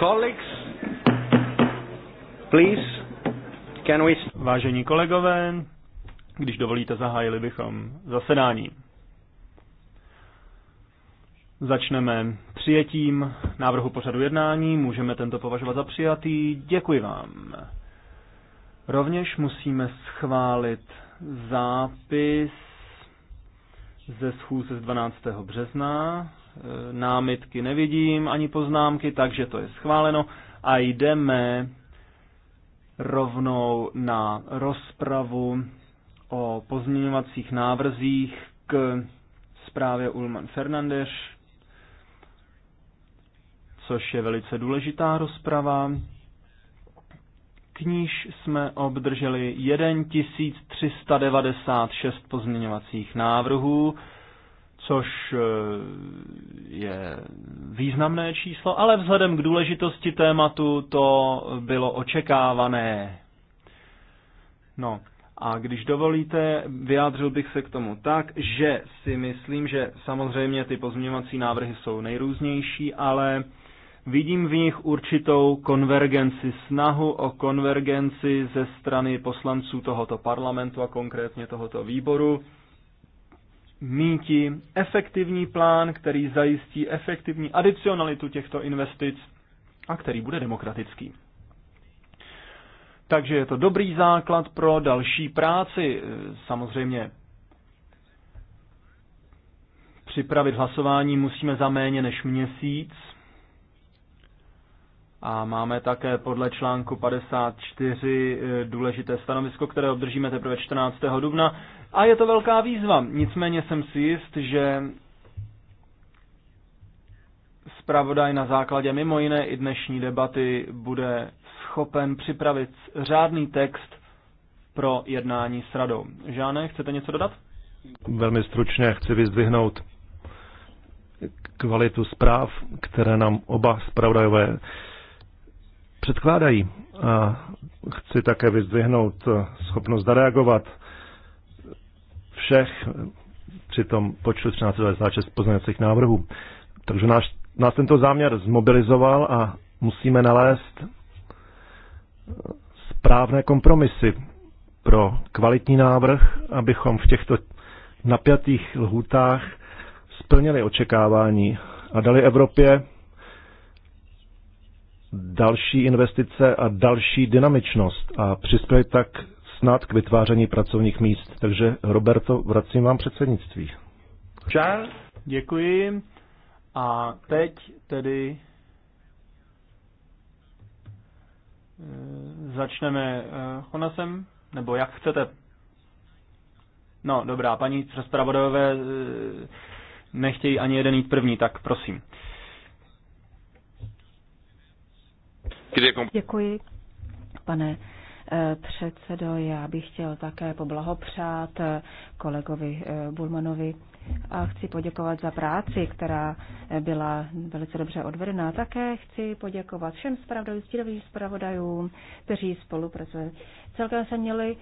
colleagues, please, can we... Vážení kolegové, když dovolíte, zahájili bychom zasedání. Začneme přijetím návrhu pořadu jednání, můžeme tento považovat za přijatý. Děkuji vám. Rovněž musíme schválit zápis ze schůze z 12. března E, námitky nevidím, ani poznámky, takže to je schváleno. A jdeme rovnou na rozpravu o pozměňovacích návrzích k zprávě Ulman Fernandes, což je velice důležitá rozprava. K níž jsme obdrželi 1396 pozměňovacích návrhů což eh, je významné číslo, ale vzhledem k důležitosti tématu to bylo očekávané. No, a když dovolíte, vyjádřil bych se k tomu tak, že si myslím, že samozřejmě ty pozměňovací návrhy jsou nejrůznější, ale vidím v nich určitou konvergenci, snahu o konvergenci ze strany poslanců tohoto parlamentu a konkrétně tohoto výboru míti efektivní plán, který zajistí efektivní adicionalitu těchto investic a který bude demokratický. Takže je to dobrý základ pro další práci. Samozřejmě připravit hlasování musíme za méně než měsíc. A máme také podle článku 54 eh, důležité stanovisko, které obdržíme teprve 14. dubna. A je to velká výzva. Nicméně jsem si jist, že zpravodaj na základě mimo jiné i dnešní debaty bude schopen připravit řádný text pro jednání s radou. Žáne, chcete něco dodat? Velmi stručně chci vyzdvihnout kvalitu zpráv, které nám oba zpravodajové předkládají. A chci také vyzdvihnout schopnost zareagovat všech při tom počtu 1396 pozměňovacích návrhů. Takže nás, nás tento záměr zmobilizoval a musíme nalézt eh, správné kompromisy pro kvalitní návrh, abychom v těchto napjatých lhůtách splnili očekávání a dali Evropě další investice a další dynamičnost a přispěli tak snad k vytváření pracovních míst. Takže Roberto, vracím vám předsednictví. Čau. Děkuji. A teď tedy eh, začneme Honasem, eh, nebo jak chcete. No, dobrá, paní zpravodajové, eh, nechtějí ani jeden jít první, tak prosím. Děkuji, pane Eh, předsedo. Já bych chtěl také poblahopřát eh, kolegovi eh, Bulmanovi a chci poděkovat za práci, která byla velice dobře odvedená. Také chci poděkovat všem zpravodajům, stílovým zpravodajům, kteří spolupracují. Celkem jsme měli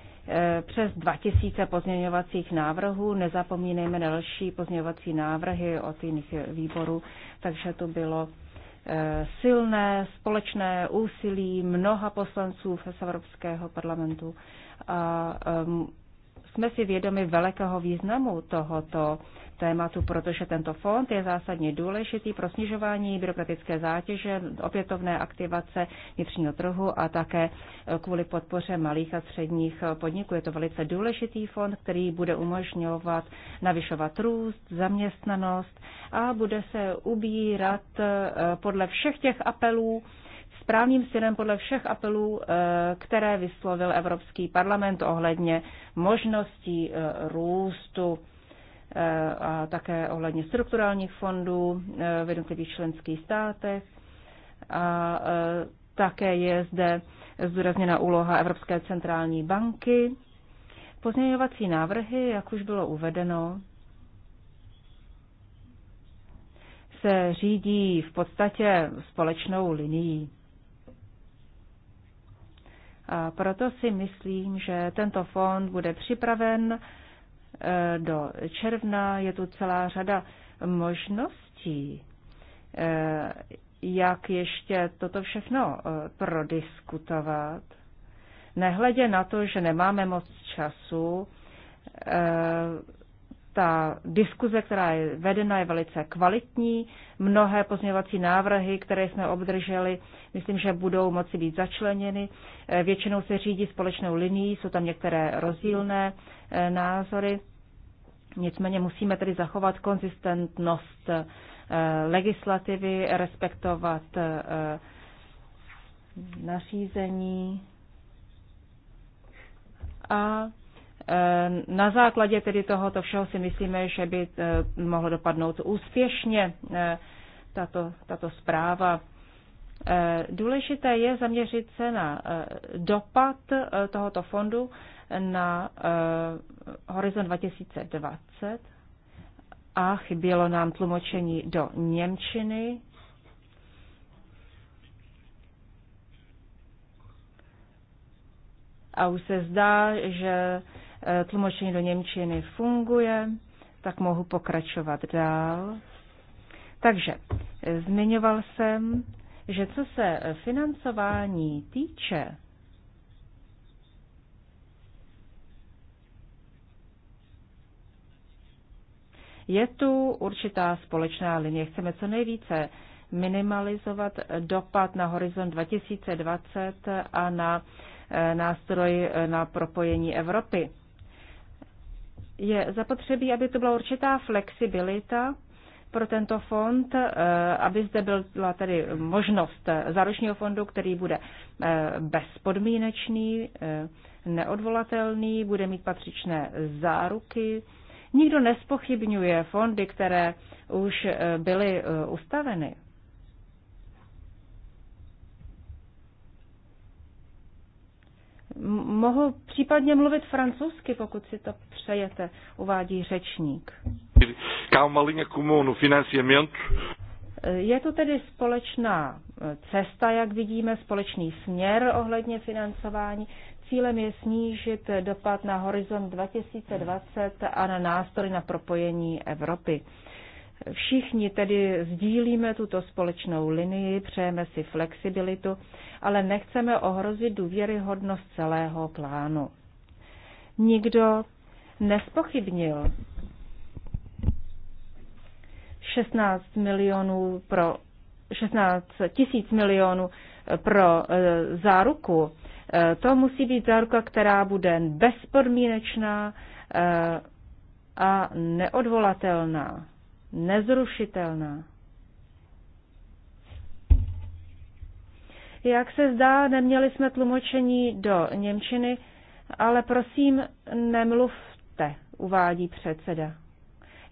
přes 2000 pozměňovacích návrhů. Nezapomínejme další pozměňovací návrhy od jiných výborů, takže to bylo silné společné úsilí mnoha poslanců z Evropského parlamentu. A, jsme si vědomi velkého významu tohoto tématu, protože tento fond je zásadně důležitý pro snižování byrokratické zátěže, opětovné aktivace vnitřního trhu a také eh, kvůli podpoře malých a středních eh, podniků. Je to velice důležitý fond, který bude umožňovat navyšovat růst, zaměstnanost a bude se ubírat eh, podle všech těch apelů, správným směrem podle všech apelů, které vyslovil Evropský parlament ohledně možností růstu Eh, a také ohledně strukturálních fondů eh, v jednotlivých členských státech. A eh, také je zde zdůrazněna úloha Evropské centrální banky. Pozměňovací návrhy, jak už bylo uvedeno, se řídí v podstatě společnou linií. A proto si myslím, že tento fond bude připraven Eh, do června. Je tu celá řada možností, eh, jak ještě toto všechno eh, prodiskutovat. Nehledě na to, že nemáme moc času, ta diskuze, která je vedena, je velice kvalitní. Mnohé pozměňovací návrhy, které jsme obdrželi, myslím, že budou moci být začleněny. Eh, většinou se řídí společnou linií, jsou tam některé rozdílné eh, názory. Nicméně musíme tedy zachovat konzistentnost eh, legislativy, respektovat nařízení a Eh, na základě tedy tohoto všeho si myslíme, že by eh, mohlo dopadnout úspěšně eh, tato, tato zpráva. Důležité je zaměřit se na dopad tohoto fondu na horizont 2020 a chybělo nám tlumočení do Němčiny. A už se zdá, že Eh, tlumočení do Němčiny funguje, tak mohu pokračovat dál. Takže eh, zmiňoval jsem, že co se eh, financování týče, je tu určitá společná linie. Chceme co nejvíce minimalizovat dopad na horizont 2020 a na nástroj na propojení Evropy je zapotřebí, aby to byla určitá flexibilita pro tento fond, eh, aby zde byla tedy možnost záručního fondu, který bude eh, bezpodmínečný, eh, neodvolatelný, bude mít patřičné záruky. Nikdo nespochybňuje fondy, které už byly ustaveny Mohu případně mluvit francouzsky, pokud si to přejete, uvádí řečník. Um no je to tedy společná eh, cesta, jak vidíme, společný směr ohledně financování. Cílem je snížit dopad na horizont 2020 a na nástroj na propojení Evropy. Všichni tedy sdílíme tuto společnou linii, přejeme si flexibilitu, ale nechceme ohrozit důvěryhodnost celého plánu. Nikdo nespochybnil 16 milionů pro 16 tisíc milionů pro e, záruku. E, to musí být záruka, která bude bezpodmínečná e, a neodvolatelná nezrušitelná. Jak se zdá, neměli jsme tlumočení do Němčiny, ale prosím, nemluvte, uvádí předseda.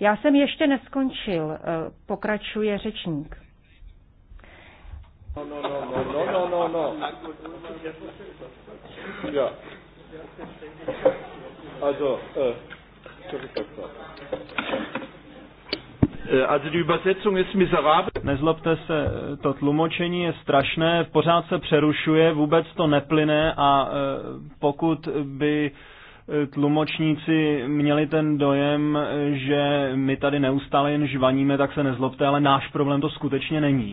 Já jsem ještě neskončil, eh, pokračuje řečník. No, no, no, no, no, no, no. no. Ja. Also, äh, Eh, also die Übersetzung ist miserabel. Nezlobte se, to tlumočení je strašné, pořád se přerušuje, vůbec to neplyne a eh, pokud by eh, tlumočníci měli ten dojem, že my tady neustále jen žvaníme, tak se nezlobte, ale náš problém to skutečně není.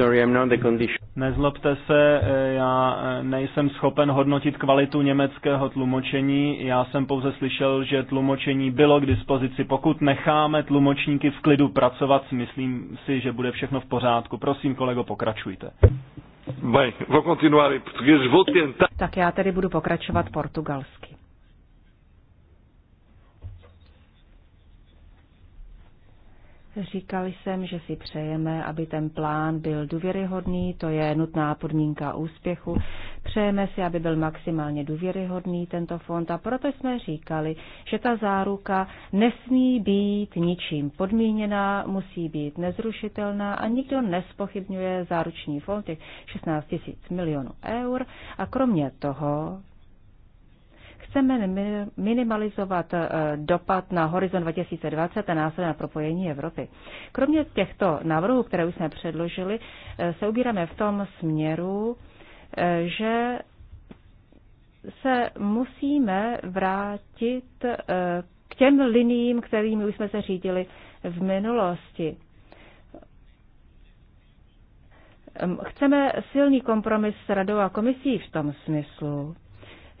sorry, I'm not the condition. Nezlobte se, eh, já eh, nejsem schopen hodnotit kvalitu německého tlumočení. Já jsem pouze slyšel, že tlumočení bylo k dispozici. Pokud necháme tlumočníky v klidu pracovat, myslím si, že bude všechno v pořádku. Prosím, kolego, pokračujte. Tak já tedy budu pokračovat portugalsky. Říkali jsem, že si přejeme, aby ten plán byl důvěryhodný, to je nutná podmínka úspěchu. Přejeme si, aby byl maximálně důvěryhodný tento fond a proto jsme říkali, že ta záruka nesmí být ničím podmíněná, musí být nezrušitelná a nikdo nespochybňuje záruční fond těch 16 000 milionů eur a kromě toho Chceme minimalizovat eh, dopad na horizont 2020 a následně na propojení Evropy. Kromě těchto návrhů, které už jsme předložili, eh, se ubíráme v tom směru, eh, že se musíme vrátit k těm liním, kterými už jsme se řídili v minulosti. Ehm, chceme silný kompromis s radou a komisí v tom smyslu,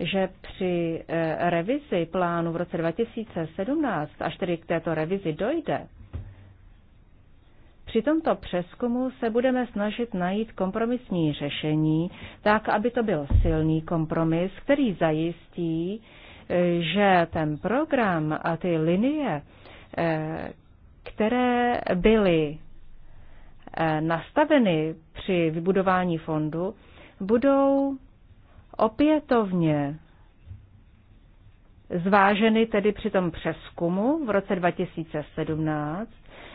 že při eh, revizi plánu v roce 2017, až tedy k této revizi dojde, při tomto přeskumu se budeme snažit najít kompromisní řešení, tak, aby to byl silný kompromis, který zajistí, eh, že ten program a ty linie, eh, které byly nastaveny při vybudování fondu, budou opětovně zváženy tedy při tom přeskumu v roce 2017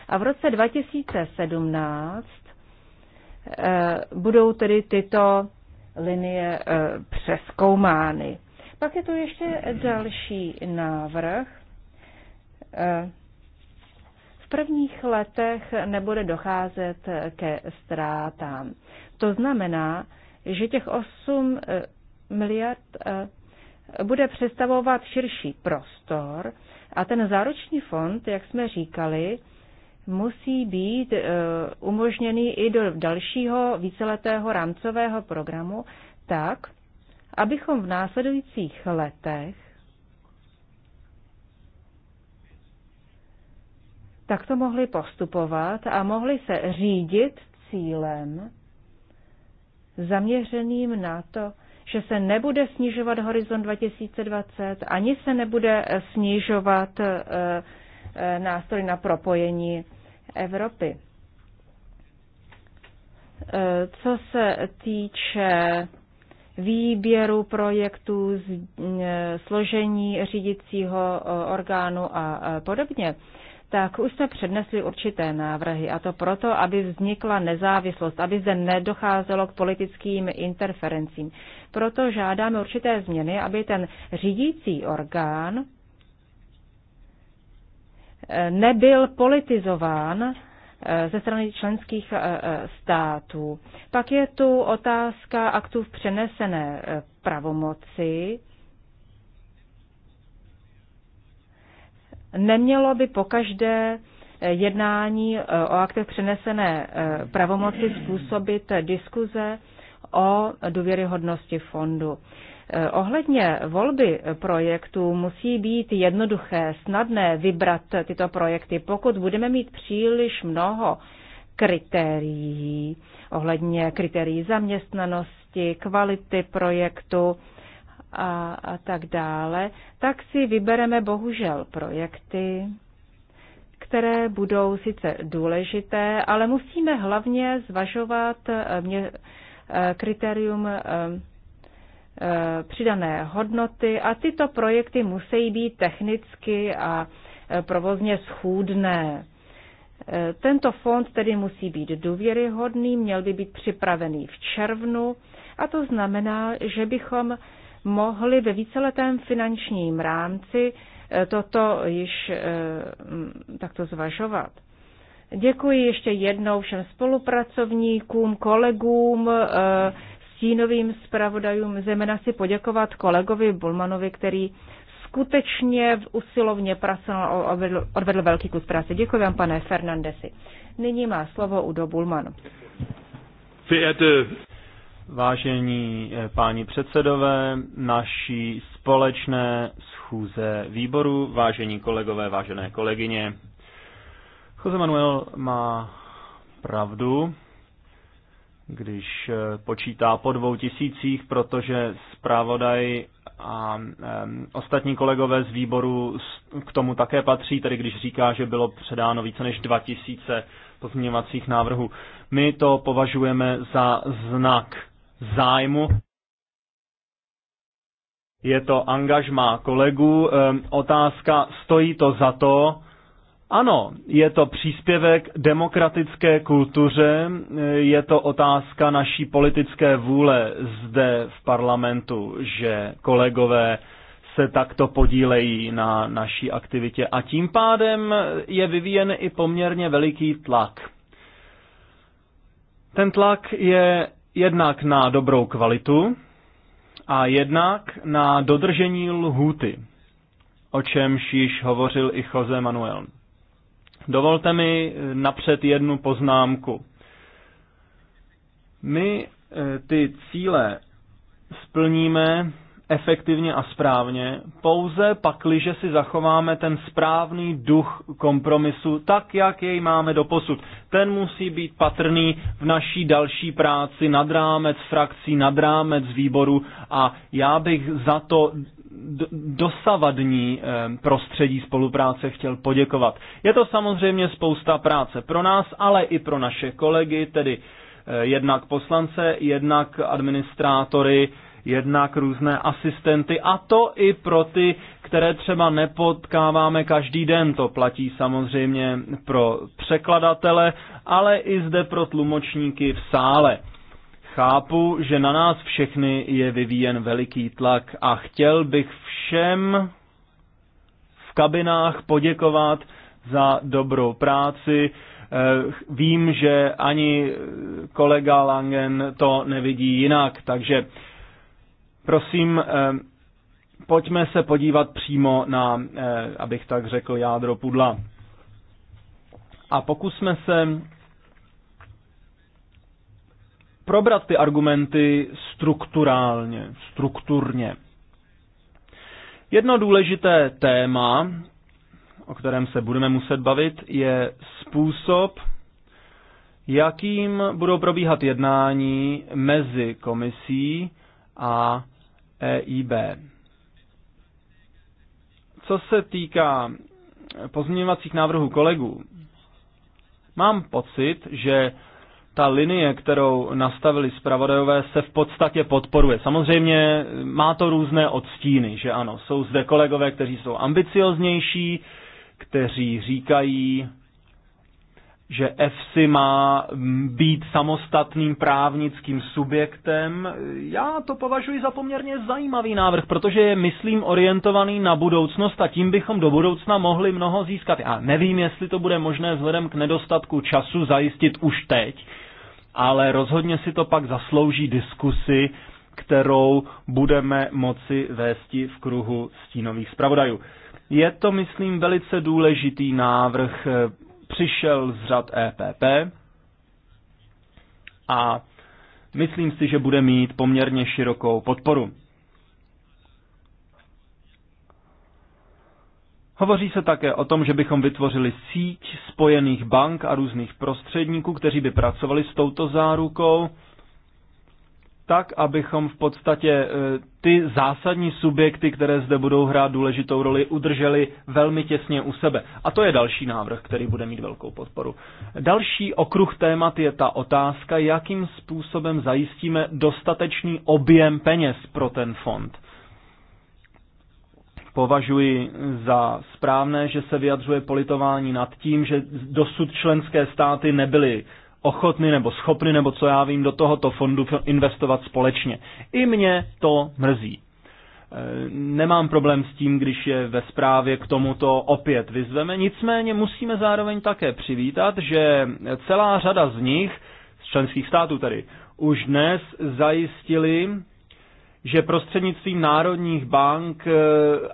a v roce 2017 eh, budou tedy tyto linie eh, přeskoumány. Pak je tu ještě další návrh. Eh, v prvních letech nebude docházet ke ztrátám. To znamená, že těch 8 miliard eh, bude představovat širší prostor a ten záruční fond, jak jsme říkali, musí být eh, umožněný i do dalšího víceletého rámcového programu tak, abychom v následujících letech takto mohli postupovat a mohli se řídit cílem zaměřeným na to, že se nebude snižovat horizont 2020, ani se nebude eh, snižovat eh, eh, nástroj na propojení Evropy. Co se týče výběru projektů, složení řídicího orgánu a podobně, tak už jsme přednesli určité návrhy a to proto, aby vznikla nezávislost, aby zde nedocházelo k politickým interferencím. Proto žádáme určité změny, aby ten řídící orgán eh, nebyl politizován eh, ze strany členských eh, států. Pak je tu otázka aktů v přenesené pravomoci. Nemělo by po každé eh, jednání eh, o aktech přenesené eh, pravomoci způsobit diskuze o důvěryhodnosti fondu. Ohledně volby projektů musí být jednoduché, snadné vybrat tyto projekty. Pokud budeme mít příliš mnoho kritérií, ohledně kritérií zaměstnanosti, kvality projektu, a, a tak dále, tak si vybereme bohužel projekty, které budou sice důležité, ale musíme hlavně zvažovat eh, mě, eh, kritérium eh, přidané hodnoty a tyto projekty musí být technicky a provozně schůdné. Tento fond tedy musí být důvěryhodný, měl by být připravený v červnu a to znamená, že bychom mohli ve víceletém finančním rámci eh, toto již eh, takto zvažovat. Děkuji ještě jednou všem spolupracovníkům, kolegům, eh, stínovým zpravodajům, zejména si poděkovat kolegovi Bulmanovi, který skutečně v usilovně pracoval a odvedl velký kus práce. Děkuji vám, pane Fernandesi. Nyní má slovo Udo Bulman. Verehrte Vážení eh, páni předsedové, naší společné schůze výboru, vážení kolegové, vážené kolegyně. Jose Manuel má pravdu, když eh, počítá po dvou tisících, protože zpravodaj a ostatní kolegové z výboru k tomu také patří, tedy když říká, že bylo předáno více než 2000 pozměňovacích návrhů. My to považujeme za znak zájmu. Je to angažmá kolegů. Ehm, otázka, stojí to za to? Ano, je to příspěvek demokratické kultuře, eh, je to otázka naší politické vůle zde v parlamentu, že kolegové se takto podílejí na naší aktivitě a tím pádem je vyvíjen i poměrně veliký tlak. Ten tlak je jednak na dobrou kvalitu a jednak na dodržení lhůty, o čemž již hovořil i Jose Manuel. Dovolte mi napřed jednu poznámku. My eh, ty cíle splníme efektivně a správně, pouze pakliže si zachováme ten správný duch kompromisu, tak jak jej máme do posud. Ten musí být patrný v naší další práci nad rámec frakcí, nad rámec výboru a já bych za to dosavadní eh, prostředí spolupráce chtěl poděkovat. Je to samozřejmě spousta práce pro nás, ale i pro naše kolegy, tedy eh, jednak poslance, jednak administrátory, jednak různé asistenty a to i pro ty, které třeba nepotkáváme každý den. To platí samozřejmě pro překladatele, ale i zde pro tlumočníky v sále. Chápu, že na nás všechny je vyvíjen veliký tlak a chtěl bych všem v kabinách poděkovat za dobrou práci. Eh, vím, že ani kolega Langen to nevidí jinak, takže Prosím, eh, pojďme se podívat přímo na, eh, abych tak řekl, jádro pudla. A pokusme se probrat ty argumenty strukturálně, strukturně. Jedno důležité téma, o kterém se budeme muset bavit, je způsob, jakým budou probíhat jednání mezi komisí a EIB. Co se týká pozměňovacích návrhů kolegů, mám pocit, že ta linie, kterou nastavili zpravodajové, se v podstatě podporuje. Samozřejmě má to různé odstíny, že ano. Jsou zde kolegové, kteří jsou ambicioznější, kteří říkají, že EFSI má mm, být samostatným právnickým subjektem. Já to považuji za poměrně zajímavý návrh, protože je, myslím, orientovaný na budoucnost a tím bychom do budoucna mohli mnoho získat. Já nevím, jestli to bude možné vzhledem k nedostatku času zajistit už teď, ale rozhodně si to pak zaslouží diskusy, kterou budeme moci vésti v kruhu stínových zpravodajů. Je to, myslím, velice důležitý návrh eh, přišel z řad EPP a myslím si, že bude mít poměrně širokou podporu. Hovoří se také o tom, že bychom vytvořili síť spojených bank a různých prostředníků, kteří by pracovali s touto zárukou tak, abychom v podstatě eh, ty zásadní subjekty, které zde budou hrát důležitou roli, udrželi velmi těsně u sebe. A to je další návrh, který bude mít velkou podporu. Další okruh témat je ta otázka, jakým způsobem zajistíme dostatečný objem peněz pro ten fond. Považuji za správné, že se vyjadřuje politování nad tím, že dosud členské státy nebyly ochotny nebo schopny nebo co já vím do tohoto fondu investovat společně. I mě to mrzí. E, nemám problém s tím, když je ve zprávě k tomuto opět vyzveme, nicméně musíme zároveň také přivítat, že celá řada z nich, z členských států tady, už dnes zajistili že prostřednictvím národních bank e,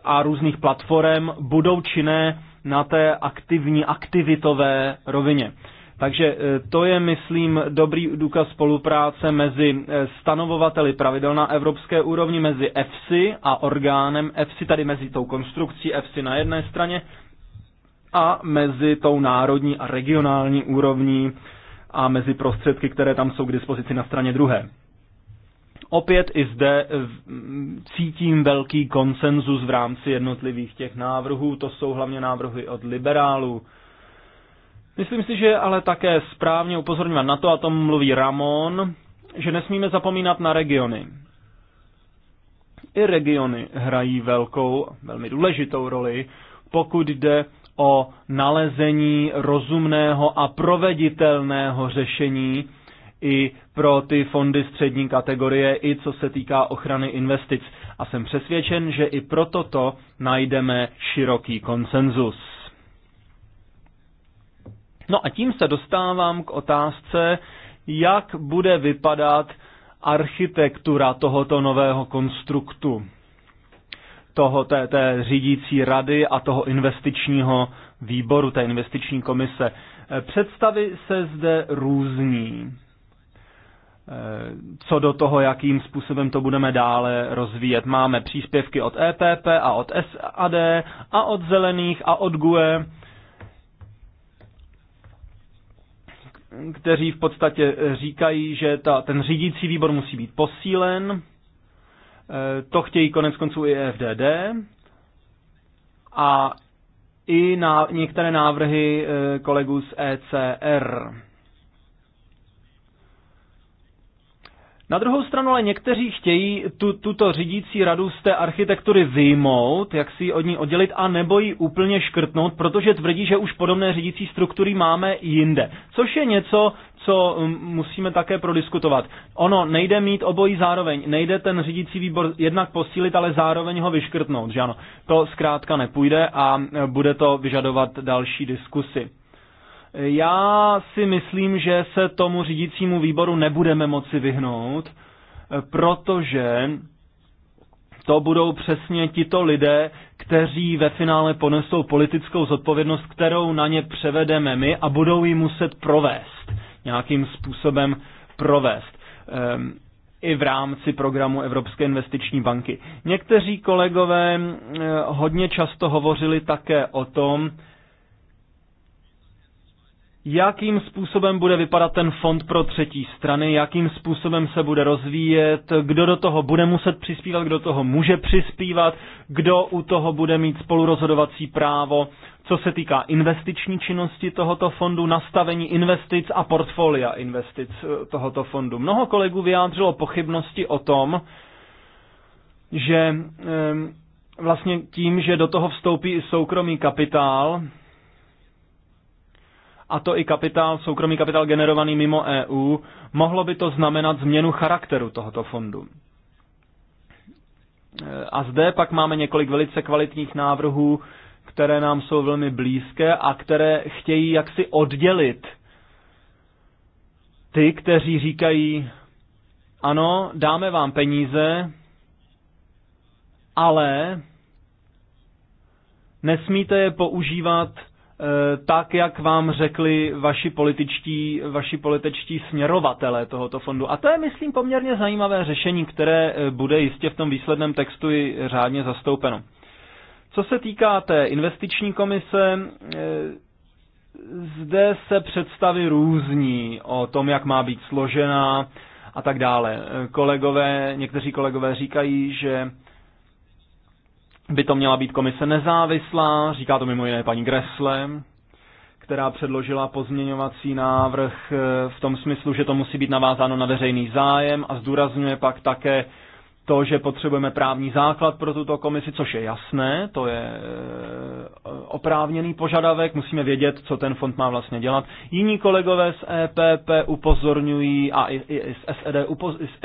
a různých platform budou činné na té aktivní, aktivitové rovině. Takže e, to je, myslím, dobrý důkaz spolupráce mezi e, stanovovateli pravidel na evropské úrovni, mezi EFSI a orgánem EFSI, tady mezi tou konstrukcí EFSI na jedné straně a mezi tou národní a regionální úrovní a mezi prostředky, které tam jsou k dispozici na straně druhé. Opět i zde e, cítím velký konsenzus v rámci jednotlivých těch návrhů, to jsou hlavně návrhy od liberálů, Myslím si, že ale také správně upozorňovat na to, a tom mluví Ramon, že nesmíme zapomínat na regiony. I regiony hrají velkou, velmi důležitou roli, pokud jde o nalezení rozumného a proveditelného řešení i pro ty fondy střední kategorie, i co se týká ochrany investic. A jsem přesvědčen, že i pro toto najdeme široký konsenzus. No a tím se dostávám k otázce, jak bude vypadat architektura tohoto nového konstruktu, toho té, té řídící rady a toho investičního výboru, té investiční komise. Eh, představy se zde různí eh, co do toho, jakým způsobem to budeme dále rozvíjet. Máme příspěvky od EPP a od SAD a od Zelených a od GUE kteří v podstatě eh, říkají, že ta, ten řídící výbor musí být posílen, eh, to chtějí konec konců i FDD a i na některé návrhy eh, kolegů z ECR. Na druhou stranu ale někteří chtějí tu, tuto řídící radu z té architektury vyjmout, jak si ji od ní oddělit a nebo ji úplně škrtnout, protože tvrdí, že už podobné řídící struktury máme i jinde. Což je něco, co mm, musíme také prodiskutovat. Ono nejde mít obojí zároveň. Nejde ten řídící výbor jednak posílit, ale zároveň ho vyškrtnout, že ano. To zkrátka nepůjde a bude to vyžadovat další diskusy. Já si myslím, že se tomu řídícímu výboru nebudeme moci vyhnout, protože to budou přesně tito lidé, kteří ve finále ponesou politickou zodpovědnost, kterou na ně převedeme my a budou ji muset provést, nějakým způsobem provést. Ehm, i v rámci programu Evropské investiční banky. Někteří kolegové eh, hodně často hovořili také o tom, jakým způsobem bude vypadat ten fond pro třetí strany, jakým způsobem se bude rozvíjet, kdo do toho bude muset přispívat, kdo do toho může přispívat, kdo u toho bude mít spolurozhodovací právo, co se týká investiční činnosti tohoto fondu, nastavení investic a portfolia investic eh, tohoto fondu. Mnoho kolegů vyjádřilo pochybnosti o tom, že eh, vlastně tím, že do toho vstoupí i soukromý kapitál, a to i kapitál, soukromý kapitál generovaný mimo EU, mohlo by to znamenat změnu charakteru tohoto fondu. E, a zde pak máme několik velice kvalitních návrhů, které nám jsou velmi blízké a které chtějí jaksi oddělit ty, kteří říkají, ano, dáme vám peníze, ale nesmíte je používat Eh, tak, jak vám řekli vaši političtí, vaši političtí směrovatele tohoto fondu. A to je, myslím, poměrně zajímavé řešení, které eh, bude jistě v tom výsledném textu i řádně zastoupeno. Co se týká té investiční komise, eh, zde se představy různí o tom, jak má být složená a tak dále. Kolegové, někteří kolegové říkají, že by to měla být komise nezávislá, říká to mimo jiné paní Gressle, která předložila pozměňovací návrh eh, v tom smyslu, že to musí být navázáno na veřejný zájem a zdůrazňuje pak také to, že potřebujeme právní základ pro tuto komisi, což je jasné, to je eh, oprávněný požadavek, musíme vědět, co ten fond má vlastně dělat. Jiní kolegové z EPP upozorňují a i, z, e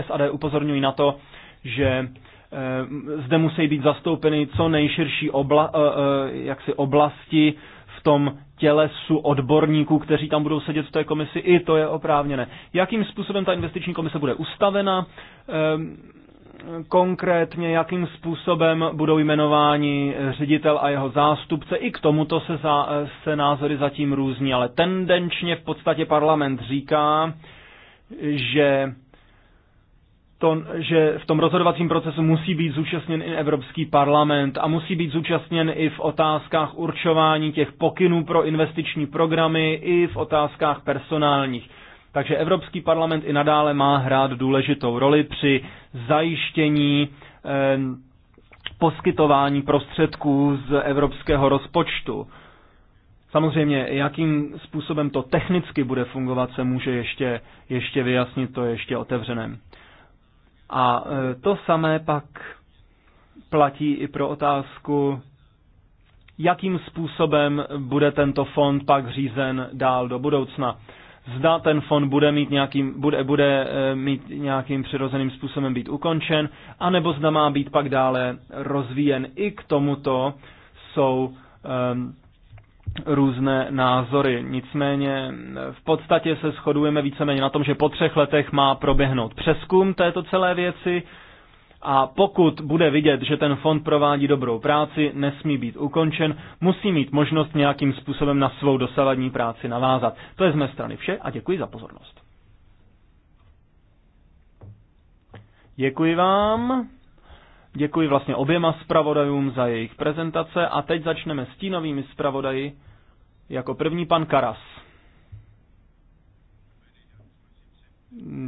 z SAD upozorňují na to, že Eh, zde musí být zastoupeny co nejširší obla, eh, eh, jaksi oblasti v tom tělesu odborníků, kteří tam budou sedět v té komisi, i to je oprávněné. Jakým způsobem ta investiční komise bude ustavena, konkrétně jakým způsobem budou jmenováni ředitel a jeho zástupce. I k tomuto se, za, se názory zatím různí, ale tendenčně v podstatě parlament říká, že to, že v tom rozhodovacím procesu musí být zúčastněn i Evropský parlament a musí být zúčastněn i v otázkách určování těch pokynů pro investiční programy, i v otázkách personálních. Takže Evropský parlament i nadále má hrát důležitou roli při zajištění eh, poskytování prostředků z evropského rozpočtu. Samozřejmě, jakým způsobem to technicky bude fungovat, se může ještě, ještě vyjasnit, to je ještě otevřené. A e, to samé pak platí i pro otázku, jakým způsobem bude tento fond pak řízen dál do budoucna. Zda ten fond bude mít nějakým, bude, bude e, mít nějakým přirozeným způsobem být ukončen, anebo zda má být pak dále rozvíjen. I k tomuto jsou um, různé názory. Nicméně v podstatě se shodujeme víceméně na tom, že po třech letech má proběhnout přeskum této celé věci a pokud bude vidět, že ten fond provádí dobrou práci, nesmí být ukončen, musí mít možnost nějakým způsobem na svou dosavadní práci navázat. To je z mé strany vše a děkuji za pozornost. Děkuji vám. Děkuji vlastně oběma zpravodajům za jejich prezentace a teď začneme s tínovými zpravodaji jako první pan Karas.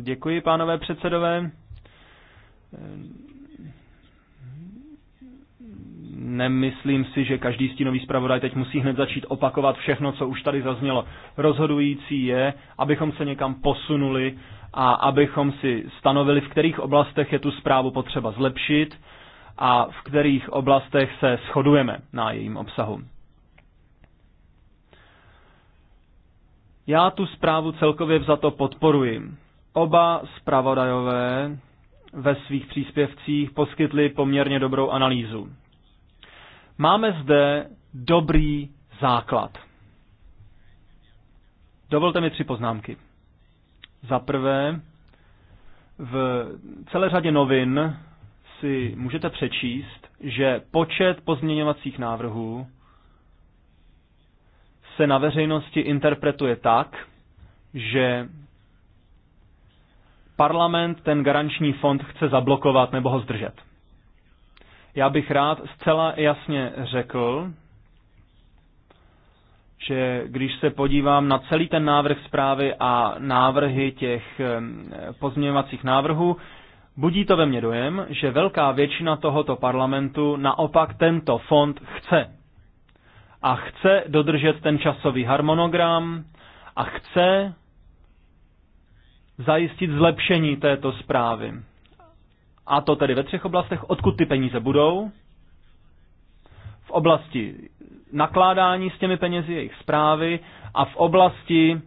Děkuji, pánové předsedové. Nemyslím si, že každý stínový zpravodaj teď musí hned začít opakovat všechno, co už tady zaznělo. Rozhodující je, abychom se někam posunuli a abychom si stanovili, v kterých oblastech je tu zprávu potřeba zlepšit a v kterých oblastech se shodujeme na jejím obsahu. Já tu zprávu celkově vzato podporuji. Oba zpravodajové ve svých příspěvcích poskytli poměrně dobrou analýzu. Máme zde dobrý základ. Dovolte mi tři poznámky. Za prvé, v celé řadě novin si můžete přečíst, že počet pozměňovacích návrhů se na veřejnosti interpretuje tak, že parlament ten garanční fond chce zablokovat nebo ho zdržet. Já bych rád zcela jasně řekl, že když se podívám na celý ten návrh zprávy a návrhy těch pozměňovacích návrhů, budí to ve mně dojem, že velká většina tohoto parlamentu naopak tento fond chce a chce dodržet ten časový harmonogram a chce zajistit zlepšení této zprávy. A to tedy ve třech oblastech, odkud ty peníze budou, v oblasti nakládání s těmi penězi, jejich zprávy a v oblasti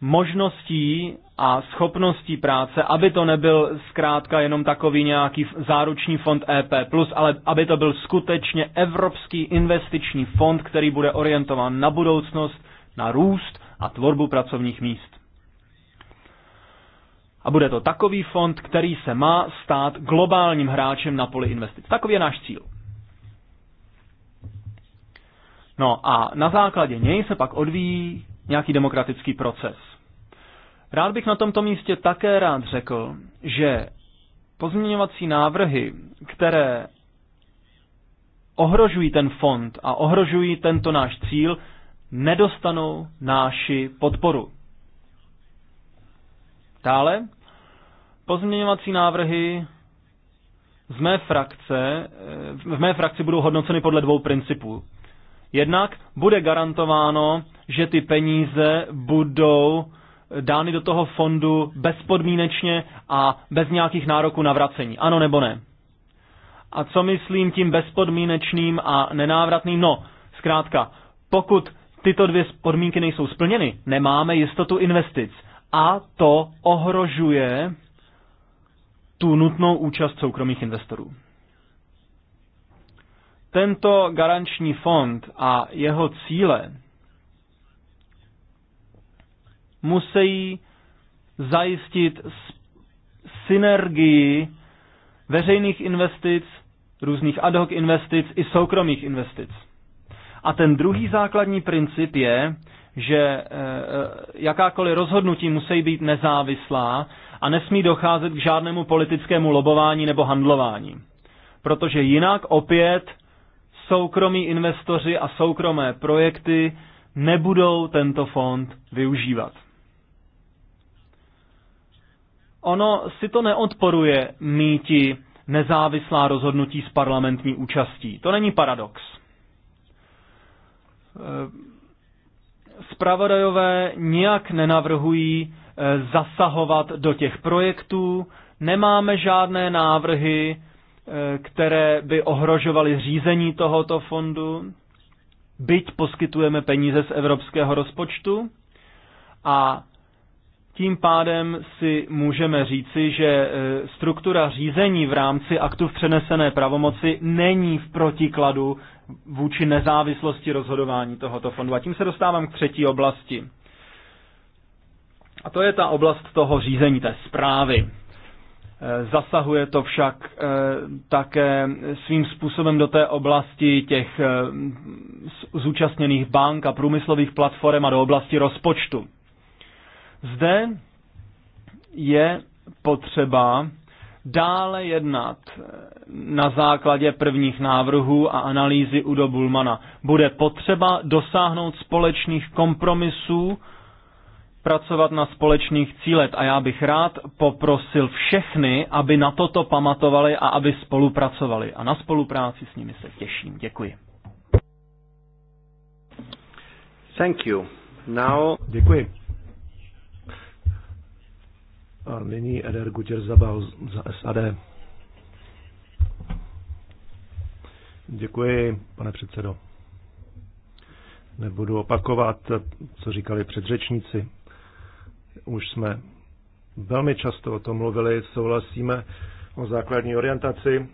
možností a schopností práce, aby to nebyl zkrátka jenom takový nějaký záruční fond EP+, ale aby to byl skutečně evropský investiční fond, který bude orientován na budoucnost, na růst a tvorbu pracovních míst. A bude to takový fond, který se má stát globálním hráčem na poli investic. Takový je náš cíl. No a na základě něj se pak odvíjí nějaký demokratický proces Rád bych na tomto místě také rád řekl, že pozměňovací návrhy, které ohrožují ten fond a ohrožují tento náš cíl, nedostanou náši podporu. Dále, pozměňovací návrhy z mé frakce, eh, v mé frakci budou hodnoceny podle dvou principů. Jednak bude garantováno, že ty peníze budou dány do toho fondu bezpodmínečně a bez nějakých nároků na vracení. Ano nebo ne? A co myslím tím bezpodmínečným a nenávratným? No, zkrátka, pokud tyto dvě podmínky nejsou splněny, nemáme jistotu investic. A to ohrožuje tu nutnou účast soukromých investorů. Tento garanční fond a jeho cíle musí zajistit synergii veřejných investic, různých ad hoc investic i soukromých investic. A ten druhý základní princip je, že eh, eh, jakákoliv rozhodnutí musí být nezávislá a nesmí docházet k žádnému politickému lobování nebo handlování. Protože jinak opět soukromí investoři a soukromé projekty nebudou tento fond využívat ono si to neodporuje míti nezávislá rozhodnutí s parlamentní účastí. To není paradox. Spravodajové eh, nijak nenavrhují eh, zasahovat do těch projektů, nemáme žádné návrhy, eh, které by ohrožovaly řízení tohoto fondu, byť poskytujeme peníze z evropského rozpočtu a tím pádem si můžeme říci, že e, struktura řízení v rámci aktu v přenesené pravomoci není v protikladu vůči nezávislosti rozhodování tohoto fondu. A tím se dostávám k třetí oblasti. A to je ta oblast toho řízení, té zprávy. E, zasahuje to však e, také svým způsobem do té oblasti těch zúčastněných bank a průmyslových platform a do oblasti rozpočtu. Zde je potřeba dále jednat eh, na základě prvních návrhů a analýzy Udo Bulmana. Bude potřeba dosáhnout společných kompromisů, pracovat na společných cílech a já bych rád poprosil všechny, aby na toto pamatovali a aby spolupracovali. A na spolupráci s nimi se těším. Děkuji. Thank you. Now... Děkuji. A nyní Eder Gutěr Zabal za SAD. Děkuji, pane předsedo. Nebudu opakovat, co říkali předřečníci. Už jsme velmi často o tom mluvili, souhlasíme o základní orientaci,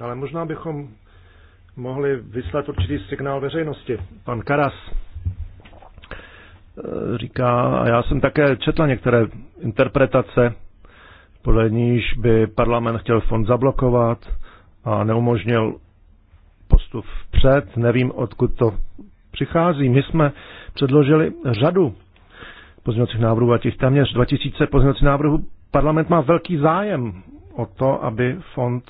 ale možná bychom mohli vyslat určitý signál veřejnosti. Pan Karas e, říká, a já jsem také četl některé interpretace, podle níž by parlament chtěl fond zablokovat a neumožnil postup vpřed. Nevím, odkud to přichází. My jsme předložili řadu pozměňovacích návrhů a těch téměř 2000 pozměňovacích návrhů. Parlament má velký zájem o to, aby fond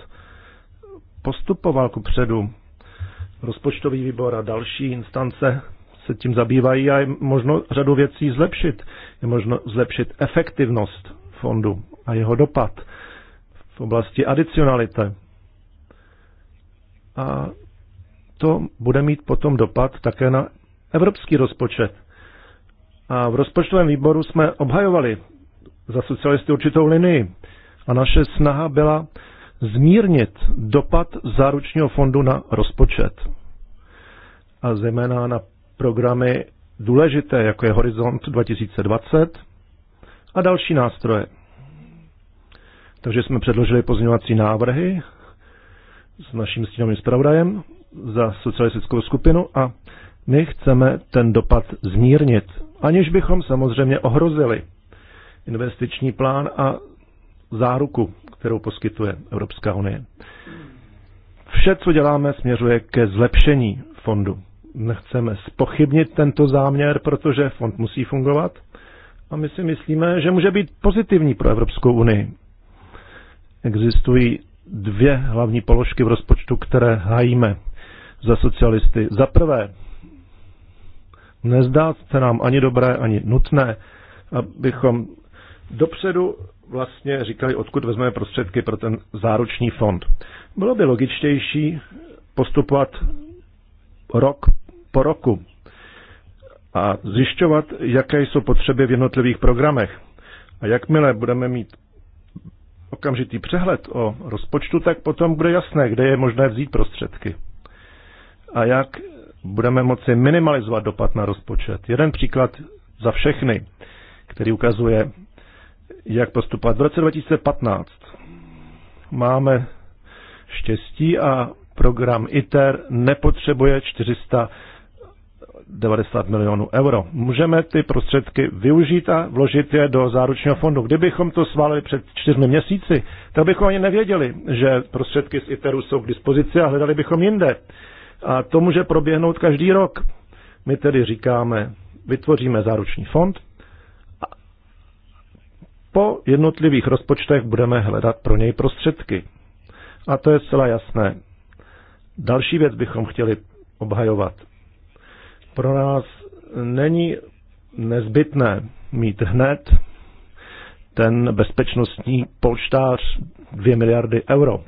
postupoval ku předu. Rozpočtový výbor a další instance se tím zabývají a je možno řadu věcí zlepšit. Je možno zlepšit efektivnost fondu a jeho dopad v oblasti adicionality. A to bude mít potom dopad také na evropský rozpočet. A v rozpočtovém výboru jsme obhajovali za socialisty určitou linii. A naše snaha byla zmírnit dopad záručního fondu na rozpočet. A zejména na programy důležité, jako je Horizont 2020 a další nástroje. Takže jsme předložili pozměňovací návrhy s naším stínovým zpravodajem za socialistickou skupinu a my chceme ten dopad zmírnit, aniž bychom samozřejmě ohrozili investiční plán a záruku, kterou poskytuje Evropská unie. Vše, co děláme, směřuje ke zlepšení fondu nechceme spochybnit tento záměr, protože fond musí fungovat a my si myslíme, že může být pozitivní pro Evropskou unii. Existují dvě hlavní položky v rozpočtu, které hájíme za socialisty. Za prvé, nezdá se nám ani dobré, ani nutné, abychom dopředu vlastně říkali, odkud vezmeme prostředky pro ten záruční fond. Bylo by logičtější postupovat rok po roku a zjišťovat, jaké jsou potřeby v jednotlivých programech. A jakmile budeme mít okamžitý přehled o rozpočtu, tak potom bude jasné, kde je možné vzít prostředky. A jak budeme moci minimalizovat dopad na rozpočet. Jeden příklad za všechny, který ukazuje, jak postupovat. V roce 2015 máme štěstí a program ITER nepotřebuje 400 90 milionů euro. Můžeme ty prostředky využít a vložit je do záručního fondu. Kdybychom to schválili před čtyřmi měsíci, tak bychom ani nevěděli, že prostředky z ITERu jsou k dispozici a hledali bychom jinde. A to může proběhnout každý rok. My tedy říkáme, vytvoříme záruční fond a po jednotlivých rozpočtech budeme hledat pro něj prostředky. A to je zcela jasné. Další věc bychom chtěli obhajovat. Pro nás není nezbytné mít hned ten bezpečnostní polštář 2 miliardy euro.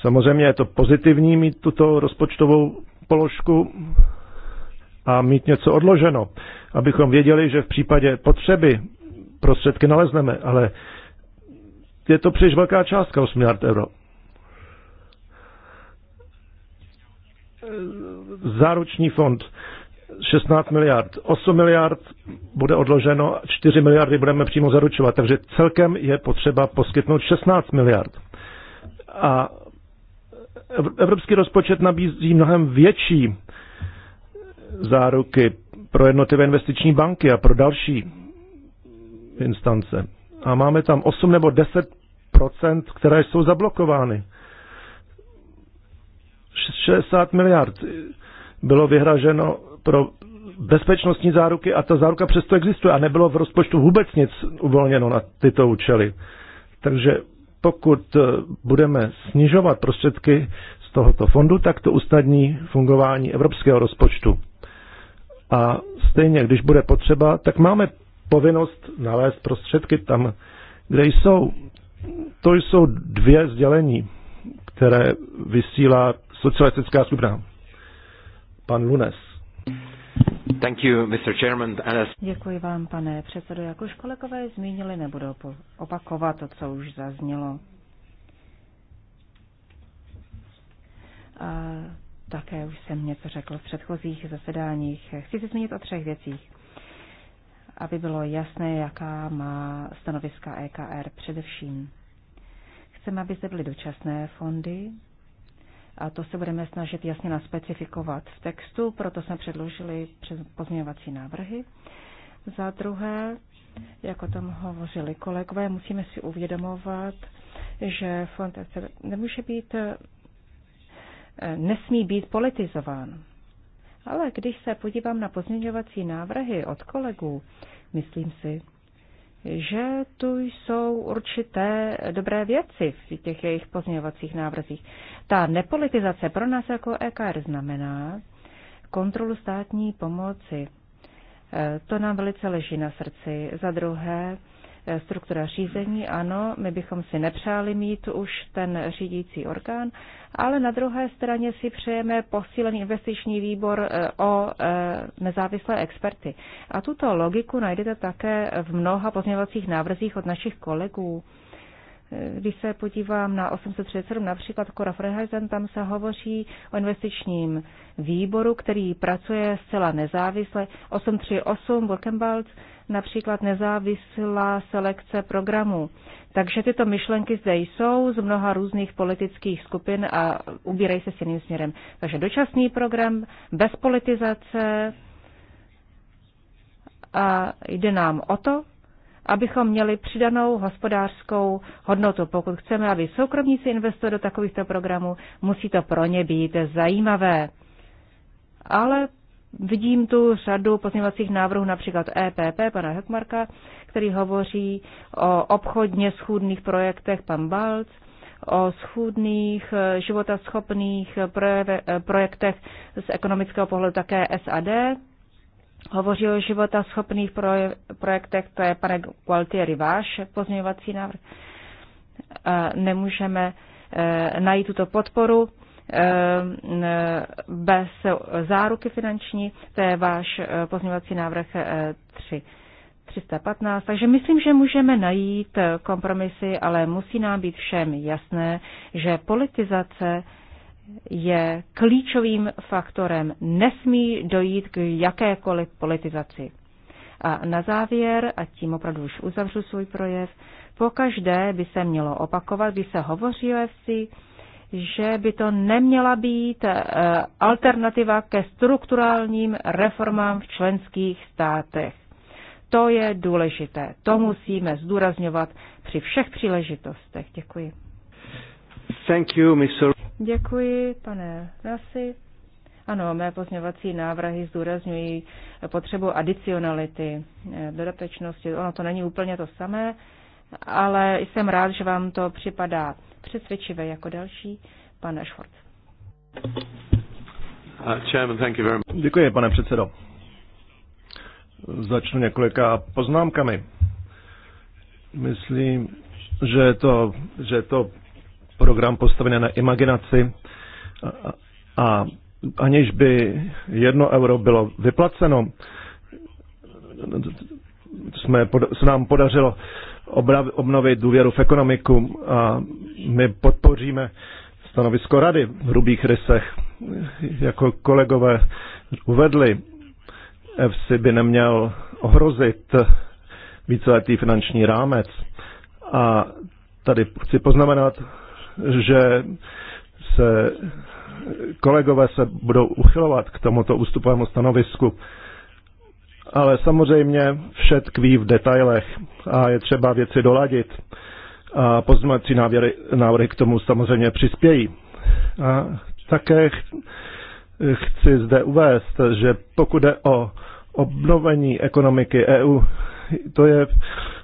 Samozřejmě je to pozitivní mít tuto rozpočtovou položku a mít něco odloženo, abychom věděli, že v případě potřeby prostředky nalezneme, ale je to příliš velká částka 8 miliard euro. záruční fond 16 miliard, 8 miliard bude odloženo, 4 miliardy budeme přímo zaručovat, takže celkem je potřeba poskytnout 16 miliard. A evropský rozpočet nabízí mnohem větší záruky pro jednotlivé investiční banky a pro další instance. A máme tam 8 nebo 10 procent, které jsou zablokovány. 60 miliard bylo vyhraženo pro bezpečnostní záruky a ta záruka přesto existuje a nebylo v rozpočtu vůbec nic uvolněno na tyto účely. Takže pokud eh, budeme snižovat prostředky z tohoto fondu, tak to usnadní fungování evropského rozpočtu. A stejně, když bude potřeba, tak máme povinnost nalézt prostředky tam, kde jsou. To jsou dvě sdělení které vysílá socialistická skupina. Pan Lunes. Thank you, Mr. Chairman. Děkuji vám, pane předsedo. Jak už kolegové zmínili, nebudu opakovat to, co už zaznělo. A také už jsem něco řekl v předchozích zasedáních. Chci se zmínit o třech věcích, aby bylo jasné, jaká má stanoviska EKR především. Chceme, aby zde byly dočasné fondy a to se budeme snažit jasně naspecifikovat v textu, proto jsme předložili pozměňovací návrhy. Za druhé, jak o tom hovořili kolegové, musíme si uvědomovat, že fond nemůže být, eh, nesmí být politizován. Ale když se podívám na pozměňovací návrhy od kolegů, myslím si, že tu jsou určité dobré věci v těch jejich pozměňovacích návrzích. Ta nepolitizace pro nás jako EKR znamená kontrolu státní pomoci. E, to nám velice leží na srdci. Za druhé, struktura řízení. Ano, my bychom si nepřáli mít už ten řídící orgán, ale na druhé straně si přejeme posílený investiční výbor eh, o eh, nezávislé experty. A tuto logiku najdete také v mnoha pozměňovacích návrzích od našich kolegů. Když se podívám na 837, například Kora Freheisen, tam se hovoří o investičním výboru, který pracuje zcela nezávisle. 838 Wolkenwald, například nezávislá selekce programů. Takže tyto myšlenky zde jsou z mnoha různých politických skupin a ubírají se s jiným směrem. Takže dočasný program, bez politizace a jde nám o to, abychom měli přidanou hospodářskou hodnotu. Pokud chceme, aby soukromníci investovali do takovýchto programů, musí to pro ně být zajímavé. Ale vidím tu řadu pozměňovacích návrhů, například EPP, pana Hekmarka, který hovoří o obchodně schůdných projektech, pan Balc, o schůdných, eh, životaschopných eh, projektech z ekonomického pohledu také SAD, hovoří o života schopných projektech, to je pane Gualtieri váš pozměňovací návrh. E, nemůžeme e, najít tuto podporu e, bez záruky finanční, to je váš pozměňovací návrh 3. 315. Takže myslím, že můžeme najít kompromisy, ale musí nám být všem jasné, že politizace je klíčovým faktorem. Nesmí dojít k jakékoliv politizaci. A na závěr, a tím opravdu už uzavřu svůj projev, pokaždé by se mělo opakovat, když se hovoří o FC, že by to neměla být eh, alternativa ke strukturálním reformám v členských státech. To je důležité. To musíme zdůrazňovat při všech příležitostech. Děkuji. Thank you, Mr. Děkuji, pane Rasi. Ano, mé pozměňovací návrhy zdůrazňují potřebu adicionality, eh, dodatečnosti. Ono to není úplně to samé, ale jsem rád, že vám to připadá přesvědčivé jako další. pane Schwartz. Uh, Děkuji, pane předsedo. Začnu několika poznámkami. Myslím, že to, že to program postavený na imaginaci a, a aniž by jedno euro bylo vyplaceno, jsme, se nám podařilo obrav, obnovit důvěru v ekonomiku a my podpoříme stanovisko rady v hrubých rysech. Jako kolegové uvedli, FC by neměl ohrozit víceletý finanční rámec. A tady chci poznamenat, že se kolegové se budou uchylovat k tomuto ústupovému stanovisku. Ale samozřejmě vše tkví v detailech a je třeba věci doladit. A pozměňovací návrhy, návrhy k tomu samozřejmě přispějí. A také chci zde uvést, že pokud jde o obnovení ekonomiky EU, to je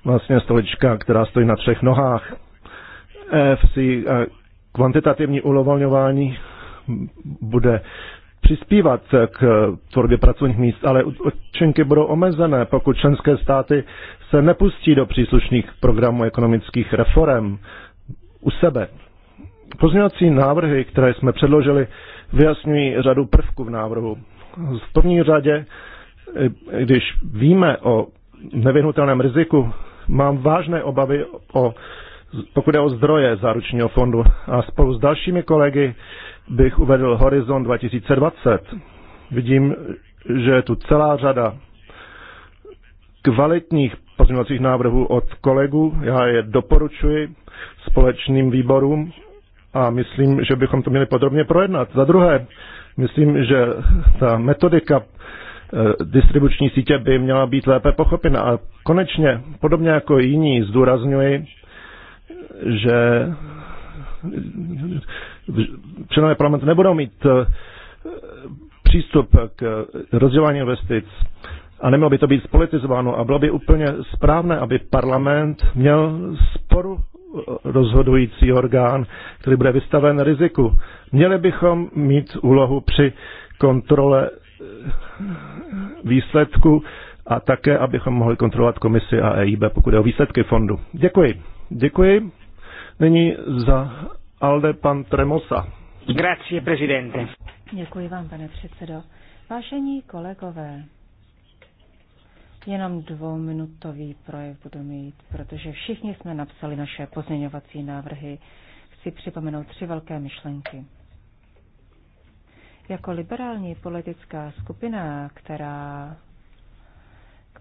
vlastně stolička, která stojí na třech nohách. EFC a eh, kvantitativní ulovolňování bude přispívat k tvorbě pracovních míst, ale účinky budou omezené, pokud členské státy se nepustí do příslušných programů ekonomických reform u sebe. Pozměňovací návrhy, které jsme předložili, vyjasňují řadu prvků v návrhu. V první řadě, eh, když víme o nevyhnutelném riziku, mám vážné obavy o pokud je o zdroje záručního fondu. A spolu s dalšími kolegy bych uvedl Horizon 2020. Vidím, že je tu celá řada kvalitních pozměňovacích návrhů od kolegů. Já je doporučuji společným výborům a myslím, že bychom to měli podrobně projednat. Za druhé, myslím, že ta metodika e, distribuční sítě by měla být lépe pochopena. A konečně, podobně jako jiní, zdůrazňuji, že členové parlamentu nebudou mít eh, přístup k rozdělování investic a nemělo by to být spolitizováno a bylo by úplně správné, aby parlament měl sporu eh, rozhodující orgán, který bude vystaven riziku. Měli bychom mít úlohu při kontrole eh, výsledku a také, abychom mohli kontrolovat komisi a EIB, pokud je o výsledky fondu. Děkuji. Děkuji. Nyní za Alde pan Tremosa. Grazie, prezidente. Děkuji vám, pane předsedo. Vážení kolegové, jenom dvouminutový projev budu mít, protože všichni jsme napsali naše pozměňovací návrhy. Chci připomenout tři velké myšlenky. Jako liberální politická skupina, která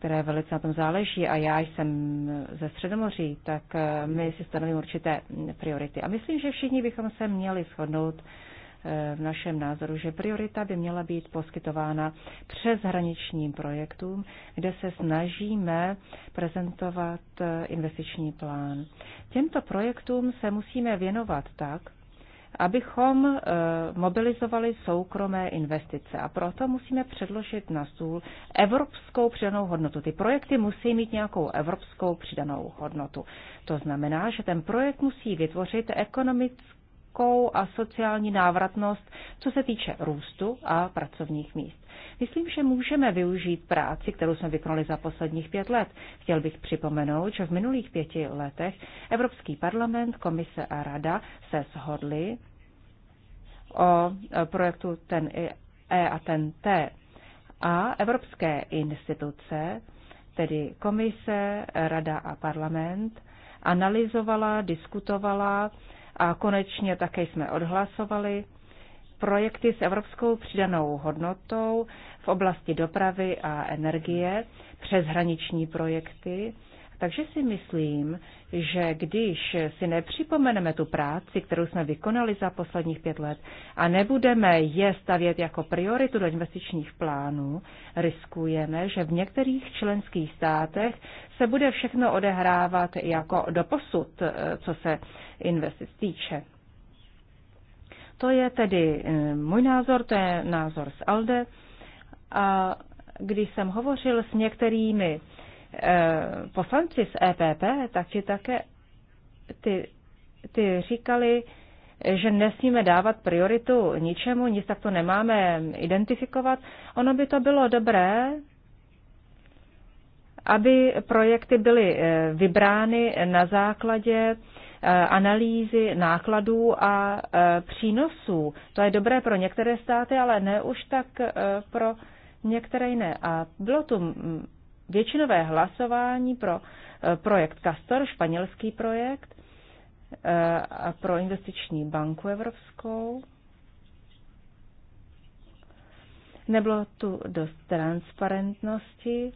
které velice na tom záleží a já jsem ze Středomoří, tak eh, my si stanovíme určité priority. A myslím, že všichni bychom se měli shodnout eh, v našem názoru, že priorita by měla být poskytována přes hraničním projektům, kde se snažíme prezentovat eh, investiční plán. Těmto projektům se musíme věnovat tak, abychom eh, mobilizovali soukromé investice. A proto musíme předložit na stůl evropskou přidanou hodnotu. Ty projekty musí mít nějakou evropskou přidanou hodnotu. To znamená, že ten projekt musí vytvořit ekonomickou a sociální návratnost, co se týče růstu a pracovních míst. Myslím, že můžeme využít práci, kterou jsme vykonali za posledních pět let. Chtěl bych připomenout, že v minulých pěti letech Evropský parlament, komise a rada se shodly o e, projektu ten E a ten T. A evropské instituce, tedy komise, rada a parlament, analyzovala, diskutovala a konečně také jsme odhlasovali projekty s evropskou přidanou hodnotou v oblasti dopravy a energie, přeshraniční projekty, takže si myslím, že když si nepřipomeneme tu práci, kterou jsme vykonali za posledních pět let a nebudeme je stavět jako prioritu do investičních plánů, riskujeme, že v některých členských státech se bude všechno odehrávat jako doposud, eh, co se investic týče. To je tedy eh, můj názor, to je názor z ALDE. A když jsem hovořil s některými Eh, poslanci z EPP, taky také ty, ty říkali, že nesmíme dávat prioritu ničemu, nic tak to nemáme identifikovat. Ono by to bylo dobré, aby projekty byly eh, vybrány na základě eh, analýzy nákladů a přínosů. To je dobré pro některé státy, ale ne už tak pro některé jiné. A bylo tu mm, většinové hlasování pro eh, projekt Castor, španělský projekt, eh, a pro investiční banku evropskou. Nebylo tu dost transparentnosti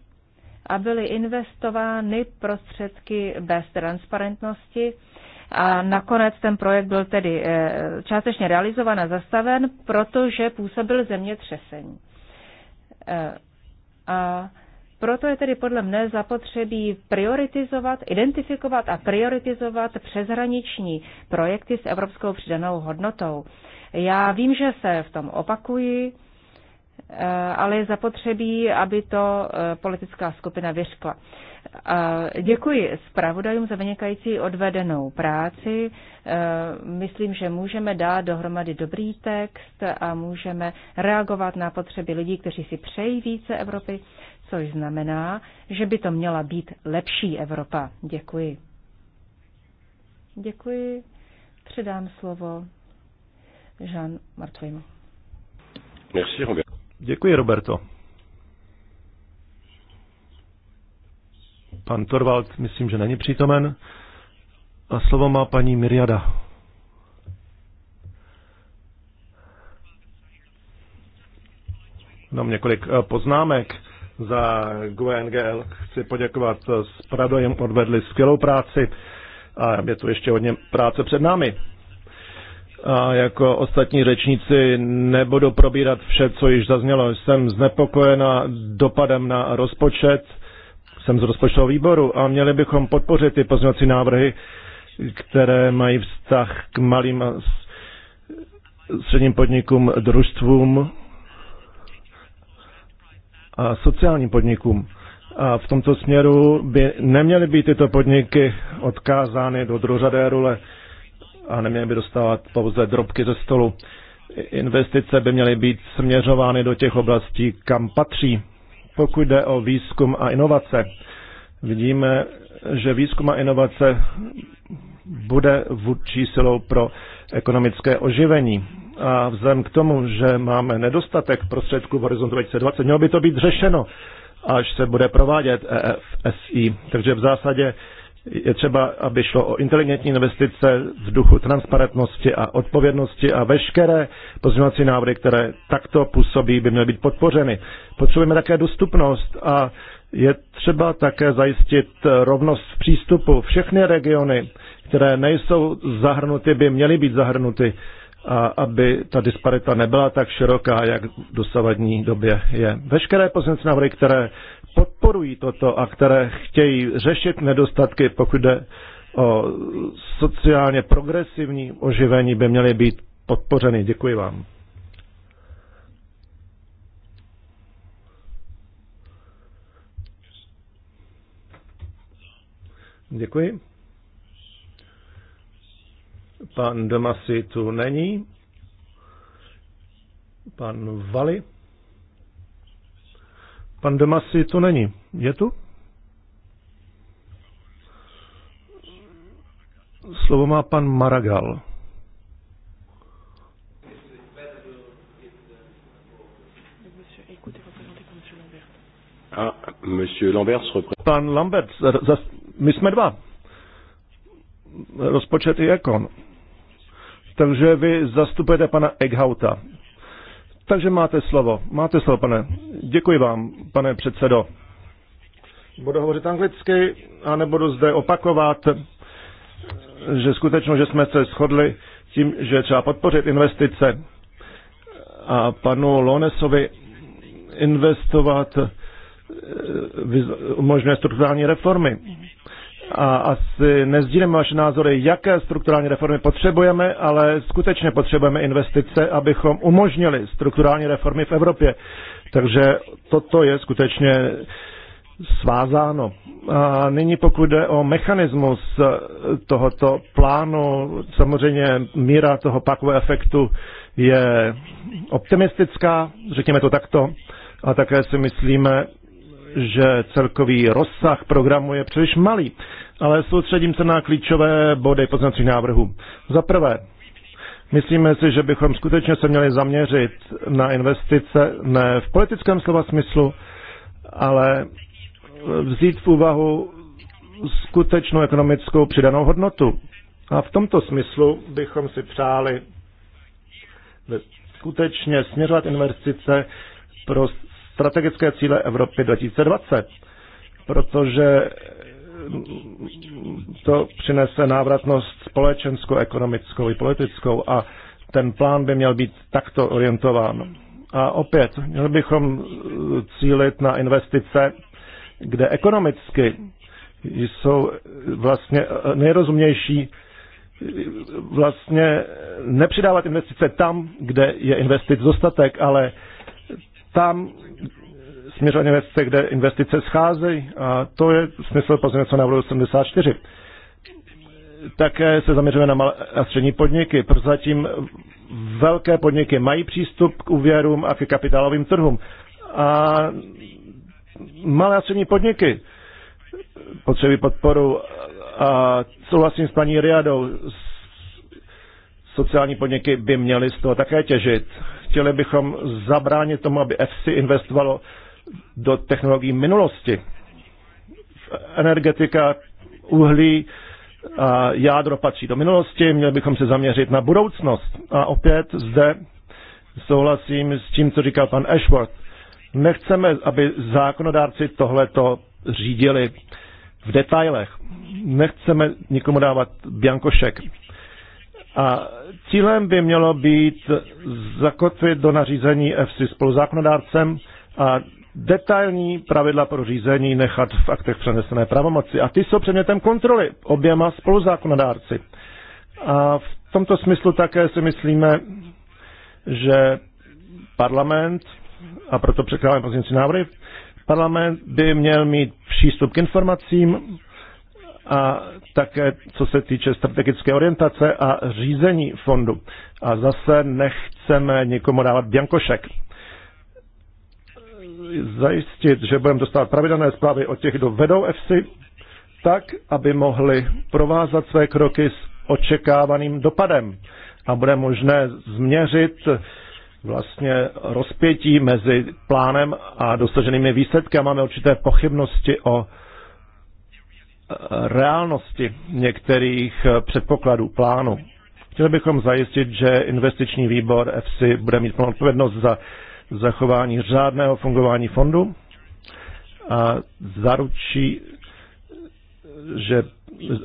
a byly investovány prostředky bez transparentnosti. A nakonec ten projekt byl tedy eh, částečně realizován a zastaven, protože působil zemětřesení. A proto je tedy podle mne zapotřebí prioritizovat, identifikovat a prioritizovat přeshraniční projekty s evropskou přidanou hodnotou. Já vím, že se v tom opakuji, eh, ale je zapotřebí, aby to eh, politická skupina vyřkla. Eh, děkuji zpravodajům za vynikající odvedenou práci. Myslím, že můžeme dát dohromady dobrý text a můžeme reagovat na potřeby lidí, kteří si přejí více Evropy což znamená, že by to měla být lepší Evropa. Děkuji. Děkuji. Předám slovo Jean Martvejmu. Merci, Robert. Děkuji, Roberto. Pan Torvald, myslím, že není přítomen. A slovo má paní Miriada. Mám několik eh, poznámek za GUNGL. Chci poděkovat s Pradojem, odvedli skvělou práci a je tu ještě hodně práce před námi. A jako ostatní řečníci nebudu probírat vše, co již zaznělo. Jsem znepokojena dopadem na rozpočet, jsem z rozpočtového výboru a měli bychom podpořit ty pozměňovací návrhy, které mají vztah k malým a středním podnikům, družstvům, sociálním podnikům. A v tomto směru by neměly být tyto podniky odkázány do druhé role a neměly by dostávat pouze drobky ze stolu. Investice by měly být směřovány do těch oblastí, kam patří. Pokud jde o výzkum a inovace, vidíme, že výzkum a inovace bude vůdčí silou pro ekonomické oživení a vzhledem k tomu, že máme nedostatek prostředků v horizontu 2020, mělo by to být řešeno, až se bude provádět EFSI. Takže v zásadě je třeba, aby šlo o inteligentní investice v duchu transparentnosti a odpovědnosti a veškeré pozměňovací návrhy, které takto působí, by měly být podpořeny. Potřebujeme také dostupnost a je třeba také zajistit rovnost v přístupu. Všechny regiony, které nejsou zahrnuty, by měly být zahrnuty a aby ta disparita nebyla tak široká, jak v dosavadní době je. Veškeré pozměnce návrhy, které podporují toto a které chtějí řešit nedostatky, pokud jde o sociálně progresivní oživení, by měly být podpořeny. Děkuji vám. Děkuji. Pan Domasi tu není. Pan Vali. Pan Domasi tu není. Je tu? Slovo má pan Maragal. Ah, pan Lambert, my jsme dva. Rozpočet je kon. Takže vy zastupujete pana Eghauta. Takže máte slovo. Máte slovo, pane. Děkuji vám, pane předsedo. Budu hovořit anglicky a nebudu zde opakovat, že skutečně, že jsme se shodli tím, že třeba podpořit investice a panu Lonesovi investovat eh, umožňuje strukturální reformy a asi nezdílíme vaše názory, jaké strukturální reformy potřebujeme, ale skutečně potřebujeme investice, abychom umožnili strukturální reformy v Evropě. Takže toto je skutečně svázáno. A nyní pokud jde o mechanismus tohoto plánu, samozřejmě míra toho pakového efektu je optimistická, řekněme to takto, a také si myslíme, že celkový rozsah programu je příliš malý, ale soustředím se na klíčové body poznacích návrhů. Za prvé, myslíme si, že bychom skutečně se měli zaměřit na investice ne v politickém slova smyslu, ale vzít v úvahu skutečnou ekonomickou přidanou hodnotu. A v tomto smyslu bychom si přáli skutečně směřovat investice pro strategické cíle Evropy 2020, protože to přinese návratnost společenskou, ekonomickou i politickou a ten plán by měl být takto orientován. A opět, měli bychom cílit na investice, kde ekonomicky jsou vlastně nejrozumější vlastně nepřidávat investice tam, kde je investic dostatek, ale tam směřovat investice, kde investice scházejí. A to je smysl pozměňovacího návrhu 74. Také se zaměřujeme na malé a střední podniky. Prozatím velké podniky mají přístup k úvěrům a ke kapitálovým trhům. A malé a střední podniky potřebují podporu a souhlasím s paní Riadou, sociální podniky by měly z toho také těžit. Chtěli bychom zabránit tomu, aby FC investovalo do technologií minulosti. Energetika, uhlí a jádro patří do minulosti, měli bychom se zaměřit na budoucnost. A opět zde souhlasím s tím, co říkal pan Ashworth. Nechceme, aby zákonodárci tohleto řídili v detailech. Nechceme nikomu dávat biankošek. A cílem by mělo být zakotvit do nařízení EFSI spoluzákonodárcem a detailní pravidla pro řízení nechat v aktech přenesené pravomoci. A ty jsou předmětem kontroly oběma spoluzákonodárci. A v tomto smyslu také si myslíme, že parlament, a proto překládáme pozměnci návrhy, parlament by měl mít přístup k informacím a také co se týče strategické orientace a řízení fondu. A zase nechceme nikomu dávat biankošek. Zajistit, že budeme dostávat pravidelné zprávy od těch, kdo vedou EFSI, tak, aby mohli provázat své kroky s očekávaným dopadem a bude možné změřit vlastně rozpětí mezi plánem a dosaženými výsledky a máme určité pochybnosti o reálnosti některých eh, předpokladů plánu. Chtěli bychom zajistit, že investiční výbor EFSI bude mít plnou odpovědnost za zachování řádného fungování fondu a zaručí, že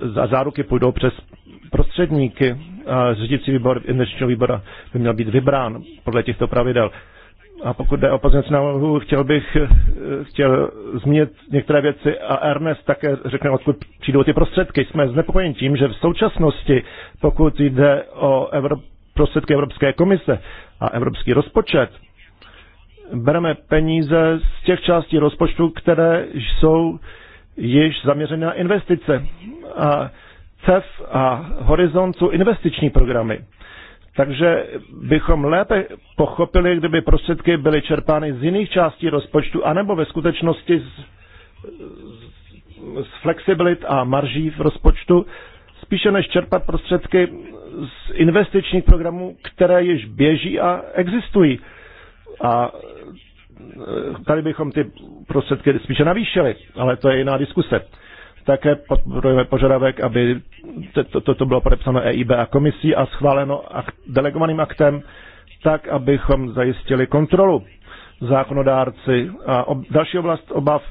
za záruky půjdou přes prostředníky a řídící výbor investičního výbora by měl být vybrán podle těchto pravidel. A pokud jde o pozměnce návrhu, chtěl bych eh, chtěl zmínit některé věci a Ernest také řekne, odkud přijdou ty prostředky. Jsme znepokojeni tím, že v současnosti, pokud jde o Evro- prostředky Evropské komise a evropský rozpočet, bereme peníze z těch částí rozpočtu, které jsou již zaměřené na investice. A CEF a Horizont jsou investiční programy. Takže bychom lépe pochopili, kdyby prostředky byly čerpány z jiných částí rozpočtu, anebo ve skutečnosti z, z, z flexibilit a marží v rozpočtu, spíše než čerpat prostředky z investičních programů, které již běží a existují. A e, tady bychom ty prostředky spíše navýšili, ale to je jiná diskuse. Také podporujeme požadavek, aby toto to, to bylo podepsáno EIB a komisí a schváleno delegovaným aktem, tak, abychom zajistili kontrolu zákonodárci. A ob, další oblast obav,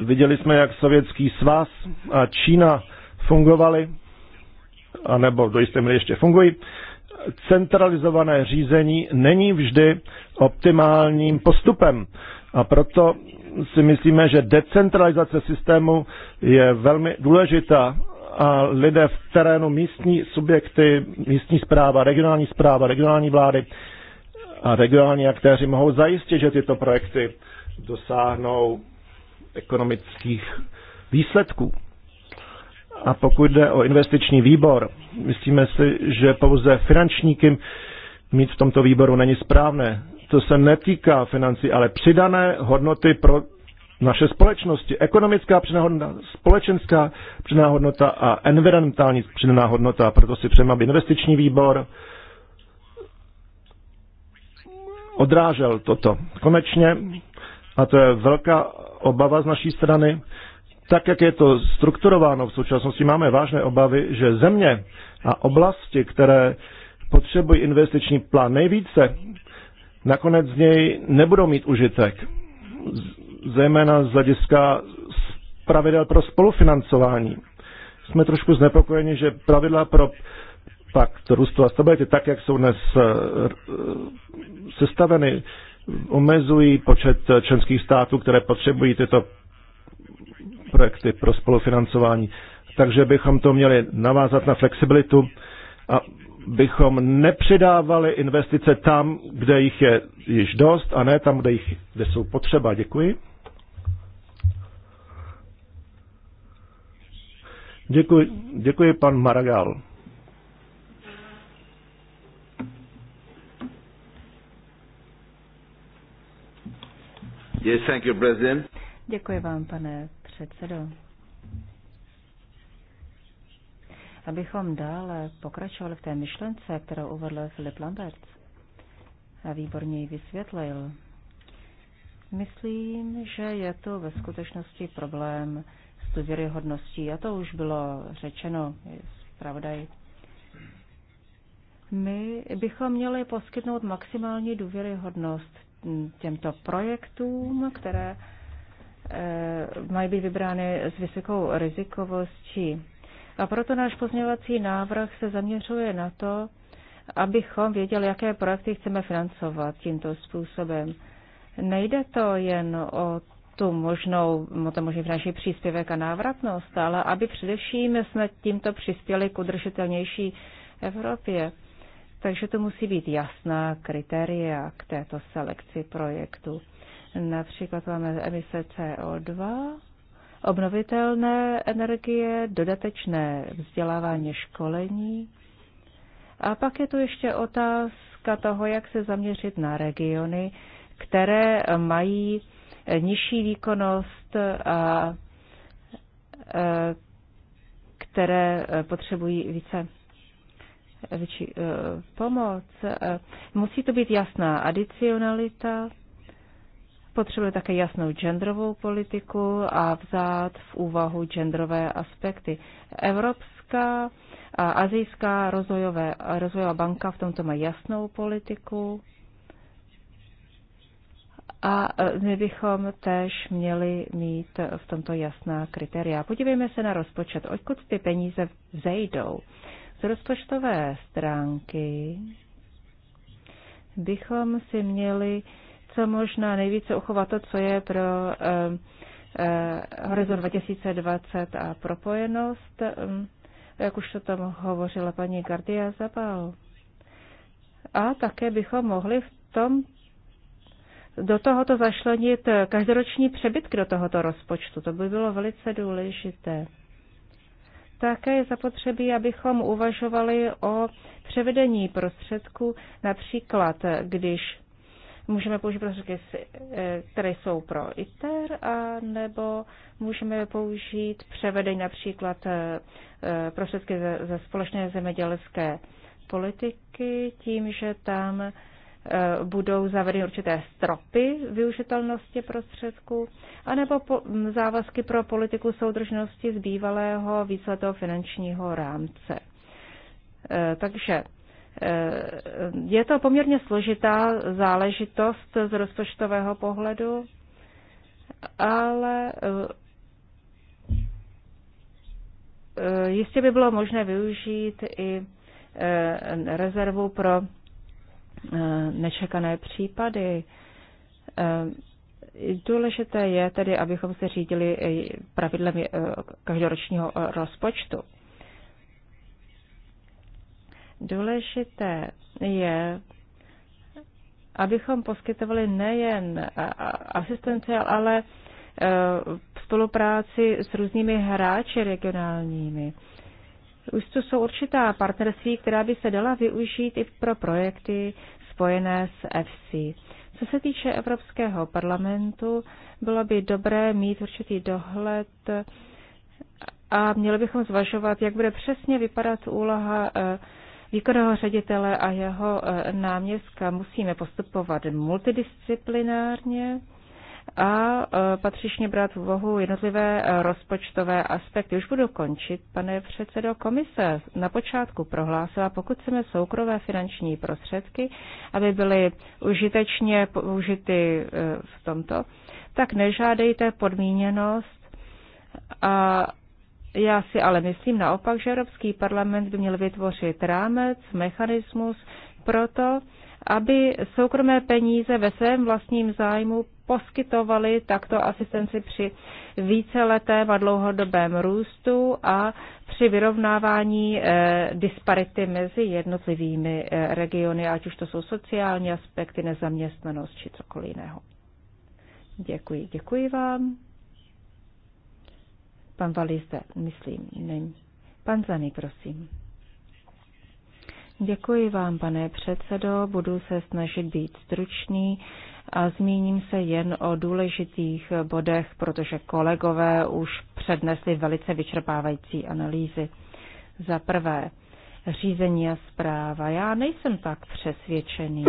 viděli jsme, jak Sovětský svaz a Čína fungovaly, anebo do jisté míry ještě fungují. Centralizované řízení není vždy optimálním postupem a proto si myslíme, že decentralizace systému je velmi důležitá a lidé v terénu, místní subjekty, místní zpráva, regionální zpráva, regionální vlády a regionální aktéři mohou zajistit, že tyto projekty dosáhnou ekonomických výsledků. A pokud jde o investiční výbor, myslíme si, že pouze finančníky mít v tomto výboru není správné to se netýká financí, ale přidané hodnoty pro naše společnosti. Ekonomická přidaná hodnota, společenská přidaná hodnota a environmentální přidaná hodnota. Proto si přejeme, aby investiční výbor odrážel toto. Konečně, a to je velká obava z naší strany, tak, jak je to strukturováno v současnosti, máme vážné obavy, že země a oblasti, které potřebují investiční plán nejvíce, nakonec z něj nebudou mít užitek, zejména z hlediska pravidel pro spolufinancování. Jsme trošku znepokojeni, že pravidla pro pakt růstu a stability, tak jak jsou dnes eh, eh, sestaveny, omezují počet členských států, které potřebují tyto projekty pro spolufinancování. Takže bychom to měli navázat na flexibilitu a bychom nepřidávali investice tam, kde jich je již dost, a ne tam, kde, jich, kde jsou potřeba. Děkuji. Děkuji, děkuji pan Maragal. Yes, thank you, President. Děkuji vám, pane předsedo. Abychom dále pokračovali v té myšlence, kterou uvedl Filip Lambert a výborně ji vysvětlil, myslím, že je to ve skutečnosti problém s důvěryhodností. A to už bylo řečeno, je zpravodaj. My bychom měli poskytnout maximální důvěryhodnost těmto projektům, které eh, mají být vybrány s vysokou rizikovostí. A proto náš pozměňovací návrh se zaměřuje na to, abychom věděli, jaké projekty chceme financovat tímto způsobem. Nejde to jen o tu možnou, to možný finanční příspěvek a návratnost, ale aby především jsme tímto přispěli k udržitelnější Evropě. Takže to musí být jasná kritéria k této selekci projektu. Například máme emise CO2 obnovitelné energie, dodatečné vzdělávání, školení. A pak je tu ještě otázka toho, jak se zaměřit na regiony, které mají nižší výkonnost a e, které potřebují více větší e, pomoc. E, musí to být jasná adicionalita Potřebuje také jasnou genderovou politiku a vzát v úvahu genderové aspekty. Evropská a Azijská rozvojové, rozvojová banka v tomto má jasnou politiku a e, my bychom též měli mít v tomto jasná kritéria. Podívejme se na rozpočet. Odkud ty peníze vzejdou? Z rozpočtové stránky bychom si měli co možná nejvíce uchovat to, co je pro eh, eh, Horizon 2020 a propojenost, eh, jak už to tam hovořila paní Gardia Zabal. A také bychom mohli v tom do tohoto zašlenit každoroční přebytky do tohoto rozpočtu. To by bylo velice důležité. Také je zapotřebí, abychom uvažovali o převedení prostředků, například když Můžeme použít prostředky, eh, které jsou pro ITER, a nebo můžeme použít převedení například eh, eh, prostředky ze, ze společné zemědělské politiky tím, že tam budou zavedeny určité stropy využitelnosti prostředků, anebo po, závazky pro politiku soudržnosti z bývalého výsledného finančního rámce. Takže Eh, je to poměrně složitá záležitost z rozpočtového pohledu, ale eh, jistě by bylo možné využít i eh, rezervu pro nečekané případy. Důležité je tedy, abychom se řídili pravidlem každoročního rozpočtu. Důležité je, abychom poskytovali nejen asistenci, ale e, spolupráci s různými hráči regionálními. Už to jsou určitá partnerství, která by se dala využít i pro projekty spojené s FC. Co se týče Evropského parlamentu, bylo by dobré mít určitý dohled a měli bychom zvažovat, jak bude přesně vypadat úloha e, výkonného ředitele a jeho e, náměstka musíme postupovat multidisciplinárně a e, patřičně brát v úvahu jednotlivé e, rozpočtové aspekty. Už budu končit, pane předsedo. Komise na počátku prohlásila, pokud chceme soukromé finanční prostředky, aby byly užitečně použity v tomto, tak nežádejte podmíněnost a já si ale myslím naopak, že Evropský parlament by měl vytvořit rámec, mechanismus pro to, aby soukromé peníze ve svém vlastním zájmu poskytovaly takto asistenci při víceletém a dlouhodobém růstu a při vyrovnávání eh, disparity mezi jednotlivými eh, regiony, ať už to jsou sociální aspekty, nezaměstnanost či cokoliv jiného. Děkuji, děkuji vám. Pan Valista, myslím, není. Pan Zany, prosím. Děkuji vám, pane předsedo. Budu se snažit být stručný a zmíním se jen o důležitých bodech, protože kolegové už přednesli velice vyčerpávající analýzy. Za prvé, řízení a zpráva. Já nejsem tak přesvědčený,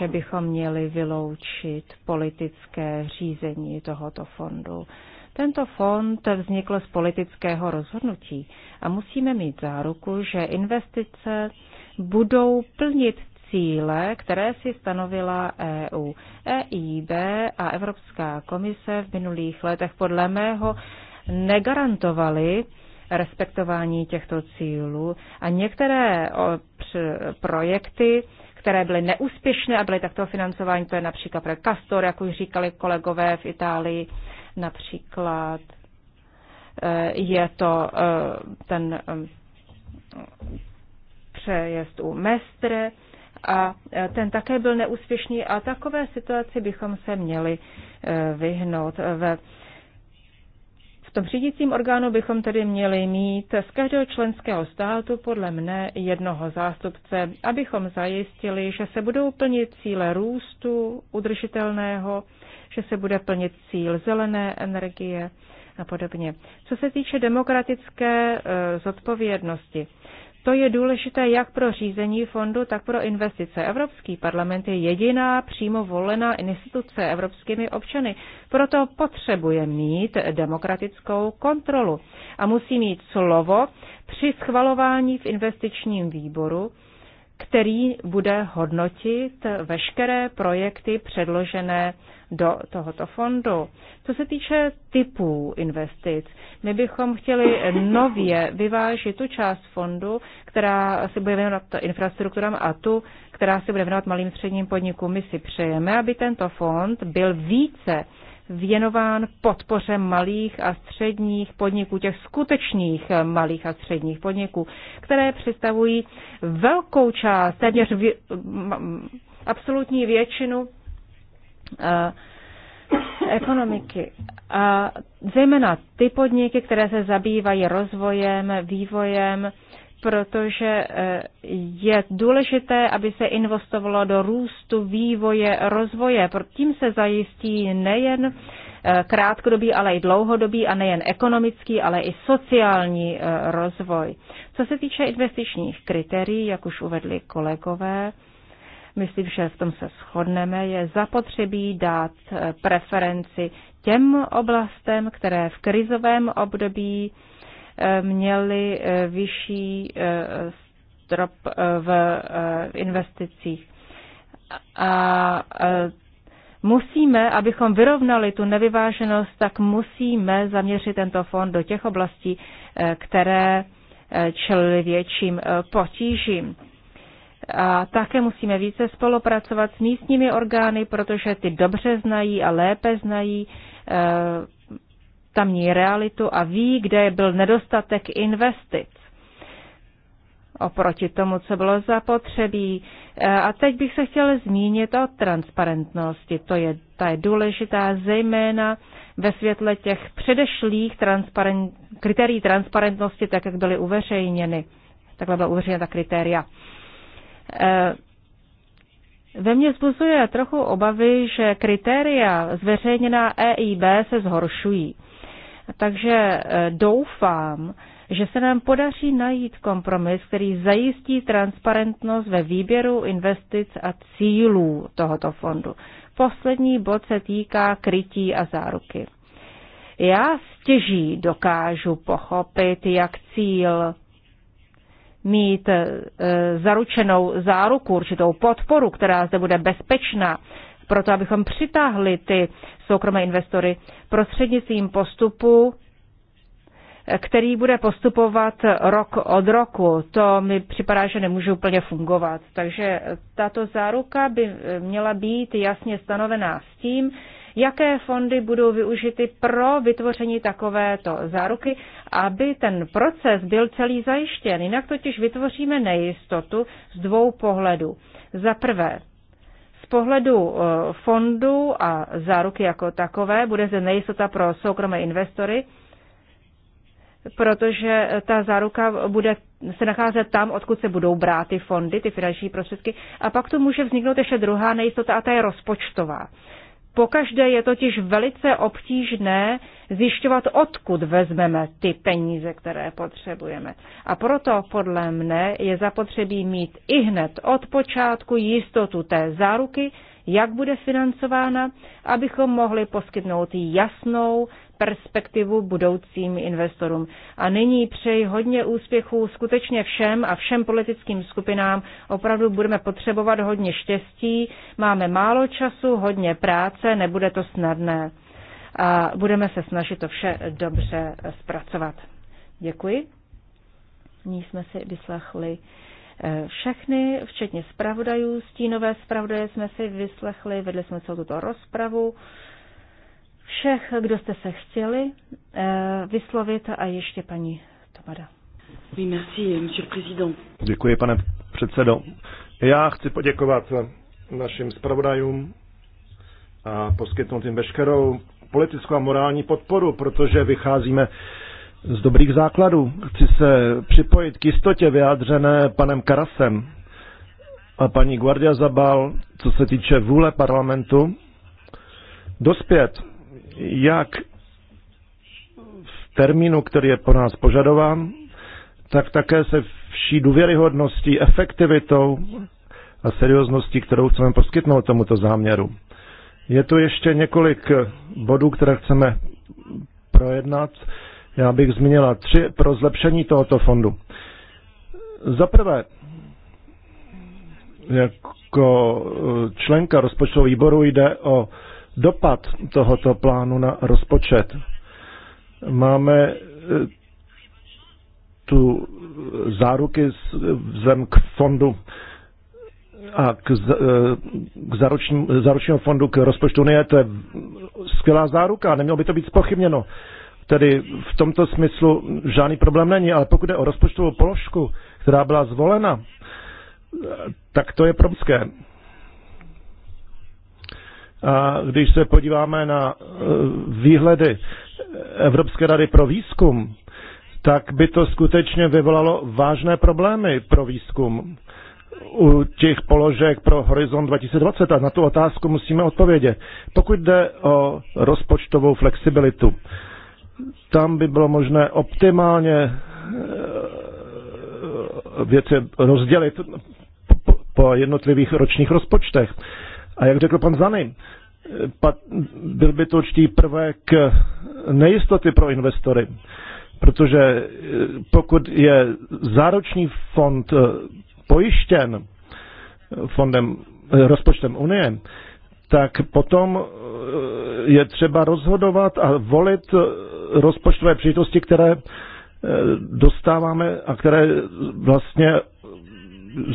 že bychom měli vyloučit politické řízení tohoto fondu. Tento fond vznikl z politického rozhodnutí a musíme mít záruku, že investice budou plnit cíle, které si stanovila EU. EIB a Evropská komise v minulých letech podle mého negarantovaly respektování těchto cílů a některé projekty, které byly neúspěšné a byly takto financovány, to je například pro Castor, jak už říkali kolegové v Itálii, Například eh, je to eh, ten eh, přejezd u Mestre a ten také byl neúspěšný a takové situaci bychom se měli vyhnout. v tom řídícím orgánu bychom tedy měli mít z každého členského státu podle mne jednoho zástupce, abychom zajistili, že se budou plnit cíle růstu udržitelného že se bude plnit cíl zelené energie a podobně. Co se týče demokratické eh, zodpovědnosti, to je důležité jak pro řízení fondu, tak pro investice. Evropský parlament je jediná přímo volená instituce evropskými občany, proto potřebuje mít demokratickou kontrolu a musí mít slovo při schvalování v investičním výboru který bude hodnotit veškeré projekty předložené do tohoto fondu. Co se týče typů investic, my bychom chtěli nově vyvážit tu část fondu, která se bude věnovat infrastrukturám a tu, která se bude věnovat malým středním podnikům. My si přejeme, aby tento fond byl více věnován podpoře malých a středních podniků, těch skutečných eh, malých a středních podniků, které představují velkou část, téměř vě, absolutní většinu eh, ekonomiky. A zejména ty podniky, které se zabývají rozvojem, vývojem, protože eh, je důležité, aby se investovalo do růstu, vývoje, rozvoje. Tím se zajistí nejen eh, krátkodobý, ale i dlouhodobý a nejen ekonomický, ale i sociální eh, rozvoj. Co se týče investičních kritérií, jak už uvedli kolegové, myslím, že v tom se shodneme, je zapotřebí dát preferenci těm oblastem, které v krizovém období měli eh, vyšší eh, strop eh, v investicích. A musíme, abychom vyrovnali tu nevyváženost, tak musíme zaměřit tento fond do těch oblastí, které čelili větším potížím. A také musíme více spolupracovat s místními orgány, protože ty dobře znají a lépe znají tamní realitu a ví, kde byl nedostatek investic oproti tomu, co bylo zapotřebí. E, a teď bych se chtěl zmínit o transparentnosti. To je, ta je důležitá zejména ve světle těch předešlých transparent, kritérií transparentnosti, tak jak byly uveřejněny. Takhle byla uveřejněna ta kritéria. E, ve mně zbuzuje trochu obavy, že kritéria zveřejněná EIB se zhoršují. Takže eh, doufám, že se nám podaří najít kompromis, který zajistí transparentnost ve výběru investic a cílů tohoto fondu. Poslední bod se týká krytí a záruky. Já stěží dokážu pochopit, jak cíl mít e, zaručenou záruku, určitou podporu, která zde bude bezpečná, proto abychom přitáhli ty soukromé investory prostřednictvím postupu, který bude postupovat rok od roku. To mi připadá, že nemůže úplně fungovat. Takže tato záruka by měla být jasně stanovená s tím, jaké fondy budou využity pro vytvoření takovéto záruky, aby ten proces byl celý zajištěn. Jinak totiž vytvoříme nejistotu z dvou pohledů. Za prvé, pohledu eh, fondů a záruky jako takové bude zde nejistota pro soukromé investory, protože ta záruka bude se nacházet tam, odkud se budou brát ty fondy, ty finanční prostředky. A pak tu může vzniknout ještě druhá nejistota a ta je rozpočtová. Pokaždé je totiž velice obtížné zjišťovat, odkud vezmeme ty peníze, které potřebujeme. A proto podle mne je zapotřebí mít i hned od počátku jistotu té záruky, jak bude financována, abychom mohli poskytnout jasnou, perspektivu budoucím investorům. A nyní přeji hodně úspěchů skutečně všem a všem politickým skupinám. Opravdu budeme potřebovat hodně štěstí, máme málo času, hodně práce, nebude to snadné. A budeme se snažit to vše dobře zpracovat. Děkuji. Ní jsme si vyslechli eh, všechny, včetně zpravodajů, stínové zpravodaje jsme si vyslechli, vedli jsme celou tuto rozpravu všech, kdo jste se chtěli eh, vyslovit a ještě paní Tomada. Děkuji, pane předsedo. Já chci poděkovat našim zpravodajům a poskytnout jim veškerou politickou a morální podporu, protože vycházíme z dobrých základů. Chci se připojit k jistotě vyjádřené panem Karasem a paní Guardia Zabal, co se týče vůle parlamentu, dospět jak v termínu, který je po nás požadován, tak také se vší důvěryhodností, efektivitou a seriózností, kterou chceme poskytnout tomuto záměru. Je tu ještě několik bodů, které chceme projednat. Já bych zmínila tři pro zlepšení tohoto fondu. Za prvé, jako členka rozpočtového výboru jde o dopad tohoto plánu na rozpočet. Máme e, tu záruky vzem k fondu a k, e, k zaručním, zaručnímu fondu k rozpočtu Unie, to je skvělá záruka, nemělo by to být spochybněno. Tedy v tomto smyslu žádný problém není, ale pokud je o rozpočtovou položku, která byla zvolena, e, tak to je problémské. A když se podíváme na e, výhledy Evropské rady pro výzkum, tak by to skutečně vyvolalo vážné problémy pro výzkum u těch položek pro Horizon 2020 a na tu otázku musíme odpovědět. Pokud jde o rozpočtovou flexibilitu, tam by bylo možné optimálně e, věci rozdělit po jednotlivých ročních rozpočtech. A jak řekl pan Zany, pat, byl by to určitý prvek nejistoty pro investory, protože eh, pokud je zároční fond eh, pojištěn eh, fondem, rozpočtem Unie, tak potom je třeba rozhodovat a volit rozpočtové příležitosti, které dostáváme a které vlastně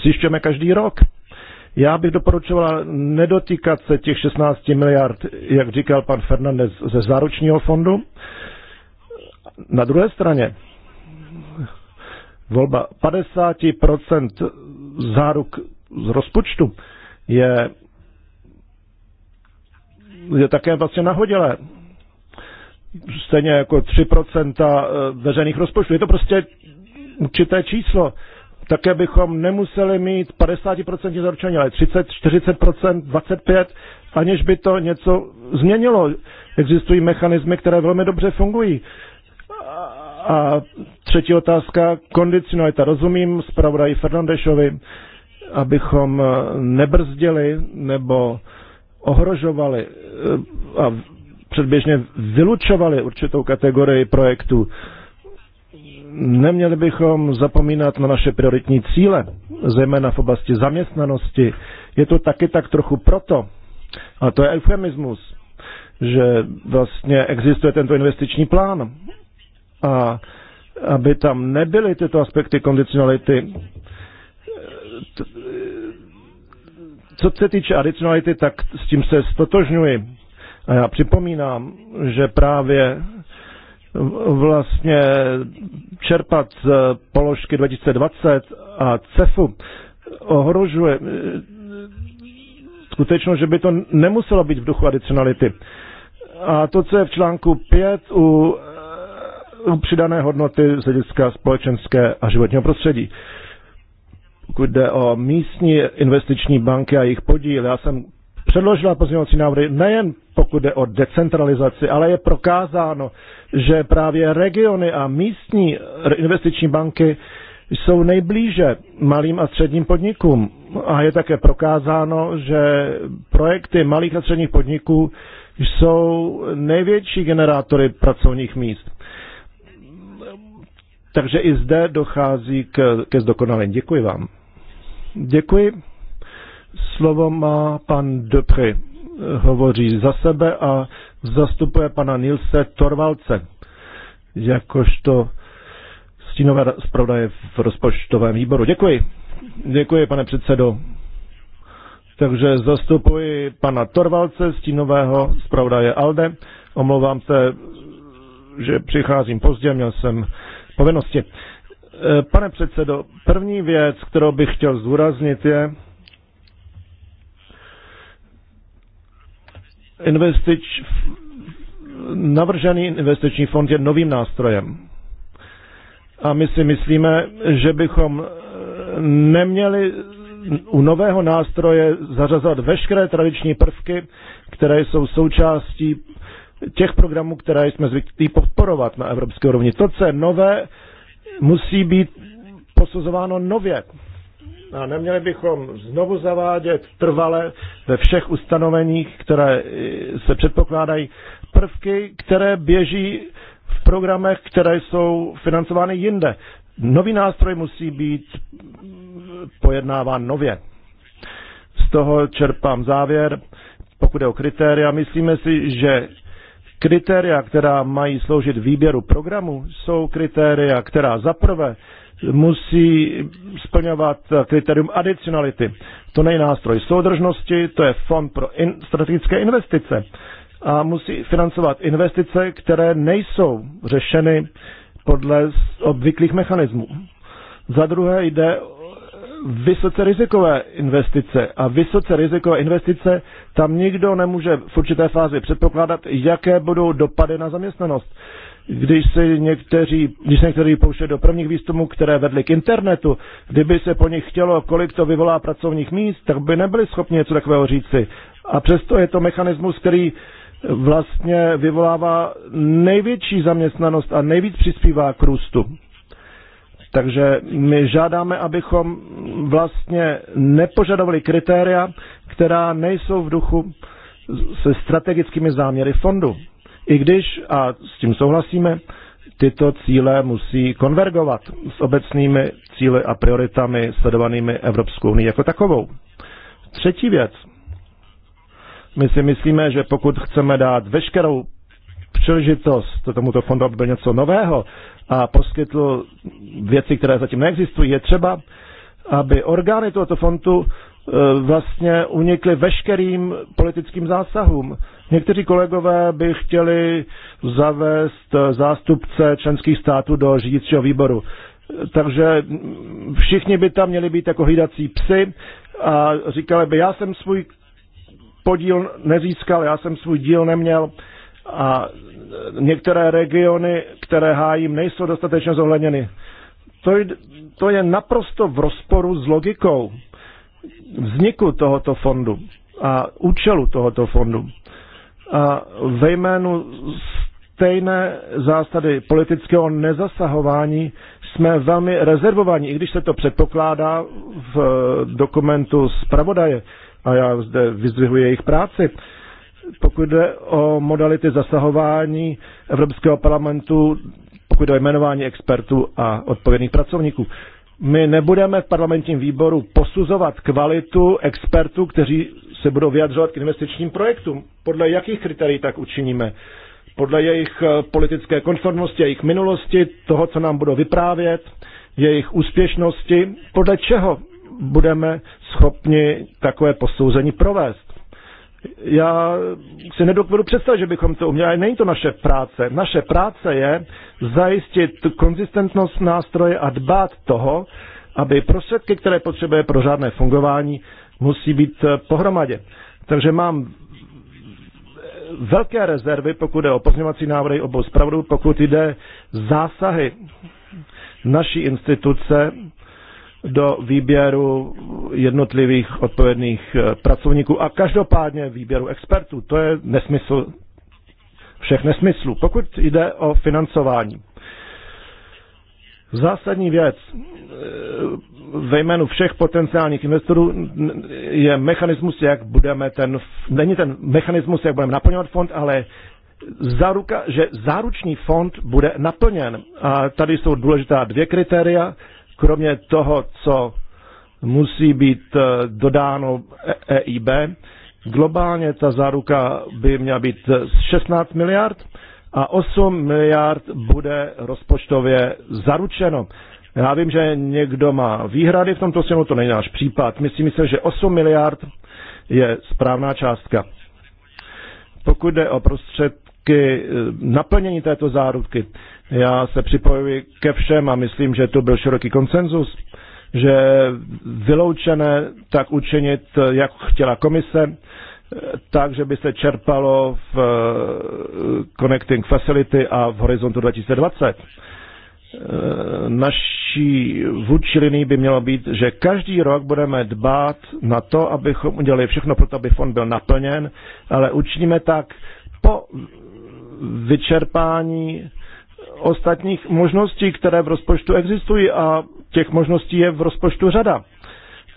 zjišťujeme každý rok. Já bych doporučovala nedotýkat se těch 16 miliard, jak říkal pan Fernandez, ze záručního fondu. Na druhé straně, volba 50% záruk z rozpočtu je, je také vlastně nahodilé. Stejně jako 3% eh, veřejných rozpočtů. Je to prostě určité číslo také bychom nemuseli mít 50% zaručení, ale 30, 40%, 25%, aniž by to něco změnilo. Existují mechanismy, které velmi dobře fungují. A třetí otázka, kondicionalita. Rozumím zpravodaji Fernandešovi, abychom nebrzdili nebo ohrožovali eh, a předběžně vylučovali určitou kategorii projektů neměli bychom zapomínat na naše prioritní cíle, zejména v oblasti zaměstnanosti. Je to taky tak trochu proto, a to je eufemismus, že vlastně existuje tento investiční plán. A aby tam nebyly tyto aspekty kondicionality, co se týče adicionality, tak s tím se stotožňuji. A já připomínám, že právě vlastně čerpat z položky 2020 a CEFu ohrožuje eh, skutečnost, že by to nemuselo být v duchu adicionality. A to, co je v článku 5 u, eh, u přidané hodnoty z hlediska společenské a životního prostředí. Pokud jde o místní investiční banky a jejich podíl, já jsem předložila pozměňovací návrhy nejen pokud jde o decentralizaci, ale je prokázáno, že právě regiony a místní investiční banky jsou nejblíže malým a středním podnikům. A je také prokázáno, že projekty malých a středních podniků jsou největší generátory pracovních míst. Takže i zde dochází ke, ke zdokonalení. Děkuji vám. Děkuji. Slovo má pan Dopry. Eh, hovoří za sebe a zastupuje pana Nilse Torvalce, jakožto stínové zpravodaje v rozpočtovém výboru. Děkuji. Děkuji, pane předsedo. Takže zastupuji pana Torvalce, stínového zpravodaje Alde. Omlouvám se, že přicházím pozdě, měl jsem povinnosti. Eh, pane předsedo, první věc, kterou bych chtěl zdůraznit, je, investič, navržený investiční fond je novým nástrojem. A my si myslíme, že bychom eh, neměli u nového nástroje zařazovat veškeré tradiční prvky, které jsou součástí těch programů, které jsme zvyklí podporovat na evropské úrovni. To, co je nové, musí být posuzováno nově a neměli bychom znovu zavádět trvale ve všech ustanoveních, které eh, se předpokládají, prvky, které běží v programech, které jsou financovány jinde. Nový nástroj musí být pojednáván nově. Z toho čerpám závěr. Pokud je o kritéria, myslíme si, že kritéria, která mají sloužit výběru programu, jsou kritéria, která zaprvé musí splňovat kritérium adicionality. To není nástroj soudržnosti, to je fond pro in, strategické investice a musí financovat investice, které nejsou řešeny podle obvyklých mechanismů. Za druhé jde vysoce rizikové investice a vysoce rizikové investice tam nikdo nemůže v určité fázi předpokládat, jaké budou dopady na zaměstnanost když se někteří, když se někteří pouštěli do prvních výstupů, které vedly k internetu, kdyby se po nich chtělo, kolik to vyvolá pracovních míst, tak by nebyli schopni něco takového říci. A přesto je to mechanismus, který vlastně vyvolává největší zaměstnanost a nejvíc přispívá k růstu. Takže my žádáme, abychom vlastně nepožadovali kritéria, která nejsou v duchu se strategickými záměry fondu. I když, a s tím souhlasíme, tyto cíle musí konvergovat s obecnými cíly a prioritami sledovanými Evropskou unii jako takovou. Třetí věc. My si myslíme, že pokud chceme dát veškerou příležitost tomuto fondu, aby byl něco nového a poskytl věci, které zatím neexistují, je třeba, aby orgány tohoto fondu e, vlastně unikly veškerým politickým zásahům Někteří kolegové by chtěli zavést eh, zástupce členských států do řídícího výboru. Takže všichni by tam měli být jako hlídací psy a říkali by, já jsem svůj podíl nezískal, já jsem svůj díl neměl a eh, některé regiony, které hájím, nejsou dostatečně zohledněny. To, to je naprosto v rozporu s logikou vzniku tohoto fondu a účelu tohoto fondu. A ve jménu stejné zásady politického nezasahování jsme velmi rezervovaní, i když se to předpokládá v eh, dokumentu zpravodaje. A já zde vyzvihuji jejich práci. Pokud jde o modality zasahování Evropského parlamentu, pokud jde o jmenování expertů a odpovědných pracovníků. My nebudeme v parlamentním výboru posuzovat kvalitu expertů, kteří se budou vyjadřovat k investičním projektům. Podle jakých kritérií tak učiníme? Podle jejich eh, politické konformnosti, jejich minulosti, toho, co nám budou vyprávět, jejich úspěšnosti, podle čeho budeme schopni takové posouzení provést. Já si nedovedu představit, že bychom to uměli. Není to naše práce. Naše práce je zajistit konzistentnost nástroje a dbát toho, aby prostředky, které potřebuje pro řádné fungování, musí být eh, pohromadě. Takže mám velké rezervy, pokud jde o pozměňovací návrhy obou zpravodů, pokud jde zásahy naší instituce do výběru jednotlivých odpovědných eh, pracovníků a každopádně výběru expertů. To je nesmysl všech nesmyslů. Pokud jde o financování, Zásadní věc e, ve jménu všech potenciálních investorů je mechanismus, jak budeme ten, není ten mechanismus, jak budeme naplňovat fond, ale záruka, že záruční fond bude naplněn. A tady jsou důležitá dvě kritéria, kromě toho, co musí být e, dodáno EIB. E Globálně ta záruka by měla být 16 miliard a 8 miliard bude rozpočtově zaručeno. Já vím, že někdo má výhrady v tomto směru, to není náš případ. Myslím si, že 8 miliard je správná částka. Pokud jde o prostředky eh, naplnění této záruky, já se připojuji ke všem a myslím, že to byl široký konsenzus, že vyloučené tak učinit, eh, jak chtěla komise, tak, že by se čerpalo v eh, Connecting Facility a v horizontu 2020. Eh, naší vůči linii by mělo být, že každý rok budeme dbát na to, abychom udělali všechno pro to, aby fond byl naplněn, ale učiníme tak po vyčerpání ostatních možností, které v rozpočtu existují a těch možností je v rozpočtu řada.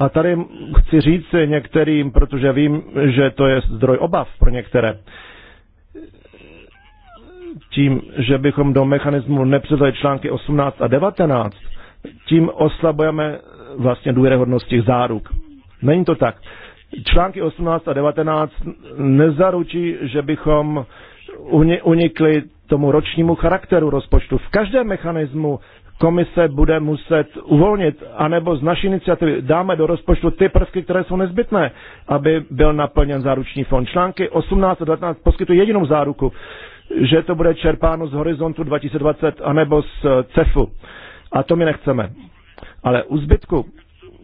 A tady chci říct některým, protože vím, že to je zdroj obav pro některé, tím, že bychom do mechanismu nepřidali články 18 a 19, tím oslabujeme vlastně důvěryhodnost těch záruk. Není to tak. Články 18 a 19 nezaručí, že bychom unikli tomu ročnímu charakteru rozpočtu. V každém mechanismu komise bude muset uvolnit, anebo z naší iniciativy dáme do rozpočtu ty prvky, které jsou nezbytné, aby byl naplněn záruční fond. Články 18 a 19 poskytují jedinou záruku, že to bude čerpáno z horizontu 2020 anebo z CEFu. A to my nechceme. Ale u zbytku,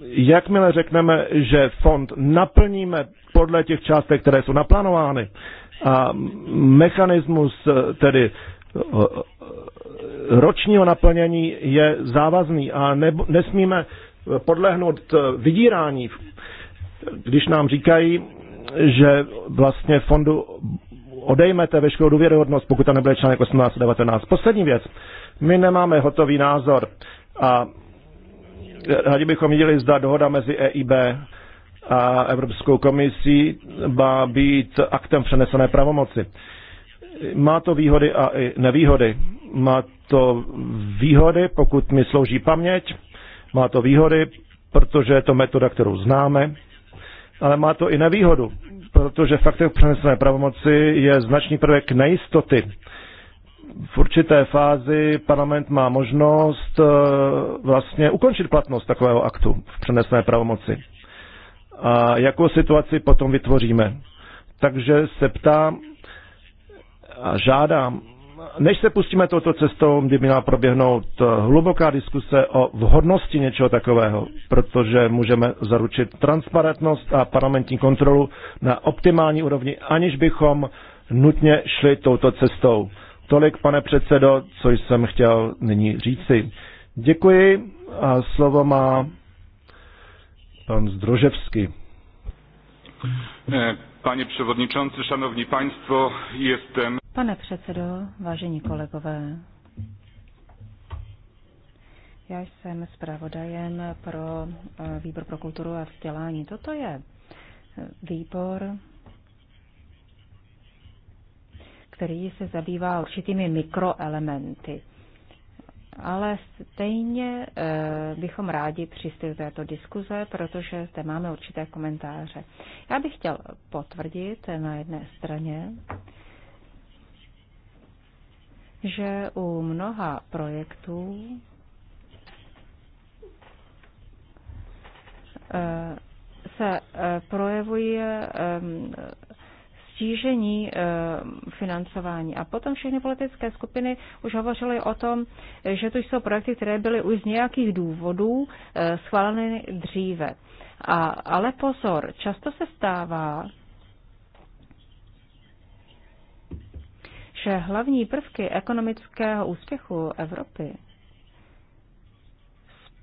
jakmile řekneme, že fond naplníme podle těch částek, které jsou naplánovány, a mechanismus tedy ročního naplnění je závazný a ne, nesmíme eh, podlehnout eh, vydírání, když nám říkají, že vlastně fondu odejmete veškerou důvěryhodnost, pokud tam nebude článek 18 a 19. Poslední věc. My nemáme hotový názor a rádi bychom viděli, zda dohoda mezi EIB a Evropskou komisí má být aktem přenesené pravomoci. Má to výhody a i nevýhody. Má to výhody, pokud mi slouží paměť, má to výhody, protože je to metoda, kterou známe, ale má to i nevýhodu, protože fakt přenesené pravomoci je značný prvek nejistoty. V určité fázi parlament má možnost eh, vlastně ukončit platnost takového aktu v přenesené pravomoci. A jakou situaci potom vytvoříme? Takže se ptám, žádám, než se pustíme touto cestou, kdy měla proběhnout eh, hluboká diskuse o vhodnosti něčeho takového, protože můžeme zaručit transparentnost a parlamentní kontrolu na optimální úrovni, aniž bychom nutně šli touto cestou. Tolik, pane předsedo, co jsem chtěl nyní říci. Děkuji a slovo má pan Zdroževský. Eh, Panie przewodniczący, szanowni państwo, jestem. Pane předsedo, vážení kolegové, já jsem zpravodajem pro eh, výbor pro kulturu a vzdělání. Toto je eh, výbor, který se zabývá určitými mikroelementy ale stejně eh, bychom rádi přistili do této diskuze, protože zde máme určité komentáře. Já bych chtěl potvrdit na jedné straně, že u mnoha projektů eh, se eh, projevuje stížení eh, financování. A potom všechny politické skupiny už hovořily o tom, že to jsou projekty, které byly už z nějakých důvodů eh, schváleny dříve. A, ale pozor, často se stává, že hlavní prvky ekonomického úspěchu Evropy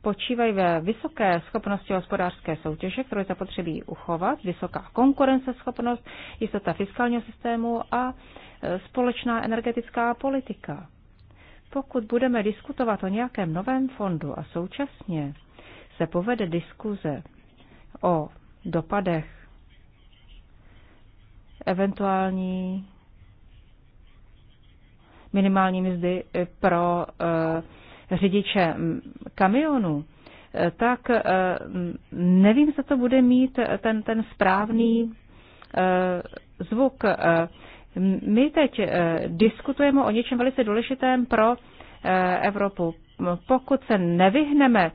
spočívají ve vysoké schopnosti hospodářské soutěže, kterou je zapotřebí uchovat, vysoká konkurenceschopnost, jistota fiskálního systému a e, společná energetická politika. Pokud budeme diskutovat o nějakém novém fondu a současně se povede diskuze o dopadech eventuální minimální mzdy e, pro uh, řidiče mm, kamionu, eh, tak eh, mm, nevím, zda to bude mít eh, ten, ten správný zvuk. My teď diskutujeme o něčem velice důležitém pro Evropu. Pokud se nevyhneme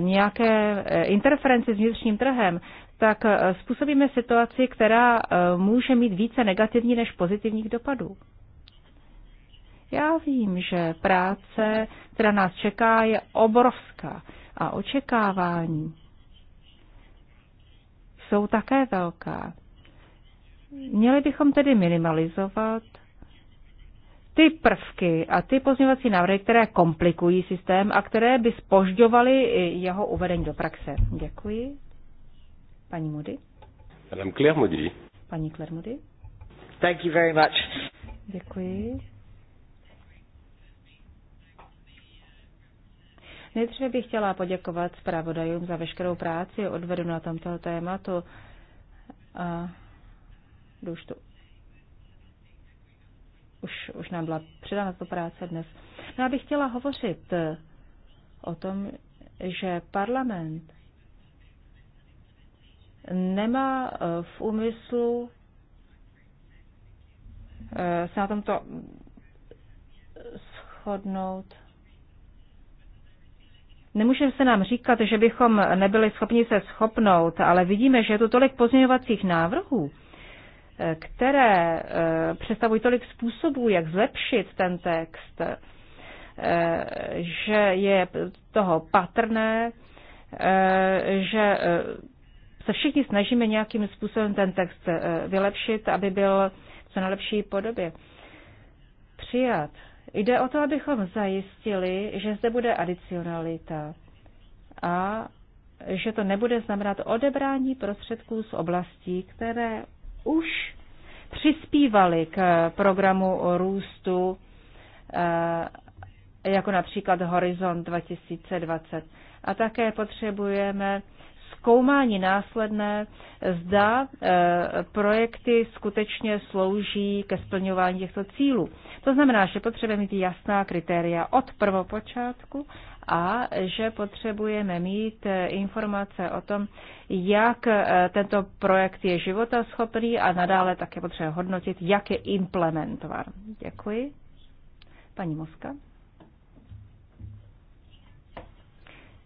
nějaké interferenci s vnitřním trhem, tak způsobíme situaci, která může mít více negativní než pozitivních dopadů. Já vím, že práce, která nás čeká, je obrovská a očekávání jsou také velká. Měli bychom tedy minimalizovat ty prvky a ty pozměňovací návrhy, které komplikují systém a které by spožďovaly jeho uvedení do praxe. Děkuji. Paní Moody. Madame Claire Moody. Paní Claire Moody. Thank you very much. Děkuji. Nejdříve bych chtěla poděkovat zpravodajům za veškerou práci odvedu na tomto tématu. A už, tu. Už, už nám byla předána to práce dnes. No, já bych chtěla hovořit o tom, že parlament nemá eh, v úmyslu eh, se na tomto shodnout Nemůže se nám říkat, že bychom nebyli schopni se schopnout, ale vidíme, že je tu tolik pozměňovacích návrhů, eh, které eh, představují tolik způsobů, jak zlepšit ten text, eh, že je toho patrné, že se všichni snažíme nějakým způsobem ten text vylepšit, aby byl co nejlepší podobě přijat. Jde o to, abychom zajistili, že zde bude adicionalita a že to nebude znamenat odebrání prostředků z oblastí, které už přispívaly k programu růstu, eh, jako například Horizont 2020. A také potřebujeme zkoumání následné, zda e, projekty skutečně slouží ke splňování těchto cílů. To znamená, že potřebujeme mít jasná kritéria od prvopočátku a že potřebujeme mít e, informace o tom, jak e, tento projekt je životaschopný a nadále také potřebujeme hodnotit, jak je implementován. Děkuji. Paní Moska.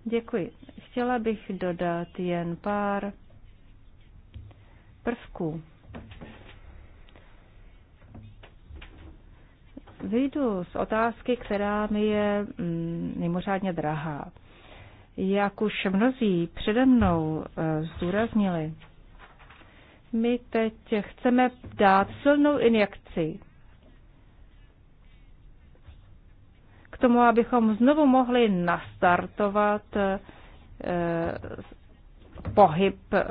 Děkuji. Chtěla bych dodat jen pár prvků. Vyjdu z otázky, která mi je mm, mimořádně drahá. Jak už mnozí přede mnou eh, zdůraznili, my teď chceme dát silnou injekci k tomu, abychom znovu mohli nastartovat eh, Eh, pohyb eh,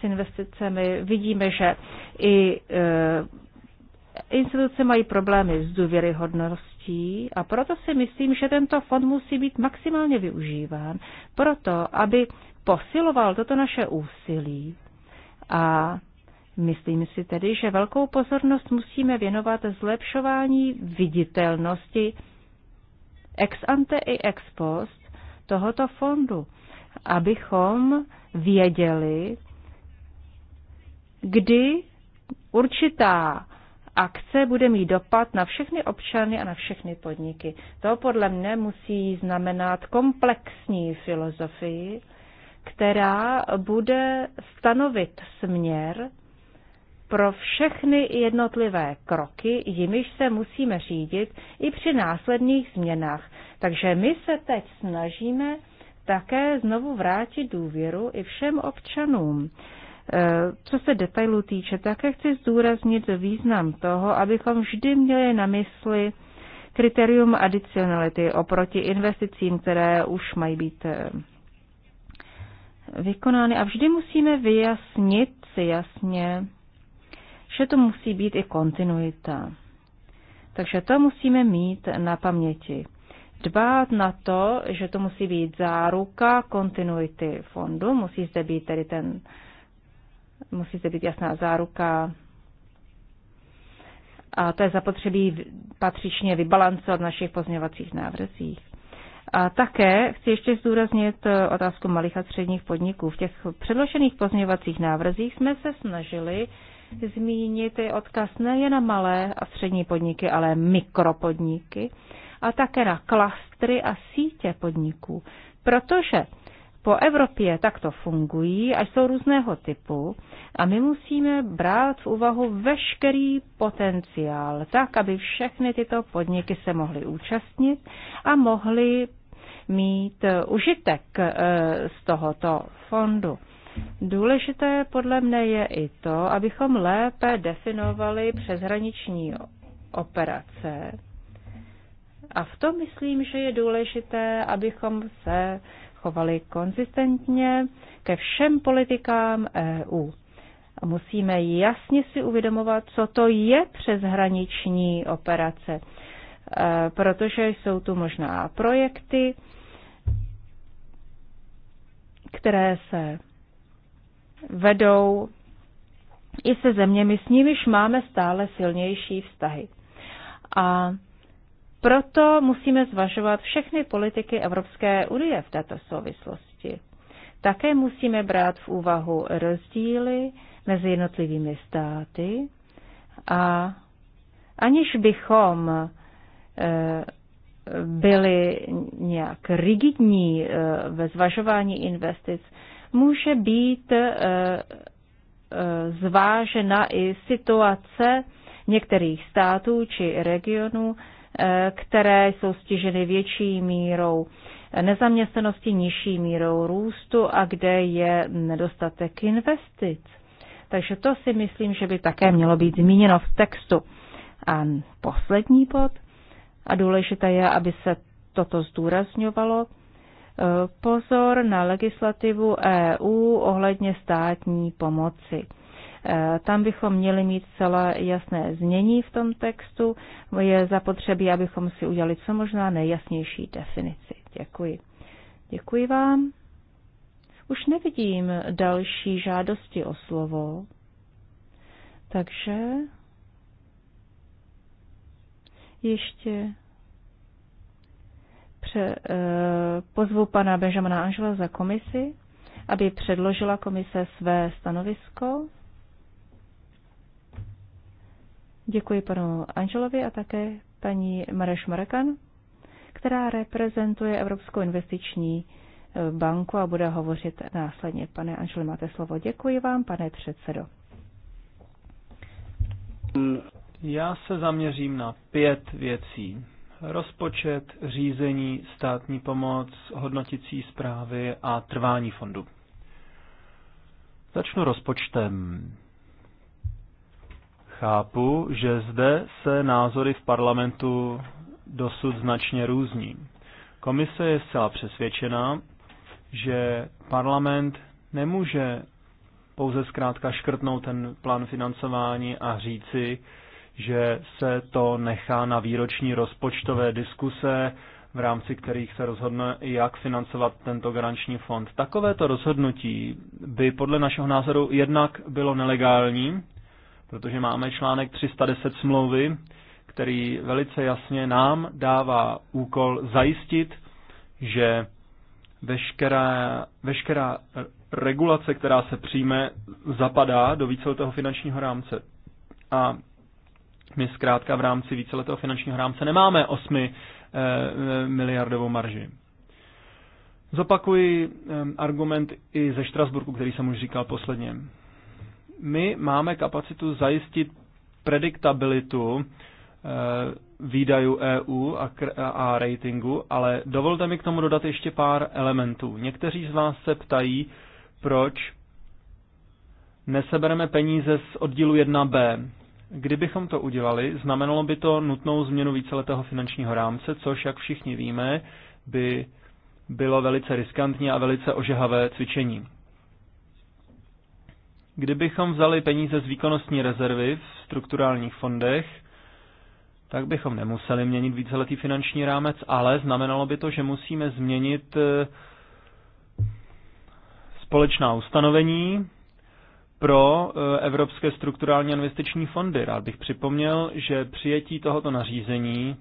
s investicemi. Vidíme, že i eh, instituce mají problémy s důvěryhodností a proto si myslím, že tento fond musí být maximálně využíván proto, aby posiloval toto naše úsilí a Myslím si tedy, že velkou pozornost musíme věnovat zlepšování viditelnosti ex ante i ex post tohoto fondu, abychom věděli, kdy určitá akce bude mít dopad na všechny občany a na všechny podniky. To podle mne musí znamenat komplexní filozofii, která bude stanovit směr, pro všechny jednotlivé kroky, jimiž se musíme řídit i při následných změnách. Takže my se teď snažíme také znovu vrátit důvěru i všem občanům. E, co se detailů týče, také chci zdůraznit význam toho, abychom vždy měli na mysli kritérium adicionality oproti investicím, které už mají být e, vykonány. A vždy musíme vyjasnit si jasně, že to musí být i kontinuita. Takže to musíme mít na paměti. Dbát na to, že to musí být záruka kontinuity fondu, musí zde být tedy ten, musí zde být jasná záruka a to je zapotřebí patřičně vybalancovat v našich pozměvacích návrzích. A také chci ještě zdůraznit eh, otázku malých a středních podniků. V těch předložených pozměvacích návrzích jsme se snažili zmínit je odkaz nejen na malé a střední podniky, ale mikropodniky a také na klastry a sítě podniků, protože po Evropě takto fungují a jsou různého typu a my musíme brát v úvahu veškerý potenciál, tak aby všechny tyto podniky se mohly účastnit a mohly mít užitek eh, z tohoto fondu. Důležité podle mne je i to, abychom lépe definovali přeshraniční operace. A v tom myslím, že je důležité, abychom se chovali konzistentně ke všem politikám EU. A musíme jasně si uvědomovat, co to je přeshraniční operace, e, protože jsou tu možná projekty, které se vedou i se zeměmi, s nimiž máme stále silnější vztahy. A proto musíme zvažovat všechny politiky Evropské unie v této souvislosti. Také musíme brát v úvahu rozdíly mezi jednotlivými státy a aniž bychom eh, byli nějak rigidní eh, ve zvažování investic, může být eh, eh, zvážena i situace některých států či regionů, eh, které jsou stiženy větší mírou nezaměstnanosti, nižší mírou růstu a kde je nedostatek investic. Takže to si myslím, že by také mělo být zmíněno v textu. A poslední bod, a důležité je, aby se toto zdůrazňovalo, Eh, pozor na legislativu EU ohledně státní pomoci. Eh, tam bychom měli mít celé jasné znění v tom textu. Je zapotřebí, abychom si udělali co možná nejjasnější definici. Děkuji. Děkuji vám. Už nevidím další žádosti o slovo. Takže ještě pře, eh, pozvu pana Benjamina Angela za komisi, aby předložila komise své stanovisko. Děkuji panu Angelovi a také paní Mareš Marekan, která reprezentuje Evropskou investiční eh, banku a bude hovořit následně. Pane Angeli, máte slovo. Děkuji vám, pane předsedo. Já se zaměřím na pět věcí rozpočet, řízení, státní pomoc, hodnoticí zprávy a trvání fondu. Začnu rozpočtem. Chápu, že zde se názory v parlamentu dosud značně různí. Komise je zcela přesvědčena, že parlament nemůže pouze zkrátka škrtnout ten plán financování a říci, že se to nechá na výroční rozpočtové diskuse, v rámci kterých se rozhodne, jak financovat tento garanční fond. Takovéto rozhodnutí by podle našeho názoru jednak bylo nelegální, protože máme článek 310 smlouvy, který velice jasně nám dává úkol zajistit, že veškerá, veškerá regulace, která se přijme, zapadá do víceletého finančního rámce. A my zkrátka v rámci víceletého finančního rámce nemáme 8 eh, eh, miliardovou marži. Zopakuji ehm, argument i ze Štrasburku, který jsem už říkal posledně. My máme kapacitu zajistit prediktabilitu eh, výdajů EU a, a ratingu, ale dovolte mi k tomu dodat ještě pár elementů. Někteří z vás se ptají, proč nesebereme peníze z oddílu 1b. Kdybychom to udělali, znamenalo by to nutnou změnu víceletého finančního rámce, což, jak všichni víme, by bylo velice riskantní a velice ožehavé cvičení. Kdybychom vzali peníze z výkonnostní rezervy v strukturálních fondech, tak bychom nemuseli měnit víceletý finanční rámec, ale znamenalo by to, že musíme změnit eh, společná ustanovení, pro e, evropské strukturální investiční fondy. Rád bych připomněl, že přijetí tohoto nařízení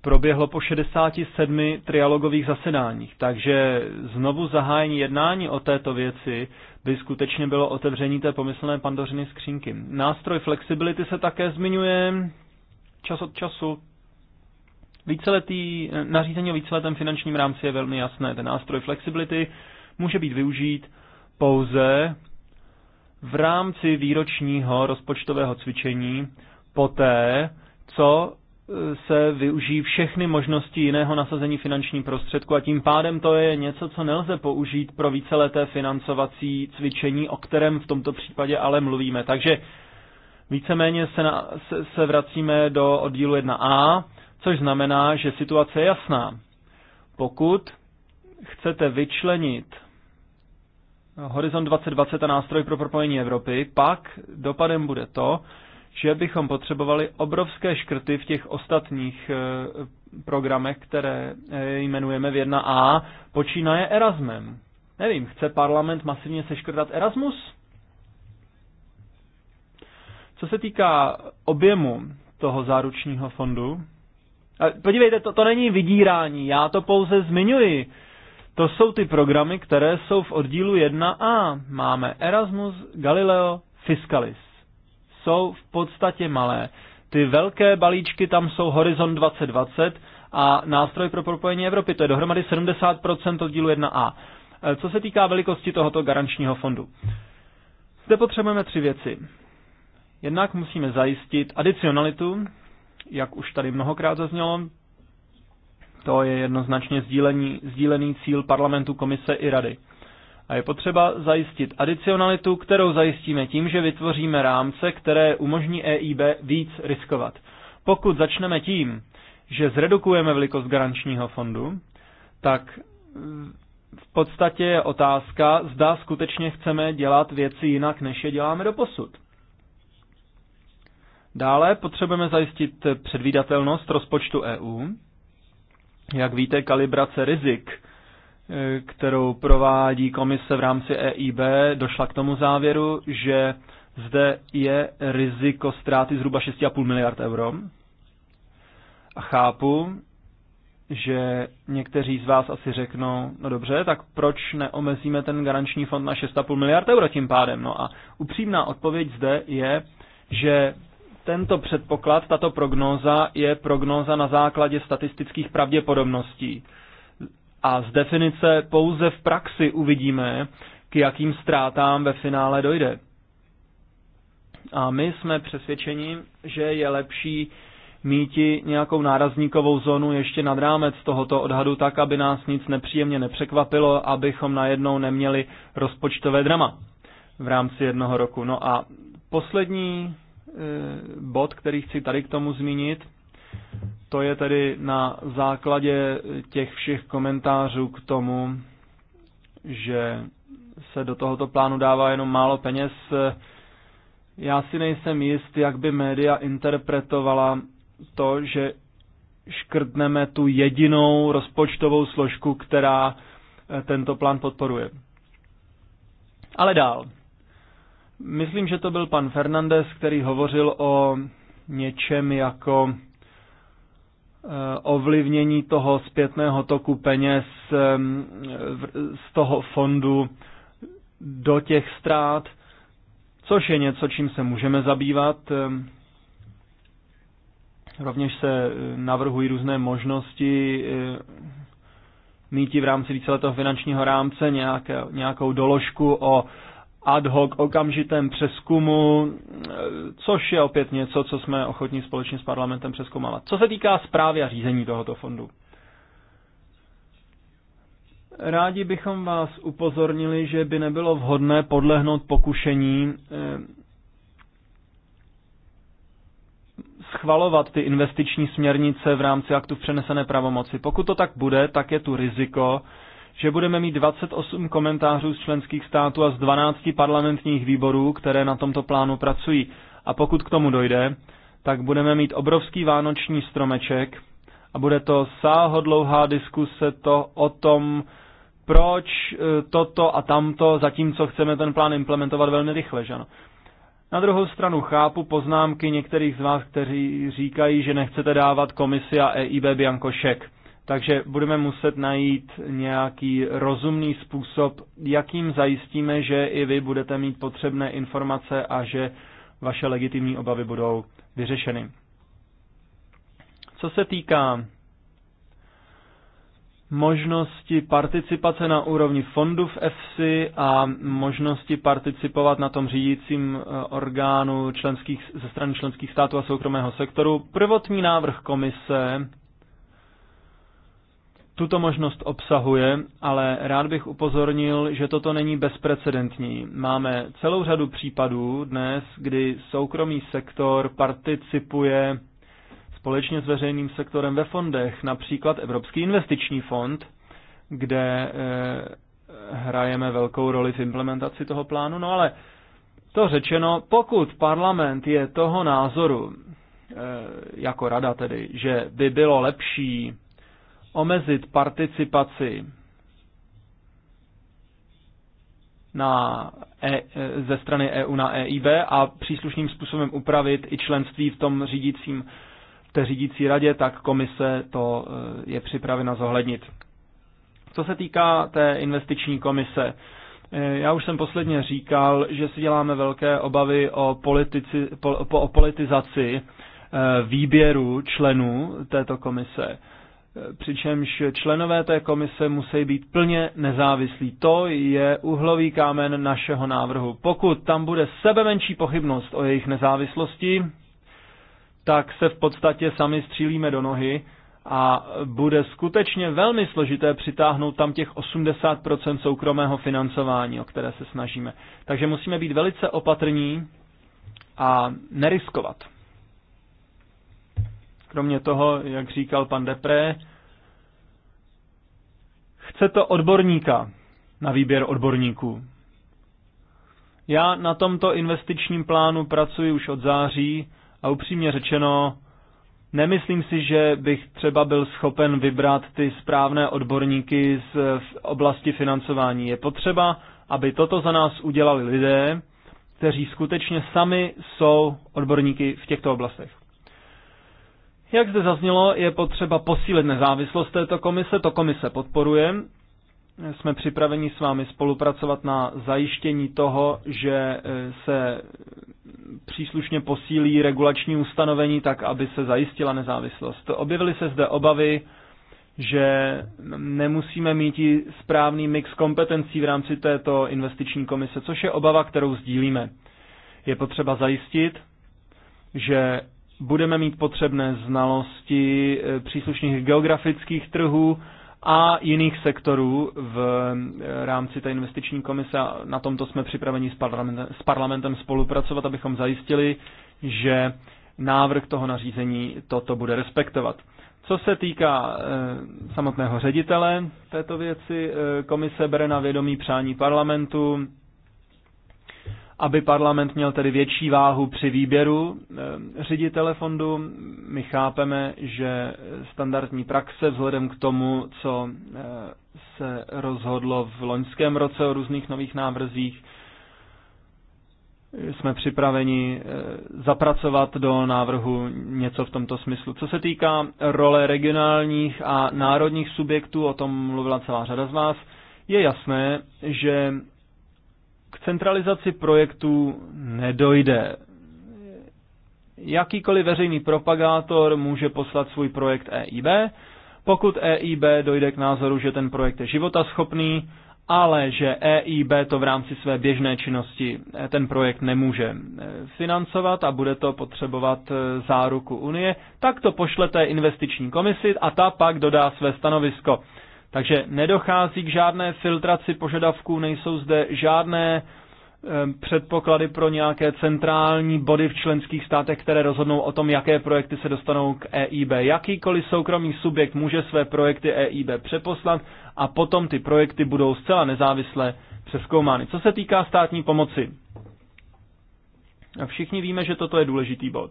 proběhlo po 67 trialogových zasedáních, takže znovu zahájení jednání o této věci by skutečně bylo otevření té pomyslné pandořiny skřínky. Nástroj flexibility se také zmiňuje čas od času. Víceletý, e, nařízení o víceletém finančním rámci je velmi jasné. Ten nástroj flexibility může být využít pouze v rámci výročního rozpočtového cvičení poté, co e, se využijí všechny možnosti jiného nasazení finanční prostředku a tím pádem to je něco, co nelze použít pro víceleté financovací cvičení, o kterém v tomto případě ale mluvíme. Takže víceméně se, na, se, se vracíme do oddílu 1a, což znamená, že situace je jasná. Pokud chcete vyčlenit Horizont 2020 a nástroj pro propojení Evropy, pak dopadem bude to, že bychom potřebovali obrovské škrty v těch ostatních e, programech, které e, jmenujeme v 1A, počínaje Erasmem. Nevím, chce parlament masivně seškrtat Erasmus? Co se týká objemu toho záručního fondu, podívejte, to, to není vydírání, já to pouze zmiňuji. To jsou ty programy, které jsou v oddílu 1a. Máme Erasmus, Galileo, Fiscalis. Jsou v podstatě malé. Ty velké balíčky tam jsou Horizon 2020 a nástroj pro propojení Evropy. To je dohromady 70% oddílu 1a. E, co se týká velikosti tohoto garančního fondu. Zde potřebujeme tři věci. Jednak musíme zajistit adicionalitu, jak už tady mnohokrát zaznělo, to je jednoznačně sdílení, sdílený cíl parlamentu, komise i rady. A je potřeba zajistit adicionalitu, kterou zajistíme tím, že vytvoříme rámce, které umožní EIB víc riskovat. Pokud začneme tím, že zredukujeme velikost garančního fondu, tak eh, v podstatě je otázka, zda skutečně chceme dělat věci jinak, než je děláme do posud. Dále potřebujeme zajistit předvídatelnost rozpočtu EU, jak víte, kalibrace rizik, eh, kterou provádí komise v rámci EIB, došla k tomu závěru, že zde je riziko ztráty zhruba 6,5 miliard euro. A chápu, že někteří z vás asi řeknou, no dobře, tak proč neomezíme ten garanční fond na 6,5 miliard euro tím pádem? No a upřímná odpověď zde je, že tento předpoklad, tato prognóza je prognóza na základě statistických pravděpodobností. A z definice pouze v praxi uvidíme, k jakým ztrátám ve finále dojde. A my jsme přesvědčeni, že je lepší míti nějakou nárazníkovou zónu ještě nad rámec tohoto odhadu tak, aby nás nic nepříjemně nepřekvapilo, abychom najednou neměli rozpočtové drama v rámci jednoho roku. No a poslední Eh, bod, který chci tady k tomu zmínit. To je tedy na základě těch všech komentářů k tomu, že se do tohoto plánu dává jenom málo peněz. Já si nejsem jist, jak by média interpretovala to, že škrtneme tu jedinou rozpočtovou složku, která eh, tento plán podporuje. Ale dál. Myslím, že to byl pan Fernandez, který hovořil o něčem jako eh, ovlivnění toho zpětného toku peněz z toho fondu do těch ztrát, což je něco, čím se můžeme zabývat. Rovněž se eh, navrhují různé možnosti eh, míti v rámci víceletého finančního rámce nějakou doložku o ad hoc okamžitém přeskumu, což je opět něco, co jsme ochotní společně s parlamentem přeskoumávat. Co se týká zprávy a řízení tohoto fondu. Rádi bychom vás upozornili, že by nebylo vhodné podlehnout pokušení eh, schvalovat ty investiční směrnice v rámci aktu v přenesené pravomoci. Pokud to tak bude, tak je tu riziko, že budeme mít 28 komentářů z členských států a z 12 parlamentních výborů, které na tomto plánu pracují. A pokud k tomu dojde, tak budeme mít obrovský vánoční stromeček a bude to sáhodlouhá diskuse to o tom, proč e, toto a tamto, zatímco chceme ten plán implementovat velmi rychle, že ano. Na druhou stranu chápu poznámky některých z vás, kteří říkají, že nechcete dávat komisi a EIB Biankošek. Takže budeme muset najít nějaký rozumný způsob, jakým zajistíme, že i vy budete mít potřebné informace a že vaše legitimní obavy budou vyřešeny. Co se týká možnosti participace na úrovni fondu v EFSI a možnosti participovat na tom řídícím eh, orgánu členských, ze strany členských států a soukromého sektoru. Prvotní návrh komise tuto možnost obsahuje, ale rád bych upozornil, že toto není bezprecedentní. Máme celou řadu případů dnes, kdy soukromý sektor participuje společně s veřejným sektorem ve fondech, například Evropský investiční fond, kde eh, hrajeme velkou roli v implementaci toho plánu. No ale to řečeno, pokud parlament je toho názoru, eh, jako rada tedy, že by bylo lepší omezit participaci na e, e ze strany EU na EIB a příslušným způsobem upravit i členství v tom řídícím, v té řídící radě, tak komise to e, je připravena zohlednit. Co se týká té investiční komise, e, já už jsem posledně říkal, že si děláme velké obavy o, politici, po, po, o politizaci výběru členů této komise přičemž členové té komise musí být plně nezávislí. To je uhlový kámen našeho návrhu. Pokud tam bude sebe menší pochybnost o jejich nezávislosti, tak se v podstatě sami střílíme do nohy a bude skutečně velmi složité přitáhnout tam těch 80% soukromého financování, o které se snažíme. Takže musíme být velice opatrní a neriskovat. Kromě toho, jak říkal pan Depré, chce to odborníka na výběr odborníků. Já na tomto investičním plánu pracuji už od září a upřímně řečeno, nemyslím si, že bych třeba byl schopen vybrat ty správné odborníky z oblasti financování. Je potřeba, aby toto za nás udělali lidé, kteří skutečně sami jsou odborníky v těchto oblastech. Jak zde zaznělo, je potřeba posílit nezávislost této komise, to komise podporuje. Jsme připraveni s vámi spolupracovat na zajištění toho, že eh, se příslušně posílí regulační ustanovení tak, aby se zajistila nezávislost. Objevily se zde obavy, že nemusíme mít i správný mix kompetencí v rámci této investiční komise, což je obava, kterou sdílíme. Je potřeba zajistit, že budeme mít potřebné znalosti eh, příslušných geografických trhů a jiných sektorů v eh, rámci té investiční komise. Na tomto jsme připraveni s parlamentem, s parlamentem spolupracovat, abychom zajistili, že návrh toho nařízení toto bude respektovat. Co se týká e, samotného ředitele této věci, e, komise bere na vědomí přání parlamentu, aby parlament měl tedy větší váhu při výběru eh, ředitele fondu. My chápeme, že standardní praxe vzhledem k tomu, co eh, se rozhodlo v loňském roce o různých nových návrzích, jsme připraveni eh, zapracovat do návrhu něco v tomto smyslu. Co se týká role regionálních a národních subjektů, o tom mluvila celá řada z vás, je jasné, že centralizaci projektů nedojde. Jakýkoliv veřejný propagátor může poslat svůj projekt EIB, pokud EIB dojde k názoru, že ten projekt je životaschopný, ale že EIB to v rámci své běžné činnosti e, ten projekt nemůže e, financovat a bude to potřebovat e, záruku Unie, tak to pošlete investiční komisi a ta pak dodá své stanovisko. Takže nedochází k žádné filtraci požadavků, nejsou zde žádné eh, předpoklady pro nějaké centrální body v členských státech, které rozhodnou o tom, jaké projekty se dostanou k EIB. Jakýkoliv soukromý subjekt může své projekty EIB přeposlat a potom ty projekty budou zcela nezávisle přeskoumány. Co se týká státní pomoci, všichni víme, že toto je důležitý bod.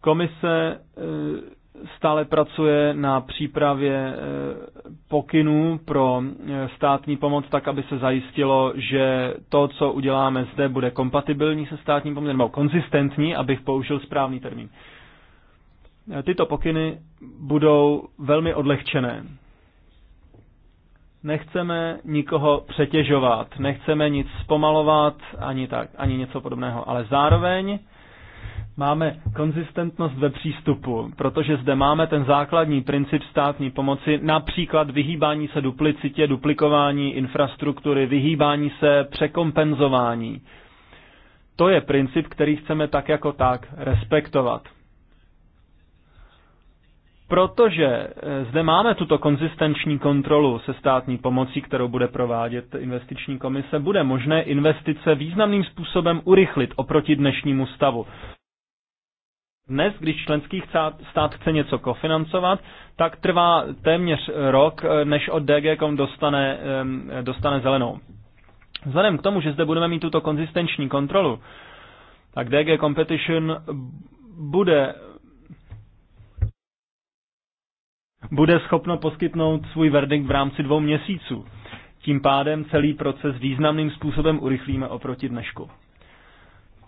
Komise eh, stále pracuje na přípravě eh, pokynů pro eh, státní pomoc, tak aby se zajistilo, že to, co uděláme zde, bude kompatibilní se státní pomocí, nebo konzistentní, abych použil správný termín. Eh, tyto pokyny budou velmi odlehčené. Nechceme nikoho přetěžovat, nechceme nic zpomalovat, ani, tak, ani něco podobného, ale zároveň máme konzistentnost ve přístupu, protože zde máme ten základní princip státní pomoci, například vyhýbání se duplicitě, duplikování infrastruktury, vyhýbání se překompenzování. To je princip, který chceme tak jako tak respektovat. Protože eh, zde máme tuto konzistenční kontrolu se státní pomocí, kterou bude provádět investiční komise, bude možné investice významným způsobem urychlit oproti dnešnímu stavu. Dnes, když členský stát chce něco kofinancovat, tak trvá téměř rok, eh, než od DGCOM dostane, dostane zelenou. Vzhledem k tomu, že zde budeme mít tuto konzistenční kontrolu, tak DG Competition bude bude schopno poskytnout svůj verdikt v rámci dvou měsíců. Tím pádem celý proces významným způsobem urychlíme oproti dnešku.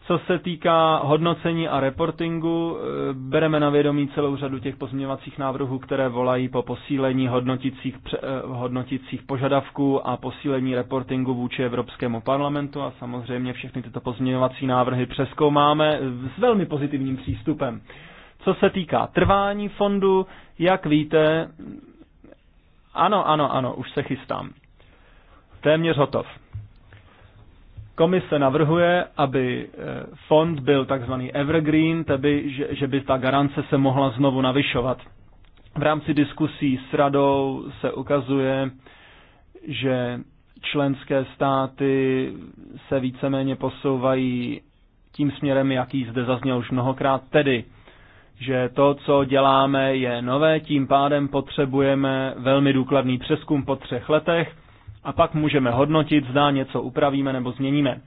Co se týká hodnocení a reportingu, eh, bereme na vědomí celou řadu těch pozměňovacích návrhů, které volají po posílení hodnoticích, eh, hodnoticích požadavků a posílení reportingu vůči Evropskému parlamentu a samozřejmě všechny tyto pozměňovací návrhy přeskoumáme s velmi pozitivním přístupem. Co se týká trvání fondu, jak víte, ano, ano, ano, už se chystám. Téměř hotov. Komise navrhuje, aby eh, fond byl takzvaný evergreen, tedy že, že by ta garance se mohla znovu navyšovat. V rámci diskusí s radou se ukazuje, že členské státy se víceméně posouvají tím směrem, jaký zde zazněl už mnohokrát, tedy že to, co děláme, je nové, tím pádem potřebujeme velmi důkladný přeskum po třech letech a pak můžeme hodnotit, zda něco upravíme nebo změníme.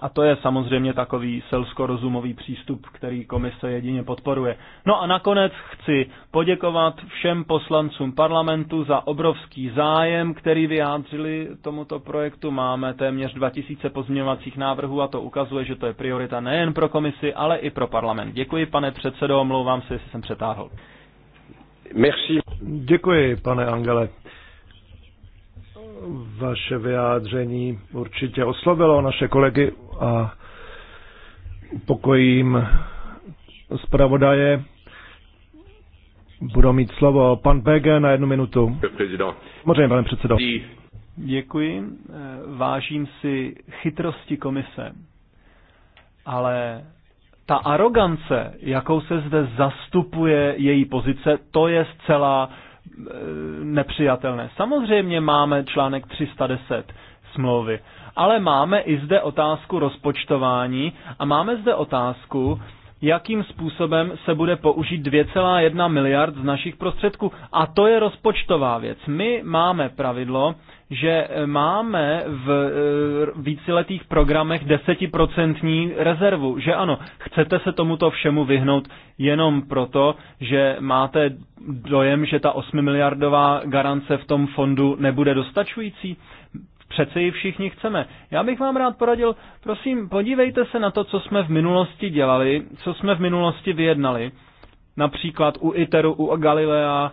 A to je samozřejmě takový selskorozumový přístup, který komise jedině podporuje. No a nakonec chci poděkovat všem poslancům parlamentu za obrovský zájem, který vyjádřili tomuto projektu. Máme téměř 2000 pozměňovacích návrhů a to ukazuje, že to je priorita nejen pro komisi, ale i pro parlament. Děkuji, pane předsedo, omlouvám se, jestli jsem přetáhl. Merci. Děkuji, pane Angele. Vaše vyjádření určitě oslovilo naše kolegy a pokojím zpravodaje. Budou mít slovo pan BG na jednu minutu. Možná, pane předsedo. Děkuji. Vážím si chytrosti komise, ale ta arogance, jakou se zde zastupuje její pozice, to je zcela Eh, nepřijatelné. Samozřejmě máme článek 310 smlouvy, ale máme i zde otázku rozpočtování a máme zde otázku, jakým způsobem se bude použít 2,1 miliard z našich prostředků. A to je rozpočtová věc. My máme pravidlo, že e, máme v e, víceletých programech desetiprocentní rezervu. Že ano, chcete se tomuto všemu vyhnout jenom proto, že máte dojem, že ta 8 miliardová garance v tom fondu nebude dostačující? Přece ji všichni chceme. Já bych vám rád poradil, prosím, podívejte se na to, co jsme v minulosti dělali, co jsme v minulosti vyjednali. Například u ITERu, u Galilea,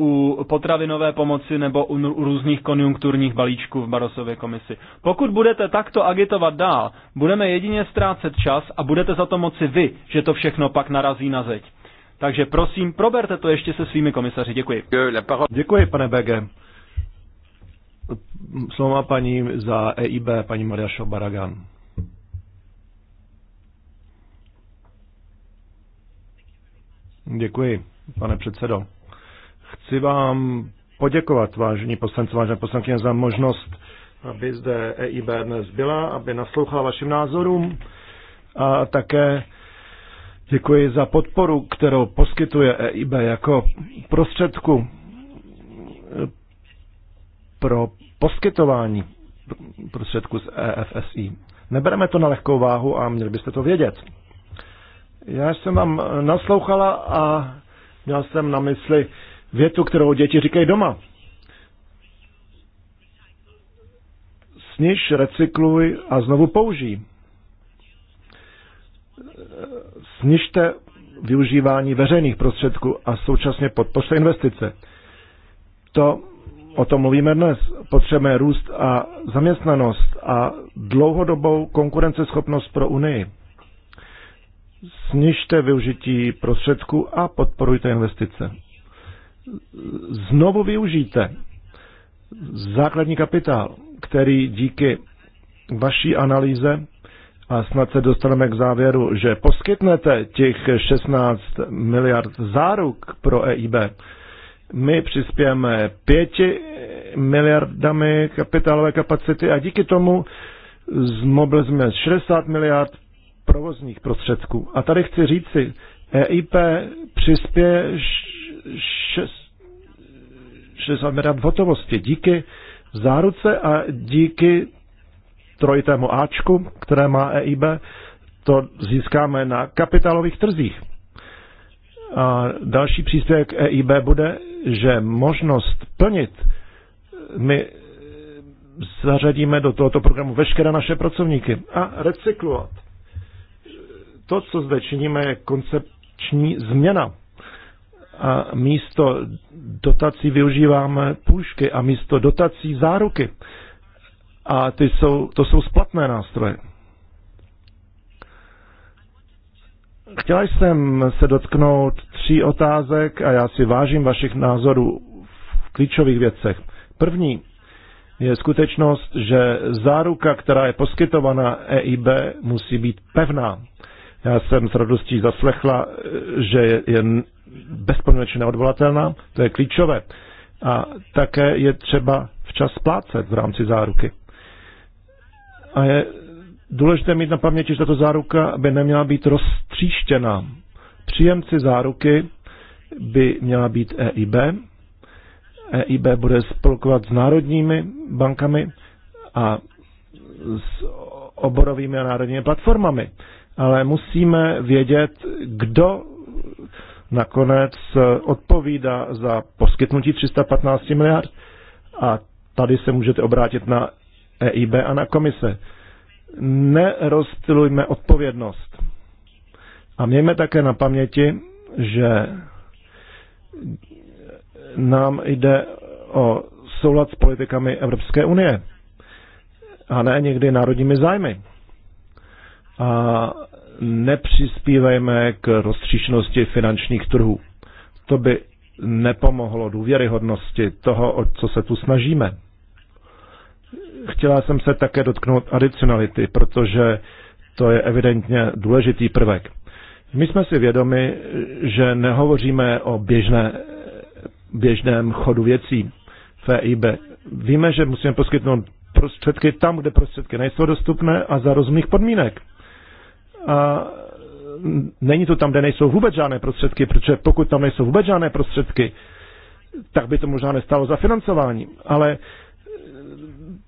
u potravinové pomoci nebo u, u různých konjunkturních balíčků v Barosově komisi. Pokud budete takto agitovat dál, budeme jedině ztrácet čas a budete za to moci vy, že to všechno pak narazí na zeď. Takže prosím, proberte to ještě se svými komisaři. Děkuji. Děkuji, pane BG. Slovo má paní za EIB, paní Maria Šobaragan. Děkuji, pane předsedo. Chci vám poděkovat, vážení poslanci, vážené poslankyně, za možnost, aby zde EIB dnes byla, aby naslouchala vašim názorům a také děkuji za podporu, kterou poskytuje EIB jako prostředku pro poskytování prostředků z EFSI. Nebereme to na lehkou váhu a měli byste to vědět. Já jsem vám naslouchala a měl jsem na mysli větu, kterou děti říkají doma. Sniž, recykluj a znovu použij. Snižte využívání veřejných prostředků a současně podpořte investice. To o tom mluvíme dnes. Potřebujeme růst a zaměstnanost a dlouhodobou konkurenceschopnost pro Unii. Snižte využití prostředků a podporujte investice. Znovu využijte základní kapitál, který díky vaší analýze a snad se dostaneme k závěru, že poskytnete těch 16 miliard záruk pro EIB, my přispějeme 5 miliardami kapitálové kapacity a díky tomu zmobilizujeme 60 miliard provozních prostředků. A tady chci říci, EIP přispěje 60 miliard v hotovosti díky záruce a díky trojitému Ačku, které má EIB, to získáme na kapitálových trzích. A další příspěvek EIB bude, že možnost plnit my zařadíme do tohoto programu veškeré naše pracovníky a recyklovat. To, co zde činíme, je koncepční změna. A místo dotací využíváme půjšky a místo dotací záruky. A ty jsou, to jsou splatné nástroje. Chtěla jsem se dotknout tří otázek a já si vážím vašich názorů v klíčových věcech. První je skutečnost, že záruka, která je poskytovaná EIB, musí být pevná. Já jsem s radostí zaslechla, že je bezpodmínečně neodvolatelná, to je klíčové. A také je třeba včas splácet v rámci záruky. A je Důležité mít na paměti, že tato záruka by neměla být roztříštěná. Příjemci záruky by měla být EIB. EIB bude spolkovat s národními bankami a s oborovými a národními platformami. Ale musíme vědět, kdo nakonec odpovídá za poskytnutí 315 miliard. A tady se můžete obrátit na EIB a na komise nerozptilujme odpovědnost. A mějme také na paměti, že nám jde o soulad s politikami Evropské unie a ne někdy národními zájmy. A nepřispívejme k roztříšenosti finančních trhů. To by nepomohlo důvěryhodnosti toho, o co se tu snažíme chtěla jsem se také dotknout adicionality, protože to je evidentně důležitý prvek. My jsme si vědomi, že nehovoříme o běžné, běžném chodu věcí FIB. E Víme, že musíme poskytnout prostředky tam, kde prostředky nejsou dostupné a za rozumných podmínek. A není to tam, kde nejsou vůbec žádné prostředky, protože pokud tam nejsou vůbec žádné prostředky, tak by to možná nestalo za financování. Ale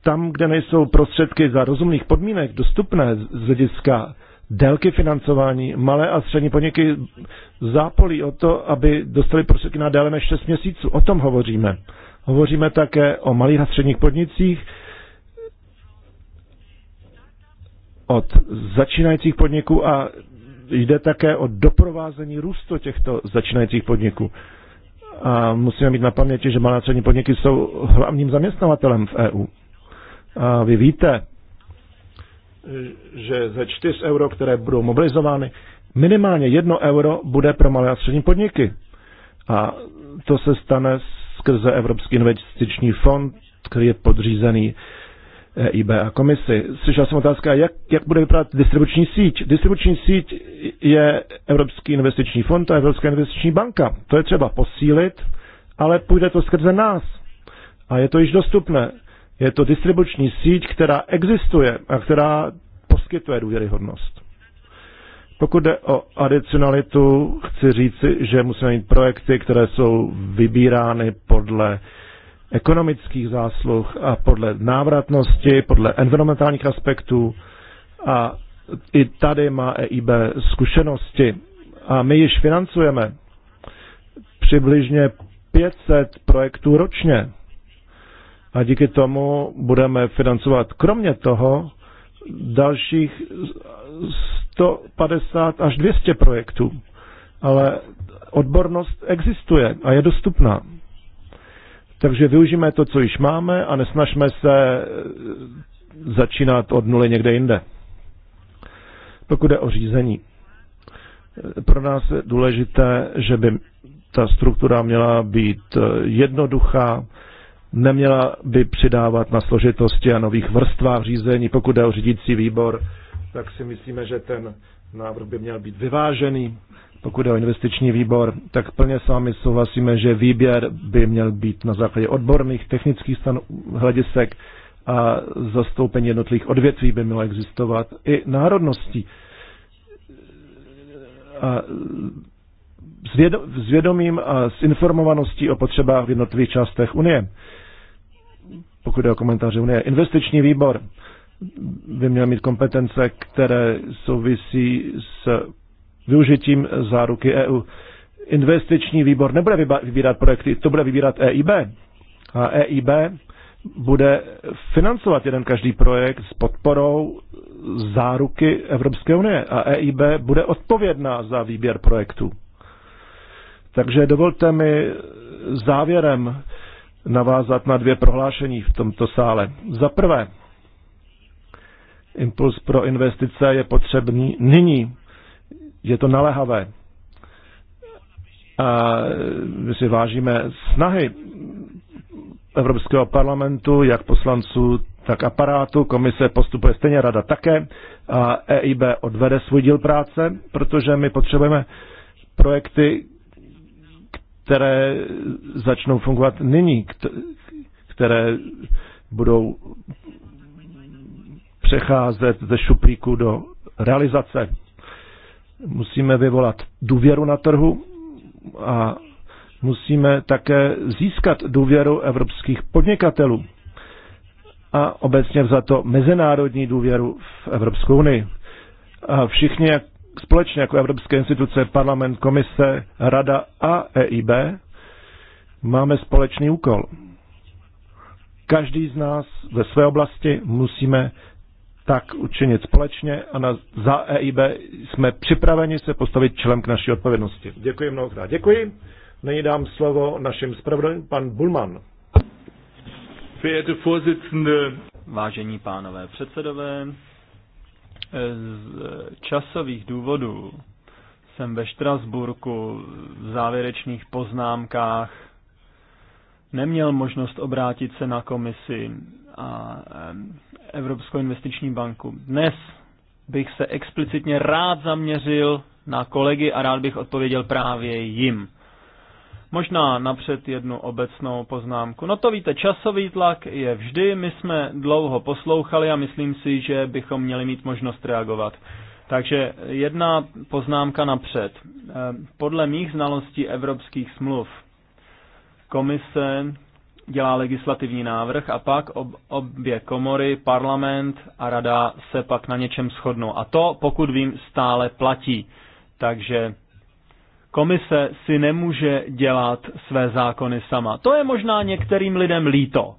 tam, kde nejsou prostředky za rozumných podmínek dostupné z hlediska délky financování, malé a střední podniky zápolí o to, aby dostali prostředky na déle než 6 měsíců. O tom hovoříme. Hovoříme také o malých a středních podnicích, od začínajících podniků a jde také o doprovázení růstu těchto začínajících podniků. A musíme mít na paměti, že malé a střední podniky jsou hlavním zaměstnavatelem v EU. A vy víte, že ze 4 euro, které budou mobilizovány, minimálně jedno euro bude pro malé a střední podniky. A to se stane skrze Evropský investiční fond, který je podřízený EIB a komisi. Slyšel jsem otázka, jak, jak bude vypadat distribuční síť. Distribuční síť je Evropský investiční fond a Evropská investiční banka. To je třeba posílit, ale půjde to skrze nás. A je to již dostupné. Je to distribuční síť, která existuje a která poskytuje důvěryhodnost. Pokud jde o adicionalitu, chci říci, že musíme mít projekty, které jsou vybírány podle uh, ekonomických zásluh a podle návratnosti, podle environmentálních aspektů a i tady má EIB zkušenosti a my již financujeme přibližně 500 projektů ročně. A díky tomu budeme financovat kromě toho dalších 150 až 200 projektů. Ale odbornost existuje a je dostupná. Takže využijeme to, co již máme a nesnažme se eh, začínat od nuly někde jinde. Pokud jde o řízení, eh, pro nás je důležité, že by ta struktura měla být eh, jednoduchá, neměla by přidávat na složitosti a nových vrstvách řízení. Pokud jde o řídící výbor, tak si myslíme, že ten návrh by měl být vyvážený pokud je o investiční výbor, tak plně s vámi souhlasíme, že výběr by měl být na základě odborných technických stan hledisek a zastoupení jednotlivých odvětví by mělo existovat i národností. A s vědomím a s informovaností o potřebách v jednotlivých částech Unie. Pokud je o komentáře Unie, investiční výbor by měl mít kompetence, které souvisí s využitím záruky EU. Investiční výbor nebude vybírat projekty, to bude vybírat EIB. A EIB bude financovat jeden každý projekt s podporou záruky Evropské unie a EIB bude odpovědná za výběr projektů. Takže dovolte mi závěrem navázat na dvě prohlášení v tomto sále. Za prvé, impuls pro investice je potřebný nyní je to naléhavé. A my si vážíme snahy Evropského parlamentu, jak poslanců, tak aparátu. Komise postupuje stejně, rada také. A EIB odvede svůj díl práce, protože my potřebujeme projekty, které začnou fungovat nyní, které budou přecházet ze šuplíku do realizace. Musíme vyvolat důvěru na trhu a musíme také získat důvěru evropských podnikatelů a obecně za to mezinárodní důvěru v Evropskou unii. A všichni jak, společně jako evropské instituce, parlament, komise, rada a EIB máme společný úkol. Každý z nás ve své oblasti musíme tak učinit společně a na, za EIB jsme připraveni se postavit čelem k naší odpovědnosti. Děkuji mnohokrát. Děkuji. Nyní dám slovo našim zpravodajům, pan Bulman. Vážení pánové předsedové, z časových důvodů jsem ve Štrasburku v závěrečných poznámkách neměl možnost obrátit se na komisi a Evropskou investiční banku. Dnes bych se explicitně rád zaměřil na kolegy a rád bych odpověděl právě jim. Možná napřed jednu obecnou poznámku. No to víte, časový tlak je vždy, my jsme dlouho poslouchali a myslím si, že bychom měli mít možnost reagovat. Takže jedna poznámka napřed. Podle mých znalostí evropských smluv komise dělá legislativní návrh a pak ob, obě komory, parlament a rada se pak na něčem shodnou. A to, pokud vím, stále platí. Takže komise si nemůže dělat své zákony sama. To je možná některým lidem líto,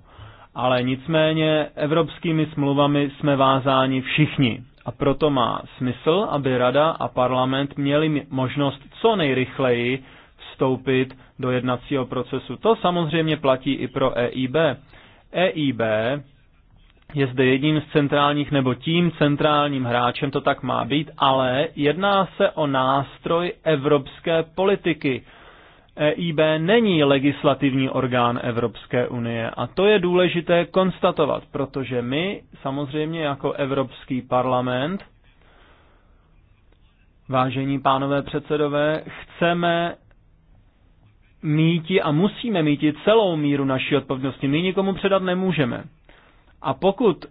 ale nicméně evropskými smluvami jsme vázáni všichni. A proto má smysl, aby rada a parlament měli možnost co nejrychleji vstoupit do jednacího procesu. To samozřejmě platí i pro EIB. EIB je zde jedním z centrálních nebo tím centrálním hráčem, to tak má být, ale jedná se o nástroj evropské politiky. EIB není legislativní orgán Evropské unie a to je důležité konstatovat, protože my samozřejmě jako Evropský parlament, vážení pánové předsedové, chceme míti a musíme míti celou míru naší odpovědnosti. My nikomu předat nemůžeme. A pokud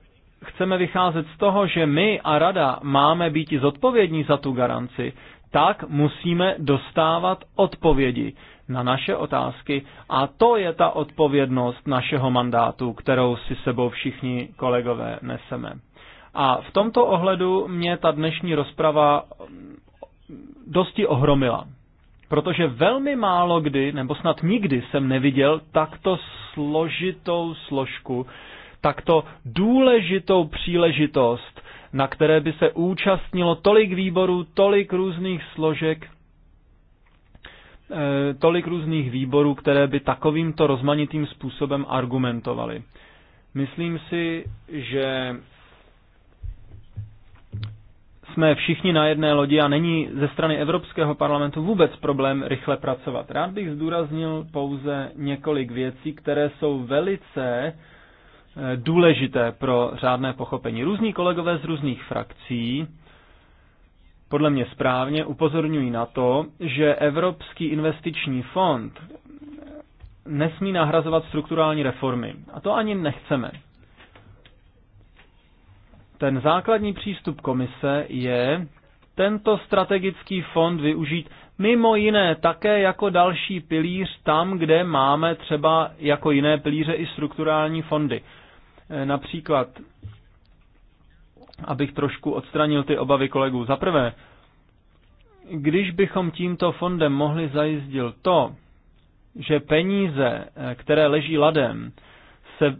chceme vycházet z toho, že my a rada máme být i zodpovědní za tu garanci, tak musíme dostávat odpovědi na naše otázky. A to je ta odpovědnost našeho mandátu, kterou si sebou všichni kolegové neseme. A v tomto ohledu mě ta dnešní rozprava dosti ohromila protože velmi málo kdy, nebo snad nikdy jsem neviděl takto složitou složku, takto důležitou příležitost, na které by se účastnilo tolik výborů, tolik různých složek, eh, tolik různých výborů, které by takovýmto rozmanitým způsobem argumentovaly. Myslím si, že jsme všichni na jedné lodi a není ze strany Evropského parlamentu vůbec problém rychle pracovat. Rád bych zdůraznil pouze několik věcí, které jsou velice eh, důležité pro řádné pochopení. Různí kolegové z různých frakcí podle mě správně upozorňují na to, že Evropský investiční fond nesmí nahrazovat strukturální reformy. A to ani nechceme ten základní přístup komise je tento strategický fond využít mimo jiné také jako další pilíř tam, kde máme třeba jako jiné pilíře i strukturální fondy. Eh, například, abych trošku odstranil ty obavy kolegů. Za prvé, když bychom tímto fondem mohli zajistit to, že peníze, eh, které leží ladem, se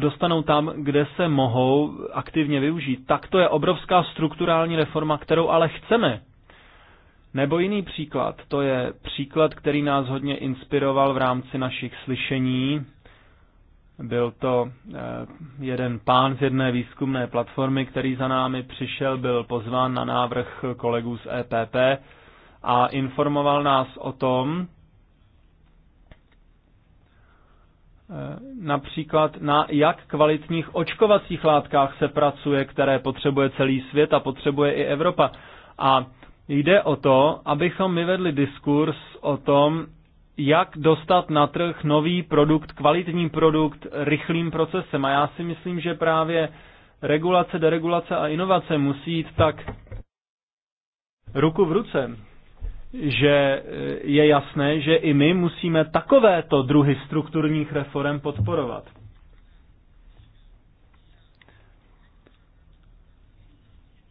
dostanou tam, kde se mohou aktivně využít. Tak to je obrovská strukturální reforma, kterou ale chceme. Nebo jiný příklad, to je příklad, který nás hodně inspiroval v rámci našich slyšení. Byl to eh, jeden pán z jedné výzkumné platformy, který za námi přišel, byl pozván na návrh kolegů z EPP a informoval nás o tom, Eh, například na jak kvalitních očkovacích látkách se pracuje, které potřebuje celý svět a potřebuje i Evropa. A jde o to, abychom my vedli diskurs o tom, jak dostat na trh nový produkt, kvalitní produkt, rychlým procesem. A já si myslím, že právě regulace, deregulace a inovace musí jít tak ruku v ruce že eh, je jasné, že i my musíme takovéto druhy strukturních reform podporovat.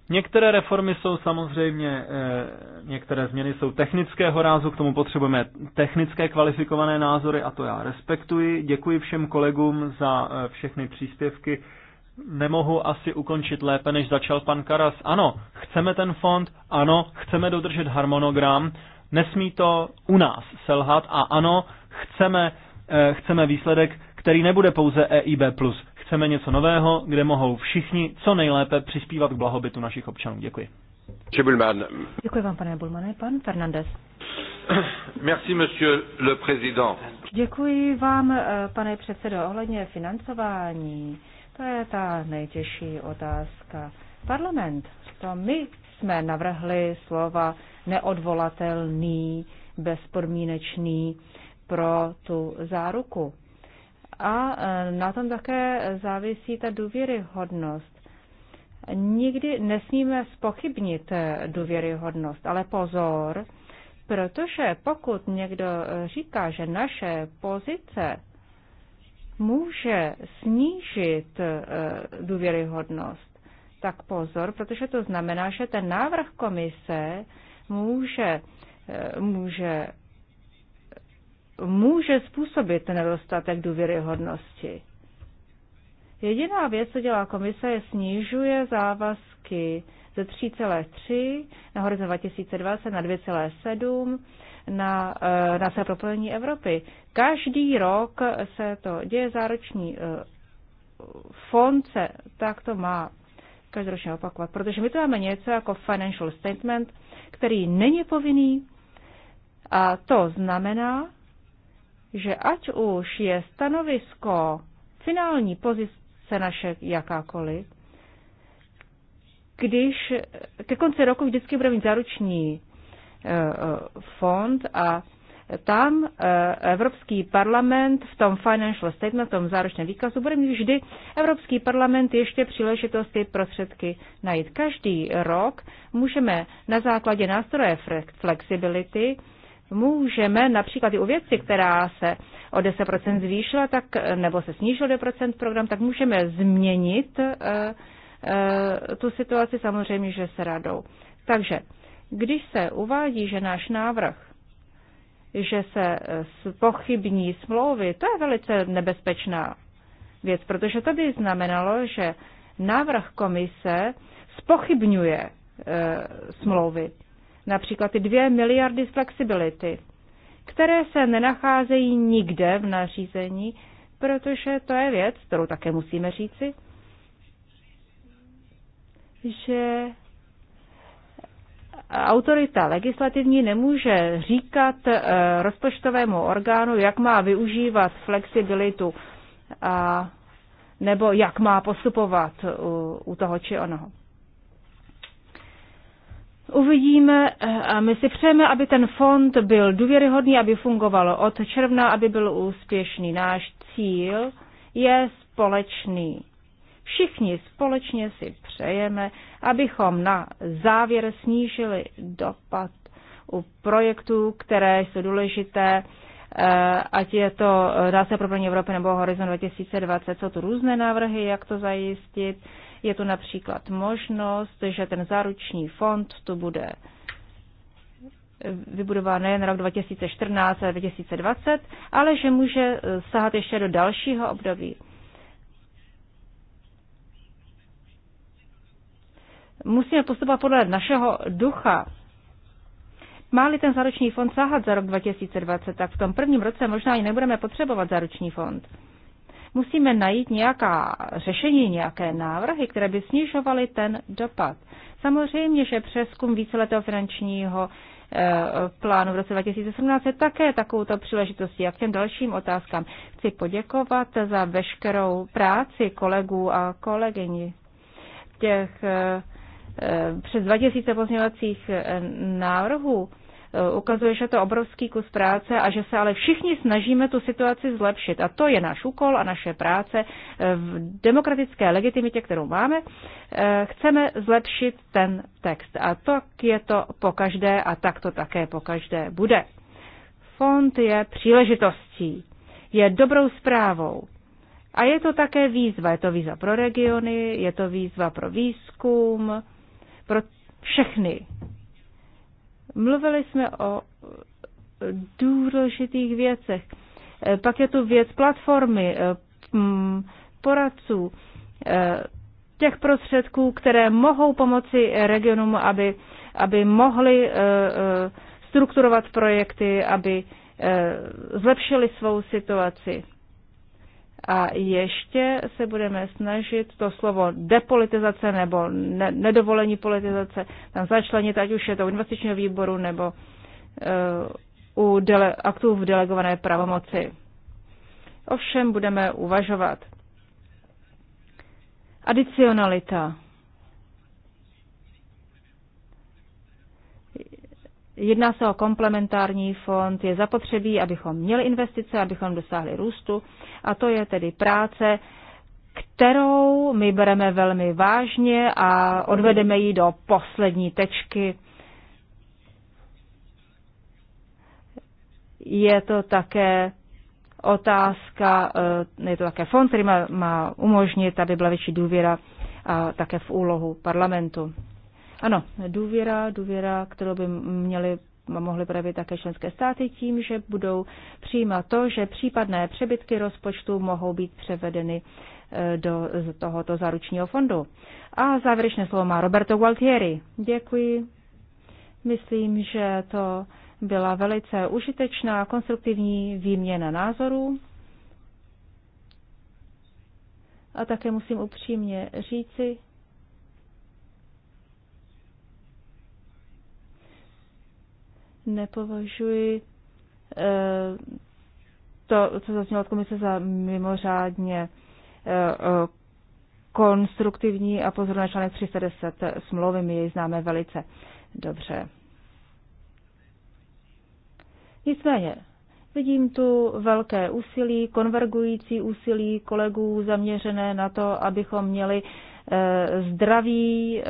Některé reformy jsou samozřejmě, eh, některé změny jsou technického rázu, k tomu potřebujeme technické kvalifikované názory a to já respektuji. Děkuji všem kolegům za eh, všechny příspěvky nemohu asi ukončit lépe, než začal pan Karas. Ano, chceme ten fond, ano, chceme dodržet harmonogram, nesmí to u nás selhat a ano, chceme, eh, chceme výsledek, který nebude pouze EIB+. Chceme něco nového, kde mohou všichni co nejlépe přispívat k blahobytu našich občanů. Děkuji. Děkuji vám, pane Bulmane. Pan Fernandez. Merci, monsieur le président. Děkuji vám, eh, pane předsedo, ohledně financování. To je ta nejtěžší otázka. Parlament, to my jsme navrhli slova neodvolatelný, bezpodmínečný pro tu záruku. A e, na tom také závisí ta důvěryhodnost. Nikdy nesmíme spochybnit e, důvěryhodnost, ale pozor, protože pokud někdo říká, že naše pozice může snížit eh, důvěryhodnost, tak pozor, protože to znamená, že ten návrh komise může, eh, může, může způsobit nedostatek důvěryhodnosti. Jediná věc, co dělá komise, je snižuje závazky ze 3,3 na horizont 2020 na 2,7 na, eh, na své propojení Evropy. Každý rok se to děje zároční eh, fond se tak to má každoročně opakovat, protože my to máme něco jako financial statement, který není povinný a to znamená, že ať už je stanovisko finální pozice naše jakákoliv, když ke konci roku vždycky budeme mít záruční Eh, fond a tam eh, Evropský parlament v tom financial statement, v tom záročném výkazu, bude mít vždy Evropský parlament ještě příležitosti prostředky najít. Každý rok můžeme na základě nástroje flexibility můžeme například i u věci, která se o 10% zvýšila, tak, nebo se snížil 10% program, tak můžeme změnit uh, uh, tu situaci samozřejmě, že se radou. Takže když se uvádí, že náš návrh, že se eh, pochybní smlouvy, to je velice nebezpečná věc, protože to by znamenalo, že návrh komise spochybňuje e, smlouvy. Například ty dvě miliardy z flexibility, které se nenacházejí nikde v nařízení, protože to je věc, kterou také musíme říci, že autorita legislativní nemůže říkat eh, rozpočtovému orgánu, jak má využívat flexibilitu a, nebo jak má postupovat u, u toho či onoho. Uvidíme eh, a my si přejeme, aby ten fond byl důvěryhodný, aby fungoval od června, aby byl úspěšný. Náš cíl je společný Všichni společně si přejeme, abychom na závěr snížili dopad u projektů, které jsou důležité, eh, ať je to Dá se plní Evropy nebo Horizon 2020. Jsou tu různé návrhy, jak to zajistit. Je tu například možnost, že ten záruční fond tu bude vybudován nejen rok 2014 a 2020, ale že může sahat ještě do dalšího období. Musíme postupovat podle našeho ducha. Máli ten záruční fond sahat za rok 2020, tak v tom prvním roce možná i nebudeme potřebovat záruční fond. Musíme najít nějaká řešení, nějaké návrhy, které by snižovaly ten dopad. Samozřejmě, že přeskum víceletého finančního eh, plánu v roce 2017 je také takovouto příležitostí. jak těm dalším otázkám chci poděkovat za veškerou práci kolegů a kolegyni. Těch eh, Eh, přes 2000 pozměňovacích eh, návrhů, eh, ukazuje, že to obrovský kus práce a že se ale všichni snažíme tu situaci zlepšit. A to je náš úkol a naše práce v demokratické legitimitě, kterou máme. Chceme zlepšit ten text a tak je to po každé a tak to také po každé bude. Fond je příležitostí, je dobrou zprávou. A je to také výzva. Je to výzva pro regiony, je to výzva pro výzkum, pro všechny. Mluvili jsme o důležitých věcech. Eh, pak je tu věc platformy, eh, mm, poradců, eh, těch prostředků, které mohou pomoci regionům, aby, aby mohli strukturovat projekty, aby zlepšili svou situaci. A ještě se budeme snažit to slovo depolitizace nebo ne, nedovolení politizace tam začlenit, ať už je to u investičního výboru nebo uh, u dele, aktů v delegované pravomoci. Ovšem budeme uvažovat. Adicionalita. Jedná se o komplementární fond, je zapotřebí, abychom měli investice, abychom dosáhli růstu a to je tedy práce, kterou my bereme velmi vážně a odvedeme ji do poslední tečky. Je to také otázka, eh, je to také fond, který má, má umožnit, aby byla větší důvěra a také v úlohu parlamentu. Ano, důvěra, důvěra, kterou by měli mohly projevit také členské státy tím, že budou přijímat to, že případné přebytky rozpočtu mohou být převedeny eh, do tohoto záručního fondu. A závěrečné slovo má Roberto Gualtieri. Děkuji. Myslím, že to byla velice užitečná konstruktivní výměna názorů. A také musím upřímně říci, Nepovažuji eh, to, co zaznělo od komise, za mimořádně eh, konstruktivní a pozorné článek 310 smlouvy, my jej známe velice dobře. Nicméně, vidím tu velké úsilí, konvergující úsilí kolegů zaměřené na to, abychom měli eh, zdravý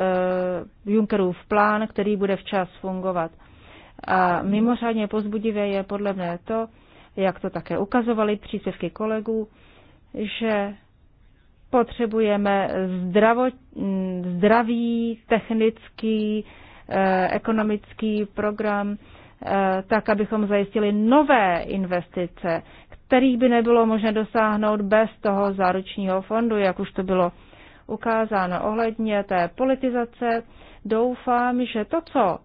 Junckerův plán, který bude včas fungovat. A mimořádně pozbudivé je podle mne to, jak to také ukazovali příspěvky kolegů, že potřebujeme zdravo, zdravý, technický, eh, ekonomický program, eh, tak abychom zajistili nové investice, kterých by nebylo možné dosáhnout bez toho záručního fondu, jak už to bylo ukázáno ohledně té politizace. Doufám, že to, co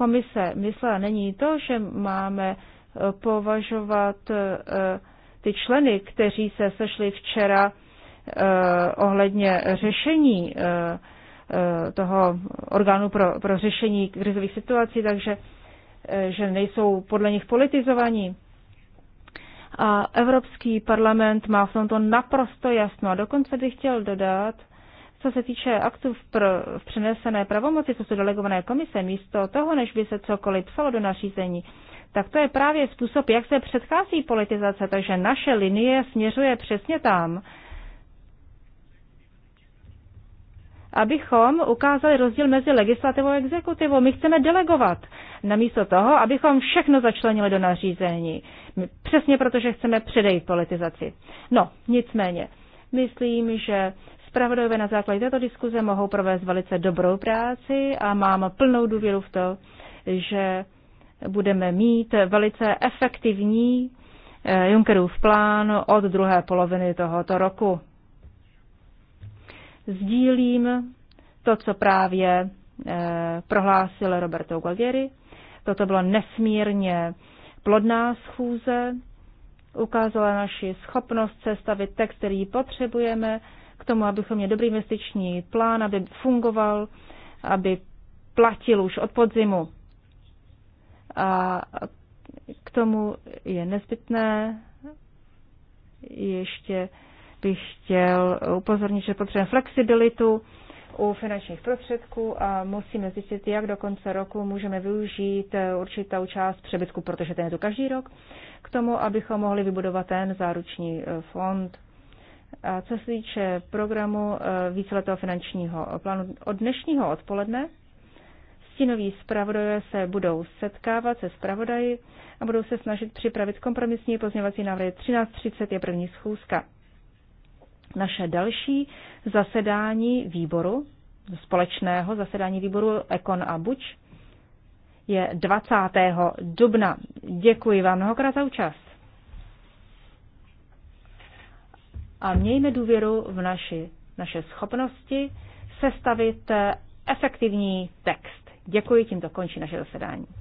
komise myslela, není to, že máme eh, považovat eh, ty členy, kteří se sešli včera eh, ohledně řešení toho orgánu pro, pro řešení krizových situací, takže že nejsou podle nich politizovaní. A Evropský parlament má v tomto naprosto jasno. A dokonce bych chtěl dodat, co se týče aktů v, pr- v přenesené pravomoci, co jsou delegované komise, místo toho, než by se cokoliv psalo do nařízení, tak to je právě způsob, jak se předchází politizace, takže naše linie směřuje přesně tam, abychom ukázali rozdíl mezi legislativou a exekutivou. My chceme delegovat, namísto toho, abychom všechno začlenili do nařízení. Přesně proto, že chceme předejít politizaci. No, nicméně, myslím, že Spravodajové na základě této diskuze mohou provést velice dobrou práci a mám plnou důvěru v to, že budeme mít velice efektivní eh, Junckerův plán od druhé poloviny tohoto roku. Sdílím to, co právě eh, prohlásil Roberto Gualtieri. Toto bylo nesmírně plodná schůze, ukázala naši schopnost sestavit text, který potřebujeme k tomu, abychom měli dobrý investiční plán, aby fungoval, aby platil už od podzimu. A k tomu je nezbytné ještě bych chtěl upozornit, že potřebujeme flexibilitu u finančních prostředků a musíme zjistit, jak do konce roku můžeme využít určitou část přebytku, protože ten je tu každý rok, k tomu, abychom mohli vybudovat ten záruční fond. A co se týče programu eh, víceletého finančního plánu od dnešního odpoledne, stínoví zpravodajové se budou setkávat se zpravodaji a budou se snažit připravit kompromisní pozměvací návrhy. 13.30 je první schůzka. Naše další zasedání výboru, společného zasedání výboru Ekon a Buč, je 20. dubna. Děkuji vám mnohokrát za účast. a mějme důvěru v naši, naše schopnosti sestavit eh, efektivní text. Děkuji, tímto končí naše zasedání.